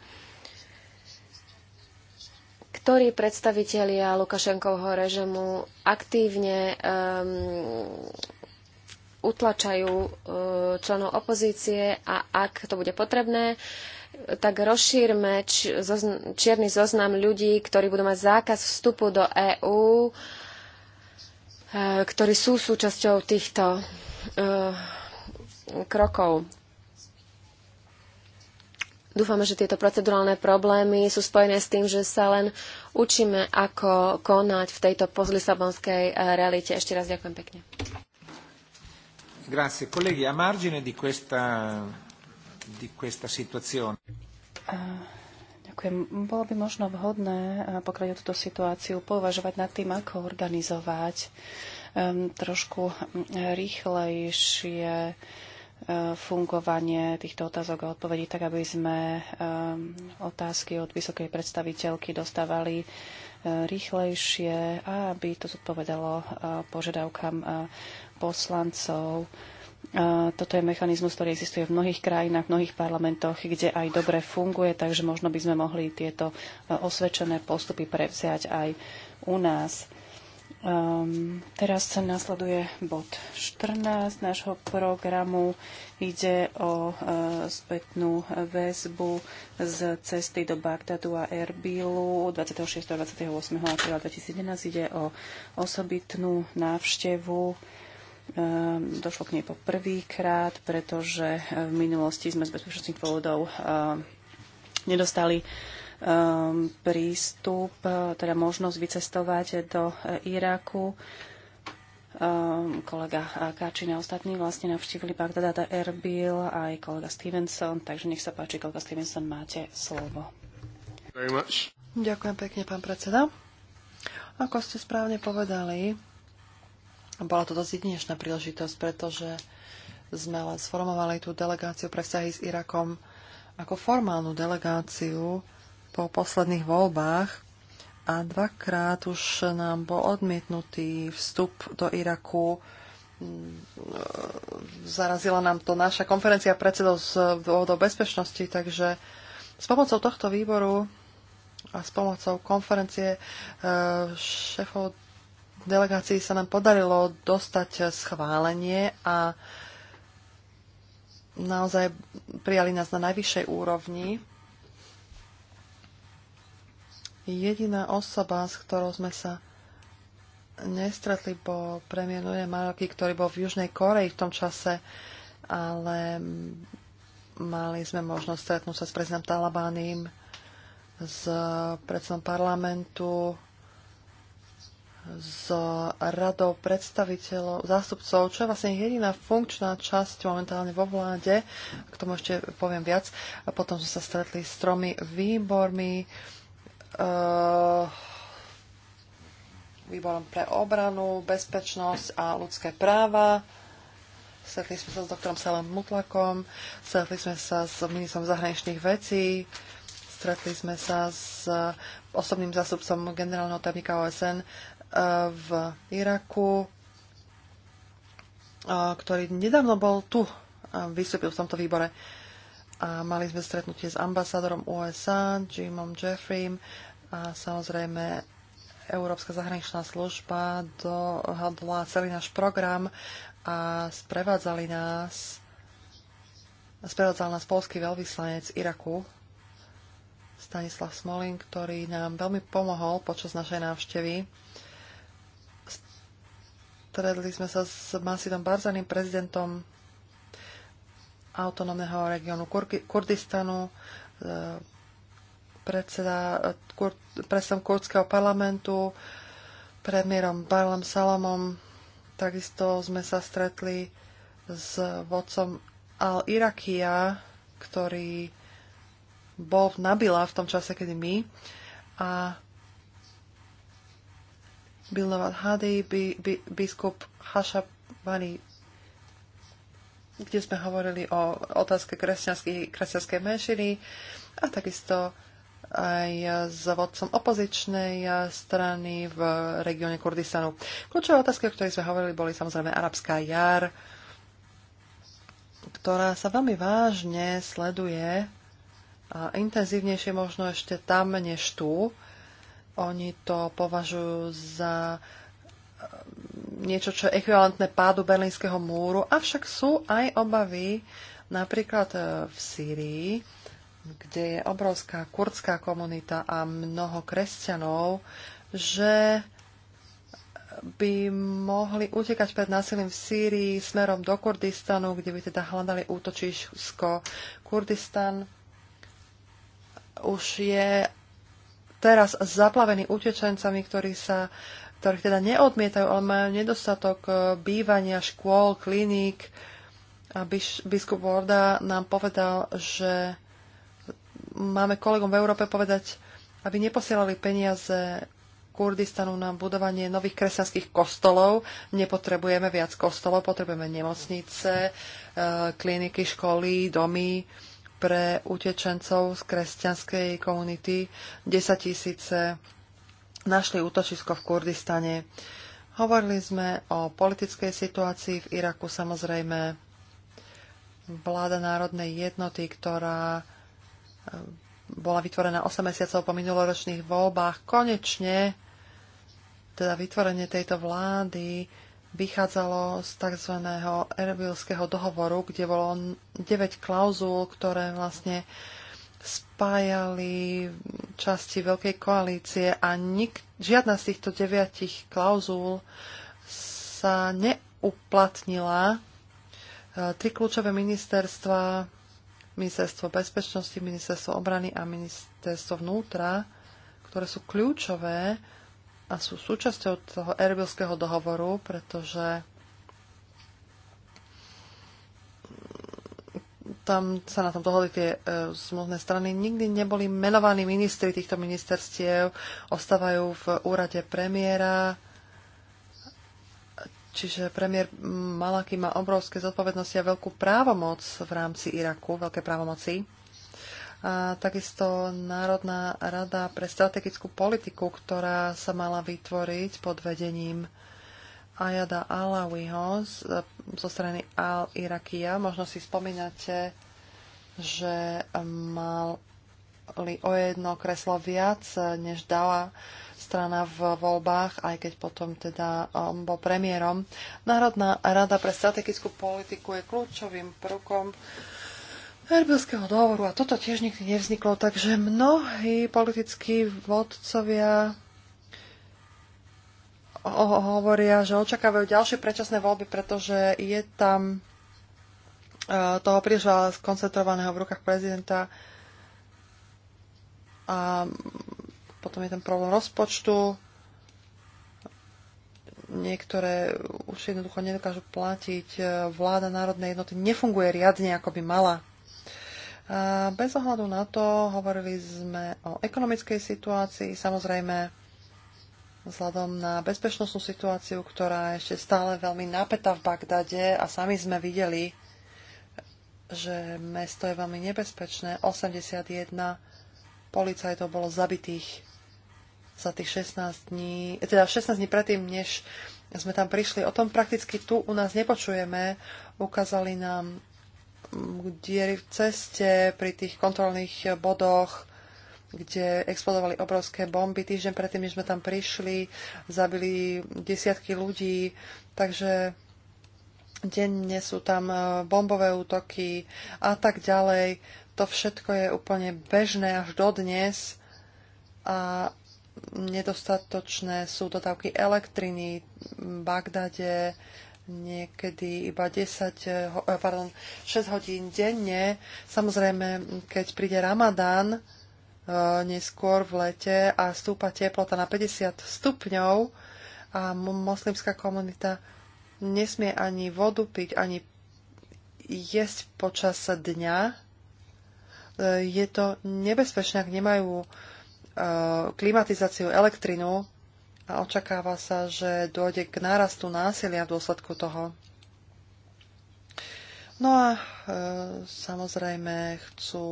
Speaker 3: ktorí predstavitelia Lukašenkovho režimu aktívne um, utlačajú e, členov opozície a ak to bude potrebné, tak rozšírme čierny zoznam ľudí, ktorí budú mať zákaz vstupu do EÚ, e, ktorí sú súčasťou týchto e, krokov. Dúfame, že tieto procedurálne problémy sú spojené s tým, že sa len učíme, ako konať v tejto pozlisabonskej e, realite. Ešte raz ďakujem pekne. Grazie.
Speaker 1: a margine di questa di questa situazione.
Speaker 2: Ďakujem. Bolo by možno vhodné, pokiaľ túto situáciu, považovať nad tým, ako organizovať um, trošku rýchlejšie fungovanie týchto otázok a odpovedí, tak aby sme um, otázky od vysokej predstaviteľky dostávali e, rýchlejšie a aby to zodpovedalo požiadavkám poslancov toto je mechanizmus, ktorý existuje v mnohých krajinách, v mnohých parlamentoch, kde aj dobre funguje, takže možno by sme mohli tieto e, osvedčené postupy prevziať aj u nás. Um, teraz sa nasleduje bod 14 nášho programu. Ide o uh, spätnú väzbu z cesty do Bagdadu a Erbilu 26. a 28. apríla 2011. Ide o osobitnú návštevu Ehm, došlo k nej po prvýkrát, pretože eh, v minulosti sme z bezpečnostných dôvodov eh, nedostali ehm, prístup, eh, teda možnosť vycestovať do Iraku. Ehm, kolega Káčina a ostatní vlastne navštívili Bagdad a Erbil aj kolega Stevenson, takže nech sa páči, kolega Stevenson, máte slovo.
Speaker 1: Ďakujem pekne, pán predseda. Ako ste správne povedali, bola to dosť jedinečná príležitosť, pretože sme len sformovali tú delegáciu pre vzťahy s Irakom ako formálnu delegáciu po posledných voľbách a dvakrát už nám bol odmietnutý vstup do Iraku. Zarazila nám to naša konferencia predsedov z dôvodov bezpečnosti, takže s pomocou tohto výboru a s pomocou konferencie eh, šéfov Delegácii sa nám podarilo dostať schválenie a naozaj prijali nás na najvyššej úrovni. Jediná osoba, s ktorou sme sa nestretli, bol premiér Nure Maroky, ktorý bol v Južnej Koreji v tom čase, ale mali sme možnosť stretnúť sa s prezidentom Talabánim, s predsedom parlamentu, s radou predstaviteľov, zástupcov, čo je vlastne jediná funkčná časť momentálne vo vláde, k tomu ešte poviem viac. A potom sme sa stretli s tromi výbormi, uh, výborom pre obranu, bezpečnosť a ľudské práva. Stretli sme sa s doktorom Salom Mutlakom, stretli sme sa s ministrom zahraničných vecí, stretli sme sa s osobným zástupcom generálneho tajomníka OSN E, v Iraku, e, ktorý nedávno bol tu, e, vystúpil v tomto výbore. A mali sme stretnutie s ambasádorom USA, Jimom Jeffreym a samozrejme Európska zahraničná služba dohadla celý náš program a sprevádzali nás sprevádzal nás polský veľvyslanec Iraku Stanislav Smolin, ktorý nám veľmi pomohol počas našej návštevy Stredli sme sa s Masidom Barzaným, prezidentom autonómneho regiónu Kurdistanu, e, predseda, e, kur, predsedom kurdského parlamentu, premiérom Barlam Salamom. Takisto sme sa stretli s vodcom Al-Irakia, ktorý bol v Nabila v tom čase, kedy my. A Bilnovat Hady, by, by, biskup Hašabani, kde sme hovorili o otázke kresťanskej, kresťanskej menšiny a takisto aj s vodcom opozičnej strany v regióne Kurdistanu. Kľúčové otázky, o ktorých sme hovorili, boli samozrejme arabská jar, ktorá sa veľmi vážne sleduje a intenzívnejšie možno ešte tam než tu. Oni to považujú za eh, niečo, čo je ekvivalentné pádu Berlínskeho múru, avšak sú aj obavy napríklad eh, v Sýrii, kde je obrovská kurdská komunita a mnoho kresťanov, že by mohli utekať pred násilím v Sýrii smerom do Kurdistanu, kde by teda hľadali útočisko. Kurdistan už je teraz zaplavení utečencami, ktorí sa ktorých teda neodmietajú, ale majú nedostatok e, bývania, škôl, kliník. A biskup Vorda nám povedal, že máme kolegom v Európe povedať, aby neposielali peniaze Kurdistanu na budovanie nových kresťanských kostolov. Nepotrebujeme viac kostolov, potrebujeme nemocnice, e, kliniky, školy, domy pre utečencov z kresťanskej komunity. 10 tisíce našli útočisko v Kurdistane. Hovorili sme o politickej situácii v Iraku samozrejme. Vláda národnej jednoty, ktorá eh, bola vytvorená 8 mesiacov po minuloročných voľbách, konečne teda vytvorenie tejto vlády vychádzalo z tzv. Erbilského dohovoru, kde bolo 9 klauzul, ktoré vlastne spájali časti Veľkej koalície a nik- žiadna z týchto deviatich klauzul sa neuplatnila. E, tri kľúčové ministerstva, ministerstvo bezpečnosti, ministerstvo obrany a ministerstvo vnútra, ktoré sú kľúčové a sú súčasťou toho erbilského dohovoru, pretože tam sa na tom dohodli tie e, zmluvné strany. Nikdy neboli menovaní ministri týchto ministerstiev, ostávajú v úrade premiéra. Čiže premiér Malaky má obrovské zodpovednosti a veľkú právomoc v rámci Iraku, veľké právomoci a takisto Národná rada pre strategickú politiku, ktorá sa mala vytvoriť pod vedením Ayada Alawiho zo strany Al-Irakia. Možno si spomínate, že mali o jedno kreslo viac, než dala strana v voľbách, aj keď potom teda on um, bol premiérom. Národná rada pre strategickú politiku je kľúčovým prvkom Erbilského dohovoru a toto tiež nikdy nevzniklo, takže mnohí politickí vodcovia hovoria, že očakávajú ďalšie predčasné voľby, pretože je tam e, toho príliš skoncentrovaného v rukách prezidenta a potom je ten problém rozpočtu. Niektoré už jednoducho nedokážu platiť. E, vláda národnej jednoty nefunguje riadne, ako by mala. Eh, bez ohľadu na to hovorili sme o ekonomickej situácii, samozrejme vzhľadom na bezpečnostnú situáciu, ktorá je ešte stále veľmi napätá v Bagdade a sami sme videli, že mesto je veľmi nebezpečné. 81 policajtov bolo zabitých za tých 16 dní, teda 16 dní predtým, než sme tam prišli. O tom prakticky tu u nás nepočujeme. Ukázali nám diery v ceste, pri tých kontrolných bodoch, kde explodovali obrovské bomby. Týždeň predtým, než sme tam prišli, zabili desiatky ľudí, takže denne sú tam e, bombové útoky a tak ďalej. To všetko je úplne bežné až dodnes a nedostatočné sú dodávky elektriny v Bagdade, niekedy iba 10, eh, eh, pardon, 6 hodín denne. Samozrejme, keď príde Ramadán, eh, neskôr v lete a stúpa teplota na 50 stupňov a moslimská komunita nesmie ani vodu piť, ani jesť počas dňa. Je to nebezpečné, ak nemajú klimatizáciu, elektrinu, a očakáva sa, že dôjde k nárastu násilia v dôsledku toho. No a e, samozrejme chcú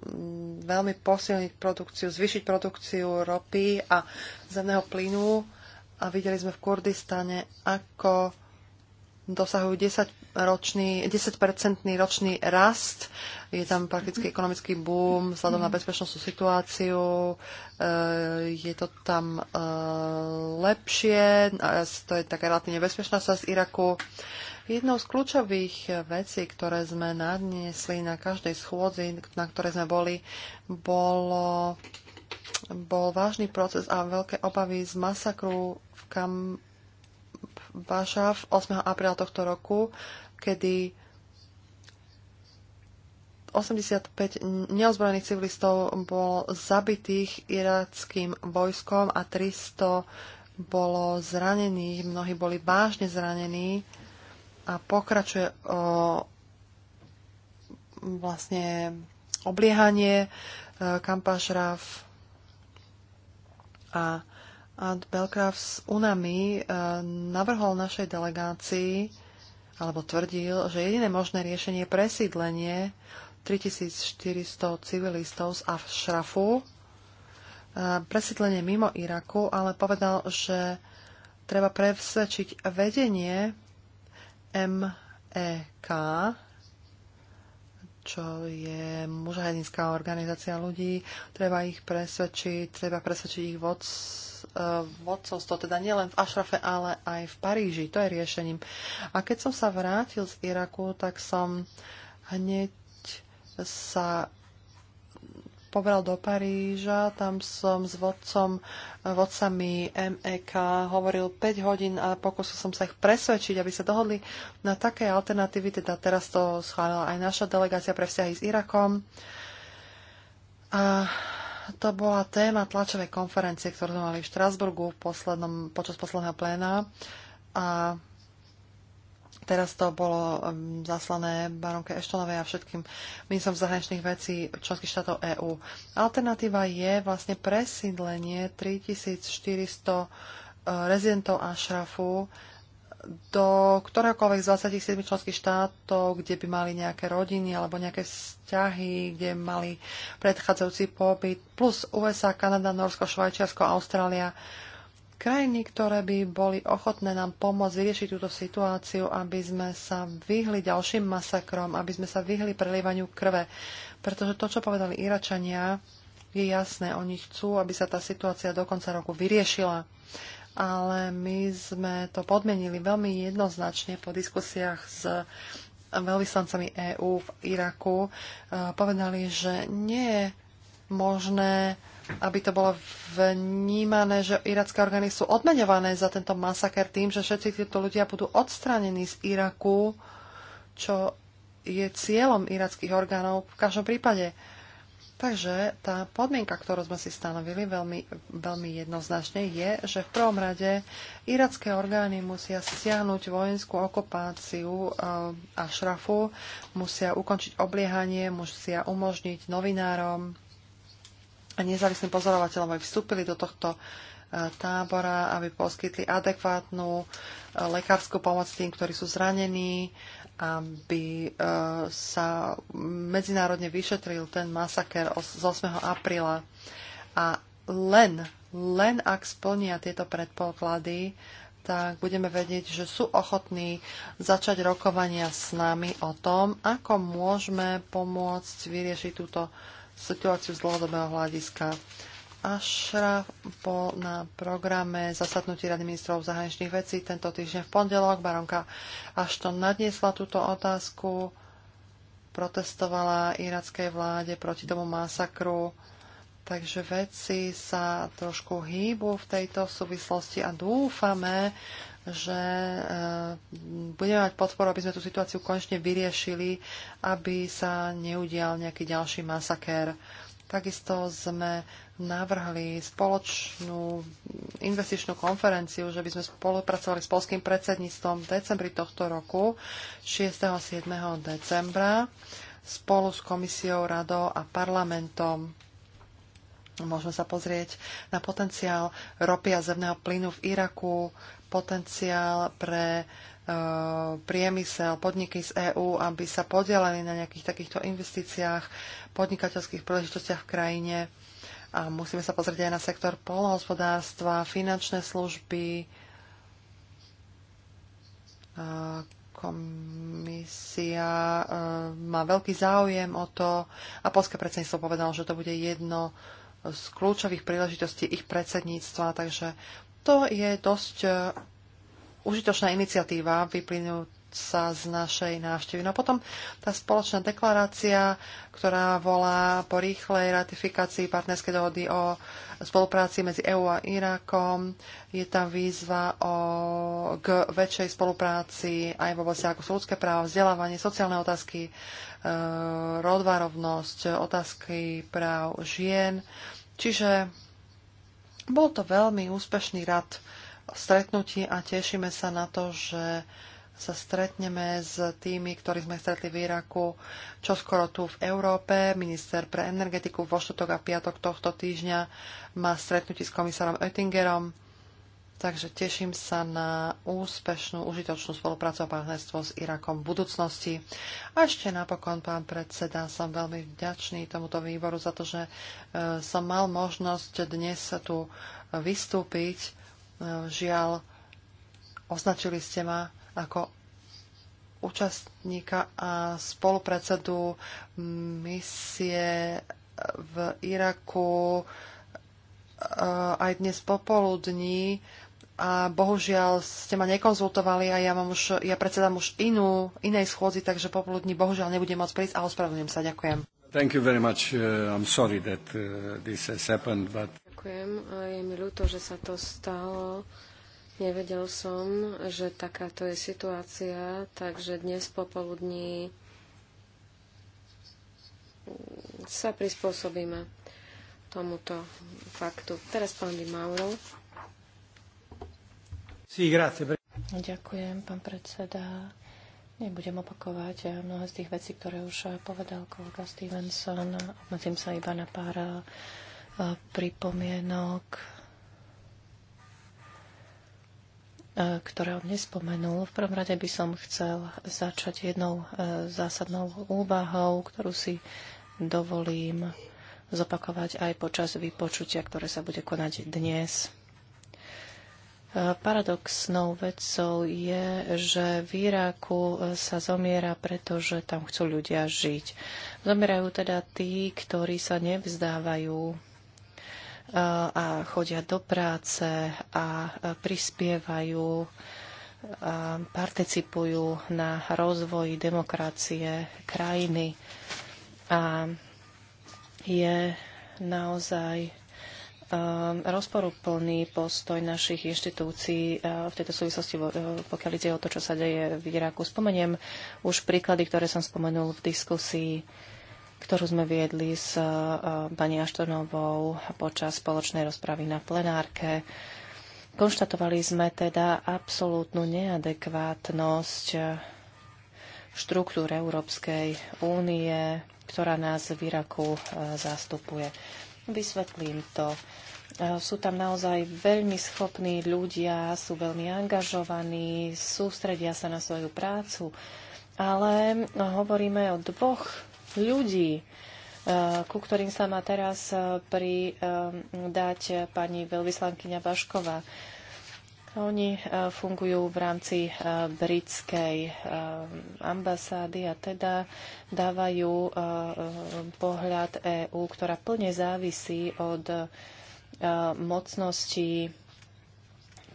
Speaker 1: mm, veľmi posilniť produkciu, zvyšiť produkciu ropy a zemného plynu a videli sme v Kurdistane, ako dosahujú 10-ročný, 10-percentný ročný rast. Je tam prakticky ekonomický boom vzhľadom na bezpečnostnú situáciu. Eh, je to tam eh, lepšie. To je taká relatívne bezpečná sa z Iraku. Jednou z kľúčových eh, vecí, ktoré sme nadniesli na každej schôdzi, na ktorej sme boli, bolo, bol vážny proces a veľké obavy z masakru v Kam, Vášav 8. apríla tohto roku, kedy 85 neozbrojených civilistov bolo zabitých irackým vojskom a 300 bolo zranených, mnohí boli vážne zranení a pokračuje o, vlastne obliehanie e, kampašraf a Ad Belkrav z UNAMI e, navrhol našej delegácii, alebo tvrdil, že jediné možné riešenie je presídlenie 3400 civilistov z Afšrafu, e, presídlenie mimo Iraku, ale povedal, že treba presvedčiť vedenie MEK, čo je mužahedinská organizácia ľudí. Treba ich presvedčiť, treba presvedčiť ich vodcov vodcovstvo, teda nielen v Ašrafe, ale aj v Paríži. To je riešením. A keď som sa vrátil z Iraku, tak som hneď sa pobral do Paríža, tam som s vodcom, vodcami MEK hovoril 5 hodín a pokusil som sa ich presvedčiť, aby sa dohodli na také alternatívy, teda teraz to schválila aj naša delegácia pre vzťahy s Irakom. A to bola téma tlačovej konferencie, ktorú sme mali v Štrasburgu v poslednom, počas posledného pléna. A teraz to bolo um, zaslané baronke Eštonovej a všetkým ministrom zahraničných vecí členských štátov EÚ. Alternatíva je vlastne presídlenie 3400 uh, rezidentov Ašrafu do ktoréhokoľvek z 27 členských štátov, kde by mali nejaké rodiny alebo nejaké vzťahy, kde mali predchádzajúci pobyt, plus USA, Kanada, Norsko, Švajčiarsko, Austrália. Krajiny, ktoré by boli ochotné nám pomôcť vyriešiť túto situáciu, aby sme sa vyhli ďalším masakrom, aby sme sa vyhli prelievaniu krve. Pretože to, čo povedali Iračania, je jasné. Oni chcú, aby sa tá situácia do konca roku vyriešila ale my sme to podmenili veľmi jednoznačne po diskusiách s veľvyslancami EÚ v Iraku. E, povedali, že nie je možné, aby to bolo vnímané, že iracké orgány sú odmenované za tento masaker tým, že všetci títo ľudia budú odstranení z Iraku, čo je cieľom irackých orgánov v každom prípade. Takže tá podmienka, ktorú sme si stanovili veľmi, veľmi jednoznačne, je, že v prvom rade iracké orgány musia stiahnuť vojenskú okupáciu e, a šrafu, musia ukončiť obliehanie, musia umožniť novinárom a nezávislým pozorovateľom, aby vstúpili do tohto tábora, aby poskytli adekvátnu e, lekárskú pomoc tým, ktorí sú zranení, aby e, sa medzinárodne vyšetril ten masaker z 8. apríla. A len, len ak splnia tieto predpoklady, tak budeme vedieť, že sú ochotní začať rokovania s nami o tom, ako môžeme pomôcť vyriešiť túto situáciu z dlhodobého hľadiska. Ašraf bol na programe zasadnutí Rady ministrov zahraničných vecí tento týždeň v pondelok. Baronka Ashton nadniesla túto otázku, protestovala irackej vláde proti tomu masakru, takže veci sa trošku hýbu v tejto súvislosti a dúfame, že eh, budeme mať podporu, aby sme tú situáciu konečne vyriešili, aby sa neudial nejaký ďalší masakér Takisto sme navrhli spoločnú investičnú konferenciu, že by sme spolupracovali s polským predsedníctvom v decembri tohto roku, 6. a 7. decembra, spolu s komisiou, radou a parlamentom. Môžeme sa pozrieť na potenciál ropy a zemného plynu v Iraku, potenciál pre E, priemysel, podniky z EÚ, aby sa podielali na nejakých takýchto investíciách, podnikateľských príležitostiach v krajine. A musíme sa pozrieť aj na sektor polnohospodárstva, finančné služby. Komisia e, má veľký záujem o to a polské predsedníctvo povedalo, že to bude jedno z kľúčových príležitostí ich predsedníctva, takže to je dosť užitočná iniciatíva vyplynúca z našej návštevy. No a potom tá spoločná deklarácia, ktorá volá po rýchlej ratifikácii partnerskej dohody o spolupráci medzi EÚ a Irakom. Je tam výzva o, k väčšej spolupráci aj v oblasti ako sú ľudské práva, vzdelávanie, sociálne otázky, e, rodová rovnosť, otázky práv žien. Čiže bol to veľmi úspešný rad stretnutí a tešíme sa na to, že sa stretneme s tými, ktorí sme stretli v Iraku čoskoro tu v Európe. Minister pre energetiku vo štotok a piatok tohto týždňa má stretnutie s komisárom Oettingerom. Takže teším sa na úspešnú, užitočnú spoluprácu a partnerstvo s Irakom v budúcnosti. A ešte napokon, pán predseda, som veľmi vďačný tomuto výboru za to, že e, som mal možnosť dnes sa tu vystúpiť Žiaľ, označili ste ma ako účastníka a spolupredsedu misie v Iraku eh, aj dnes popoludní a bohužiaľ ste ma nekonzultovali a ja, mám už, ja predsedám už inú, inej schôdzi, takže popoludní bohužiaľ nebudem môcť prísť a ospravedlňujem sa. Ďakujem.
Speaker 3: Thank you very much. Uh, I'm sorry that uh, this has
Speaker 2: happened, but...
Speaker 3: Ďakujem a je mi ľúto, že sa to stalo. Nevedel som, že takáto je situácia, takže dnes popoludní sa prispôsobíme tomuto
Speaker 2: faktu. Teraz pán Di Mauro.
Speaker 3: Sí,
Speaker 1: grazie.
Speaker 2: Ďakujem, pán predseda. Nebudem opakovať mnohé z tých vecí, ktoré už povedal kolega Stevenson. Obmedzím sa iba na pár pripomienok, e, ktoré on nespomenul. V prvom rade by som chcel začať jednou e, zásadnou úvahou, ktorú si dovolím zopakovať aj počas vypočutia, ktoré sa bude konať dnes. E, paradoxnou vecou je, že v Iraku sa zomiera, pretože tam chcú ľudia žiť. Zomierajú teda tí, ktorí sa nevzdávajú a chodia do práce a prispievajú a participujú na rozvoji demokracie krajiny. A je naozaj um, rozporuplný postoj našich inštitúcií uh, v tejto súvislosti, uh, pokiaľ ide o to, čo sa deje v Iraku. Spomeniem už príklady, ktoré som spomenul v diskusii ktorú sme viedli s e, pani Aštonovou počas spoločnej rozpravy na plenárke. Konštatovali sme teda absolútnu neadekvátnosť štruktúr Európskej únie, ktorá nás v Iraku e, zastupuje. Vysvetlím to. E, sú tam naozaj veľmi schopní ľudia, sú veľmi angažovaní, sústredia sa na svoju prácu, ale hovoríme o dvoch ľudí, eh, ku ktorým sa má teraz eh, pridať eh, pani veľvyslankyňa Bašková, Oni fungujú v rámci britskej ambasády a teda dávajú pohľad EÚ, ktorá plne závisí od mocností,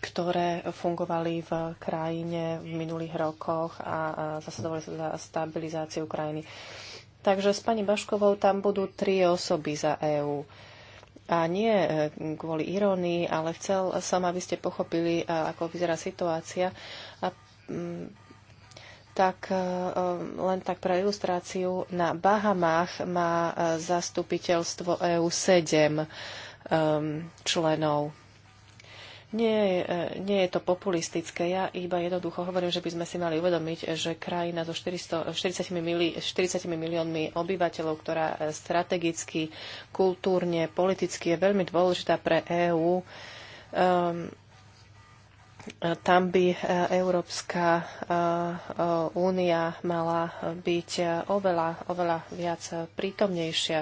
Speaker 2: ktoré fungovali v krajine v minulých rokoch a zasadovali sa za stabilizáciu krajiny. Takže s pani Baškovou tam budú tri osoby za EÚ. A nie e, kvôli irónii, ale chcel som, aby ste pochopili, e, ako vyzerá situácia. A mm, tak e, len tak pre ilustráciu, na Bahamách má zastupiteľstvo EU 7 členov. Nie, e, nie je to populistické. Ja iba jednoducho hovorím, že by sme si mali uvedomiť, že krajina so 400, 40, mili, 40 miliónmi obyvateľov, ktorá e, strategicky, kultúrne, politicky je veľmi dôležitá pre EÚ, um, ehm, e, tam by Európska únia mala byť oveľa, oveľa viac prítomnejšia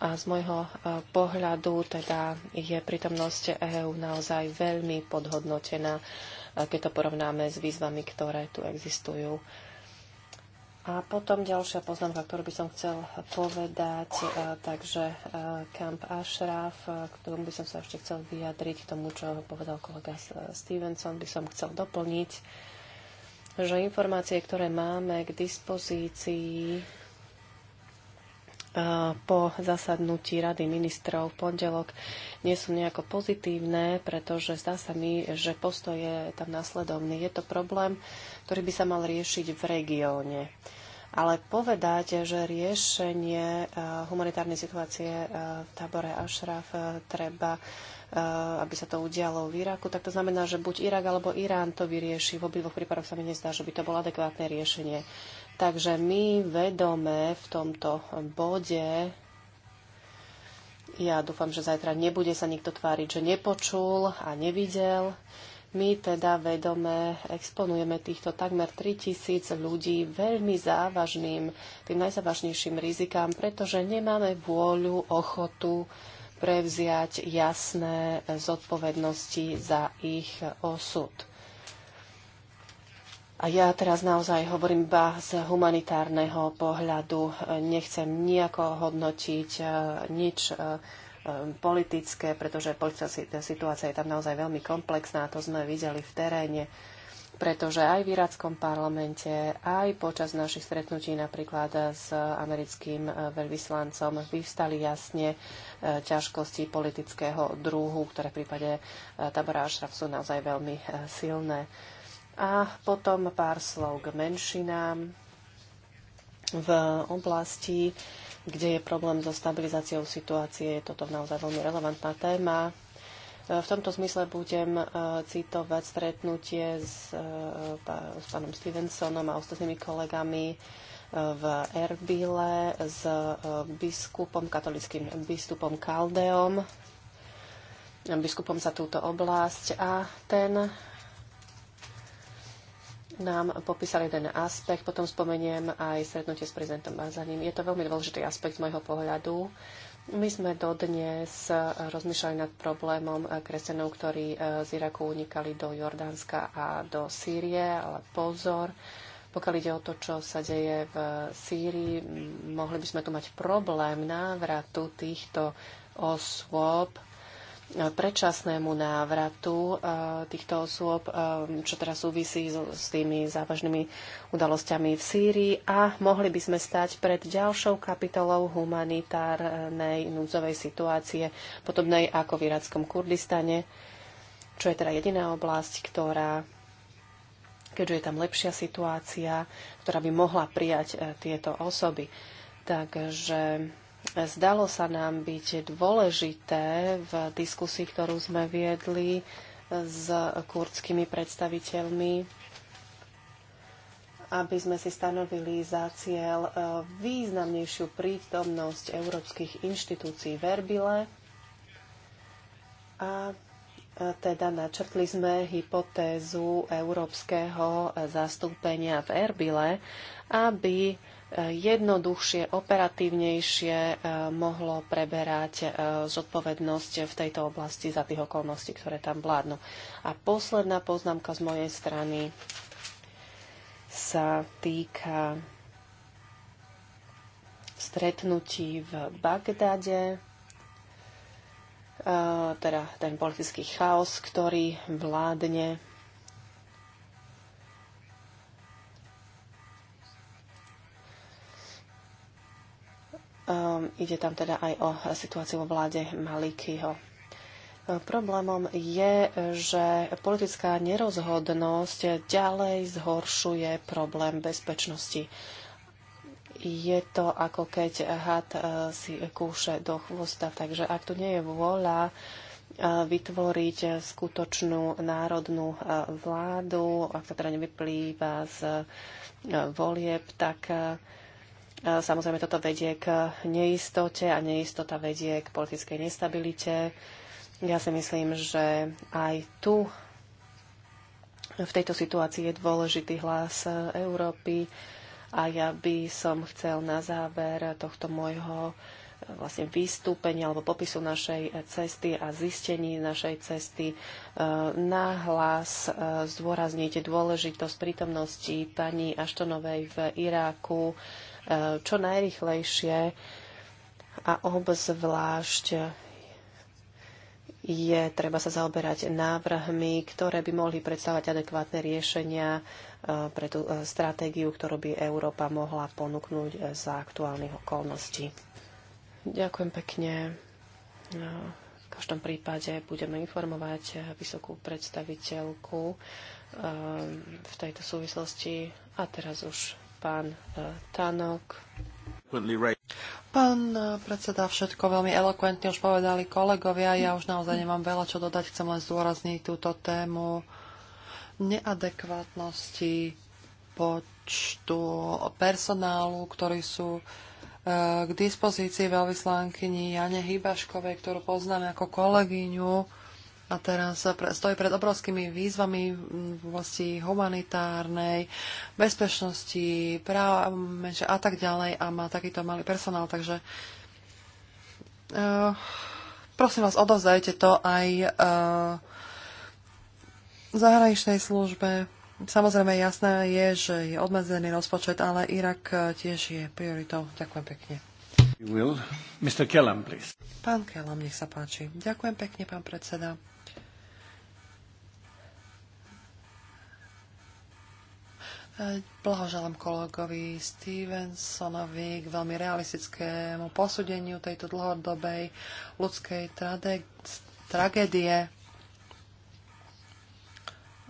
Speaker 2: A z môjho e, pohľadu teda je prítomnosť EÚ naozaj veľmi podhodnotená, e, keď to porovnáme s výzvami, ktoré tu existujú. A potom ďalšia poznámka, ktorú by som chcel povedať, e, takže Camp Ashraf, k tomu by som sa ešte chcel vyjadriť, k tomu, čo povedal kolega Stevenson, by som chcel doplniť, že informácie, ktoré máme k dispozícii, po zasadnutí Rady ministrov v pondelok nie sú nejako pozitívne, pretože zdá sa mi, že postoj je tam následovný. Je to problém, ktorý by sa mal riešiť v regióne. Ale povedať, že riešenie humanitárnej situácie v tábore Ashraf treba, aby sa to udialo v Iraku, tak to znamená, že buď Irak alebo Irán to vyrieši. V obidvoch prípadoch sa mi nezdá, že by to bolo adekvátne riešenie. Takže my vedome v tomto bode ja dúfam, že zajtra nebude sa nikto tváriť, že nepočul a nevidel. My teda vedome exponujeme týchto takmer 3000 ľudí veľmi závažným, tým najzávažnejším rizikám, pretože nemáme vôľu, ochotu prevziať jasné zodpovednosti za ich osud. A ja teraz naozaj hovorím iba z humanitárneho pohľadu. Nechcem nejako hodnotiť e, nič e, e, politické, pretože politická situácia je tam naozaj veľmi komplexná. To sme videli v teréne, pretože aj v irackom parlamente, aj počas našich stretnutí napríklad s americkým veľvyslancom vyvstali jasne ťažkosti politického druhu, ktoré v prípade Tabora Ašrafu sú naozaj veľmi silné. A potom pár slov k menšinám v oblasti, kde je problém so stabilizáciou situácie. Je toto naozaj veľmi relevantná téma. V tomto zmysle budem eh, citovať stretnutie s, eh, s pánom Stevensonom a ostatnými kolegami eh, v Erbile s biskupom, katolickým biskupom Kaldeom. Biskupom za túto oblasť a ten nám popísal jeden aspekt, potom spomeniem aj srednutie s prezidentom Barzanim. Je to veľmi dôležitý aspekt z môjho pohľadu. My sme dodnes rozmýšľali nad problémom kresťanov, ktorí e, z Iraku unikali do Jordánska a do Sýrie, ale pozor, pokiaľ ide o to, čo sa deje v Sýrii, mohli by sme tu mať problém návratu týchto osôb predčasnému návratu e, týchto osôb, e, čo teraz súvisí s tými závažnými udalosťami v Sýrii a mohli by sme stať pred ďalšou kapitolou humanitárnej núdzovej situácie, podobnej ako v irackom Kurdistane, čo je teda jediná oblasť, ktorá keďže je tam lepšia situácia, ktorá by mohla prijať e, tieto osoby. Takže Zdalo sa nám byť dôležité v diskusii, ktorú sme viedli s kurdskými predstaviteľmi, aby sme si stanovili za cieľ e, významnejšiu prítomnosť európskych inštitúcií v Erbile a e, teda načrtli sme hypotézu európskeho e, zastúpenia v Erbile, aby jednoduchšie, operatívnejšie eh, mohlo preberať eh, zodpovednosť v tejto oblasti za tých okolností, ktoré tam vládnu. A posledná poznámka z mojej strany sa týka stretnutí v Bagdade, eh, teda ten politický chaos, ktorý vládne Um, ide tam teda aj o situáciu vo vláde Malikyho. Ehm, problémom je, že politická nerozhodnosť ďalej zhoršuje problém bezpečnosti. Je to ako keď had eh, si kúše do chvosta, takže ak tu nie je vôľa eh, vytvoriť skutočnú národnú eh, vládu, ak to teda nevyplýva z volieb, tak Samozrejme, toto vedie k neistote a neistota vedie k politickej nestabilite. Ja si myslím, že aj tu v tejto situácii je dôležitý hlas Európy a ja by som chcel na záver tohto môjho e, vlastne vystúpenia alebo popisu našej cesty a zistení našej cesty e, hlas e, zdôrazniť dôležitosť prítomnosti pani Aštonovej v Iráku Eh, čo najrychlejšie a obzvlášť je treba sa zaoberať návrhmi, ktoré by mohli predstavať adekvátne riešenia eh, pre tú eh, stratégiu, ktorú by Európa mohla ponúknuť za aktuálnych okolností. Ďakujem pekne. No, v každom prípade budeme informovať vysokú predstaviteľku
Speaker 1: v tejto súvislosti. A teraz už pán e, Tanok. Pán e, predseda, všetko veľmi elokventne už povedali kolegovia. Ja už naozaj nemám veľa čo dodať. Chcem len zdôrazniť túto tému neadekvátnosti počtu personálu, ktorí sú e, k dispozícii veľvyslankyni Jane Hybaškovej, ktorú poznáme ako kolegyňu a teraz stojí pred obrovskými výzvami v oblasti humanitárnej, bezpečnosti, práv a tak ďalej a má takýto malý personál, takže uh, prosím vás, odovzdajte to aj uh, zahraničnej službe. Samozrejme, jasné je, že je obmedzený rozpočet, ale Irak e, tiež je prioritou. Ďakujem pekne.
Speaker 3: Will. Mr. Kellam, please.
Speaker 1: Pán Kellam, nech sa páči. Ďakujem pekne, pán predseda. Blahoželám kolegovi Stevensonovi k veľmi realistickému posúdeniu tejto dlhodobej ľudskej tragédie.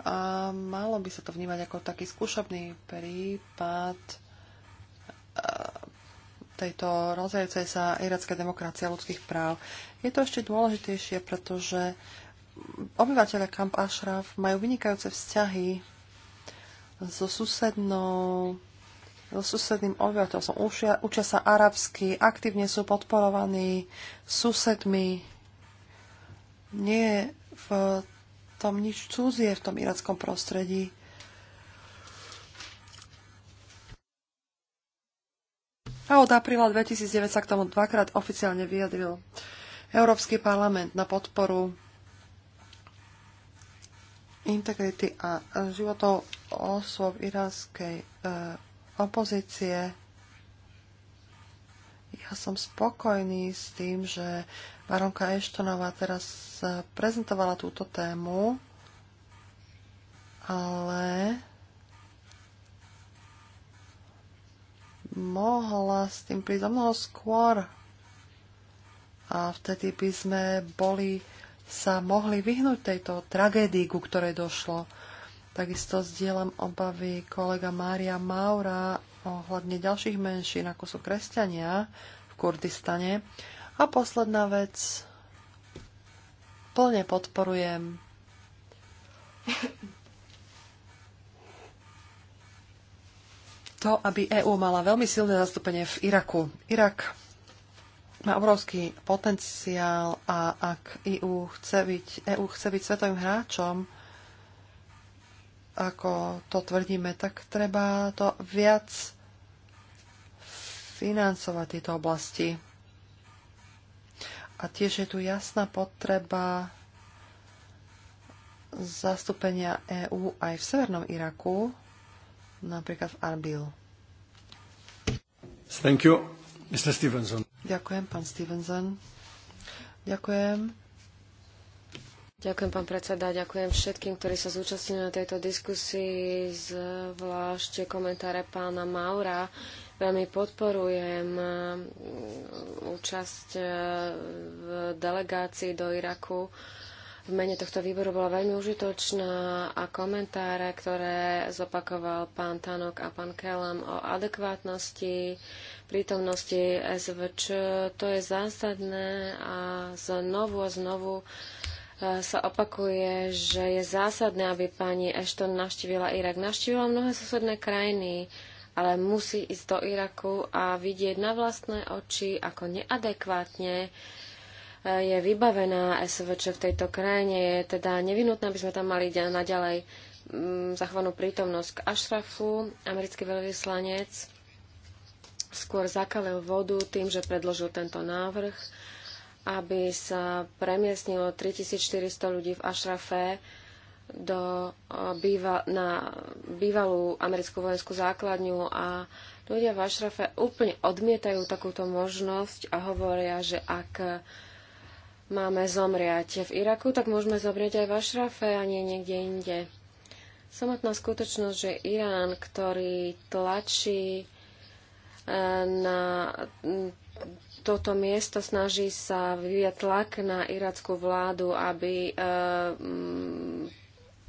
Speaker 1: A malo by sa to vnímať ako taký skúšobný prípad tejto rozhajúcej sa iracké demokracie a ľudských práv. Je to ešte dôležitejšie, pretože obyvateľe Kamp Ashraf majú vynikajúce vzťahy so susednou so susedným obyvateľstvom. Učia, učia sa arabsky, aktívne sú podporovaní susedmi. Nie je v tom nič cudzie v tom irackom prostredí. A od apríla 2009 sa k tomu dvakrát oficiálne vyjadril Európsky parlament na podporu integrity a životov osôb iránskej e, opozície. Ja som spokojný s tým, že Baronka Eštonová teraz e, prezentovala túto tému, ale mohla s tým prísť o mnoho skôr a vtedy by sme boli sa mohli vyhnúť tejto tragédii, ku ktorej došlo. Takisto zdieľam obavy kolega Mária Maura ohľadne ďalších menšín, ako sú kresťania v Kurdistane. A posledná vec, plne podporujem to, aby EÚ mala veľmi silné zastúpenie v Iraku. Irak má obrovský potenciál a ak EÚ chce byť, EU chce byť svetovým hráčom, ako to tvrdíme, tak treba to viac financovať tieto oblasti. A tiež je tu jasná potreba zastúpenia EÚ aj v Severnom Iraku, napríklad v Arbil.
Speaker 3: Thank you, Mr. Stevenson.
Speaker 1: Ďakujem, pán Stevenson. Ďakujem.
Speaker 3: Ďakujem, pán predseda. Ďakujem všetkým, ktorí sa zúčastnili na tejto diskusii, zvlášť komentáre pána Maura. Veľmi podporujem eh, účasť eh, v delegácii do Iraku. V mene tohto výboru bola veľmi užitočná a komentáre, ktoré zopakoval pán Tanok a pán Kelam o adekvátnosti, prítomnosti SVČ, to je zásadné a znovu a znovu sa opakuje, že je zásadné, aby pani Ashton navštívila Irak. Navštívila mnohé susedné krajiny, ale musí ísť do Iraku a vidieť na vlastné oči, ako neadekvátne e, je vybavená SVČ v tejto krajine. Je teda nevinutné, aby sme tam mali naďalej mm, zachovanú prítomnosť k Ašrafu, americký veľvyslanec skôr zakalil vodu tým, že predložil tento návrh aby sa premiestnilo 3400 ľudí v Ašrafe do býva, na bývalú americkú vojenskú základňu a ľudia v Ašrafe úplne odmietajú takúto možnosť a hovoria, že ak máme zomriať v Iraku, tak môžeme zomrieť aj v Ašrafe a nie niekde inde. Samotná skutočnosť, že Irán, ktorý tlačí e, na toto miesto snaží sa vyvíjať tlak na irackú vládu, aby eh, mm,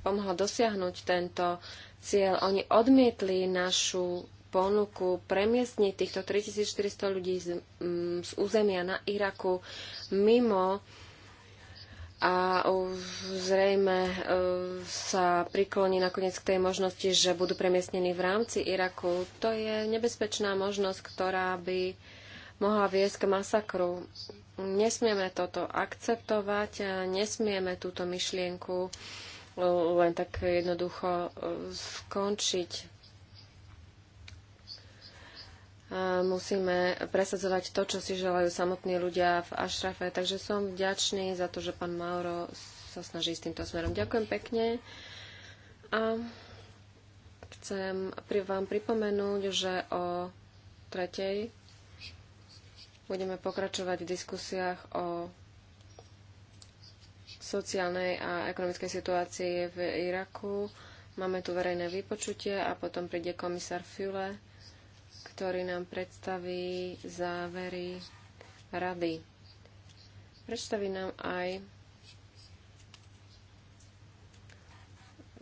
Speaker 3: pomohla dosiahnuť tento cieľ. Oni odmietli našu ponuku premiestniť týchto 3400 ľudí z, mm, z územia na Iraku mimo a zrejme eh, sa prikloní nakoniec k tej možnosti, že budú premiestnení v rámci Iraku. To je nebezpečná možnosť, ktorá by mohla viesť k masakru. Nesmieme toto akceptovať, nesmieme túto myšlienku e, len tak jednoducho e, skončiť. Musíme presadzovať to, čo si želajú samotní ľudia v Ašrafe. Takže som vďačný za to, že pán Mauro sa snaží s týmto smerom. Ďakujem pekne. A chcem vám pripomenúť, že o tretej Budeme pokračovať v diskusiách o sociálnej a ekonomickej situácii v Iraku. Máme tu verejné vypočutie a potom príde komisár Fule, ktorý nám predstaví závery rady. Predstaví nám aj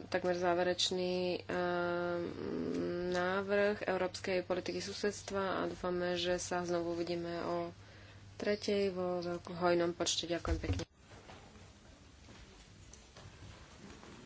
Speaker 3: takmer záverečný um, návrh európskej politiky susedstva a dúfame, že sa znovu uvidíme o tretej vo hojnom počte. Ďakujem pekne.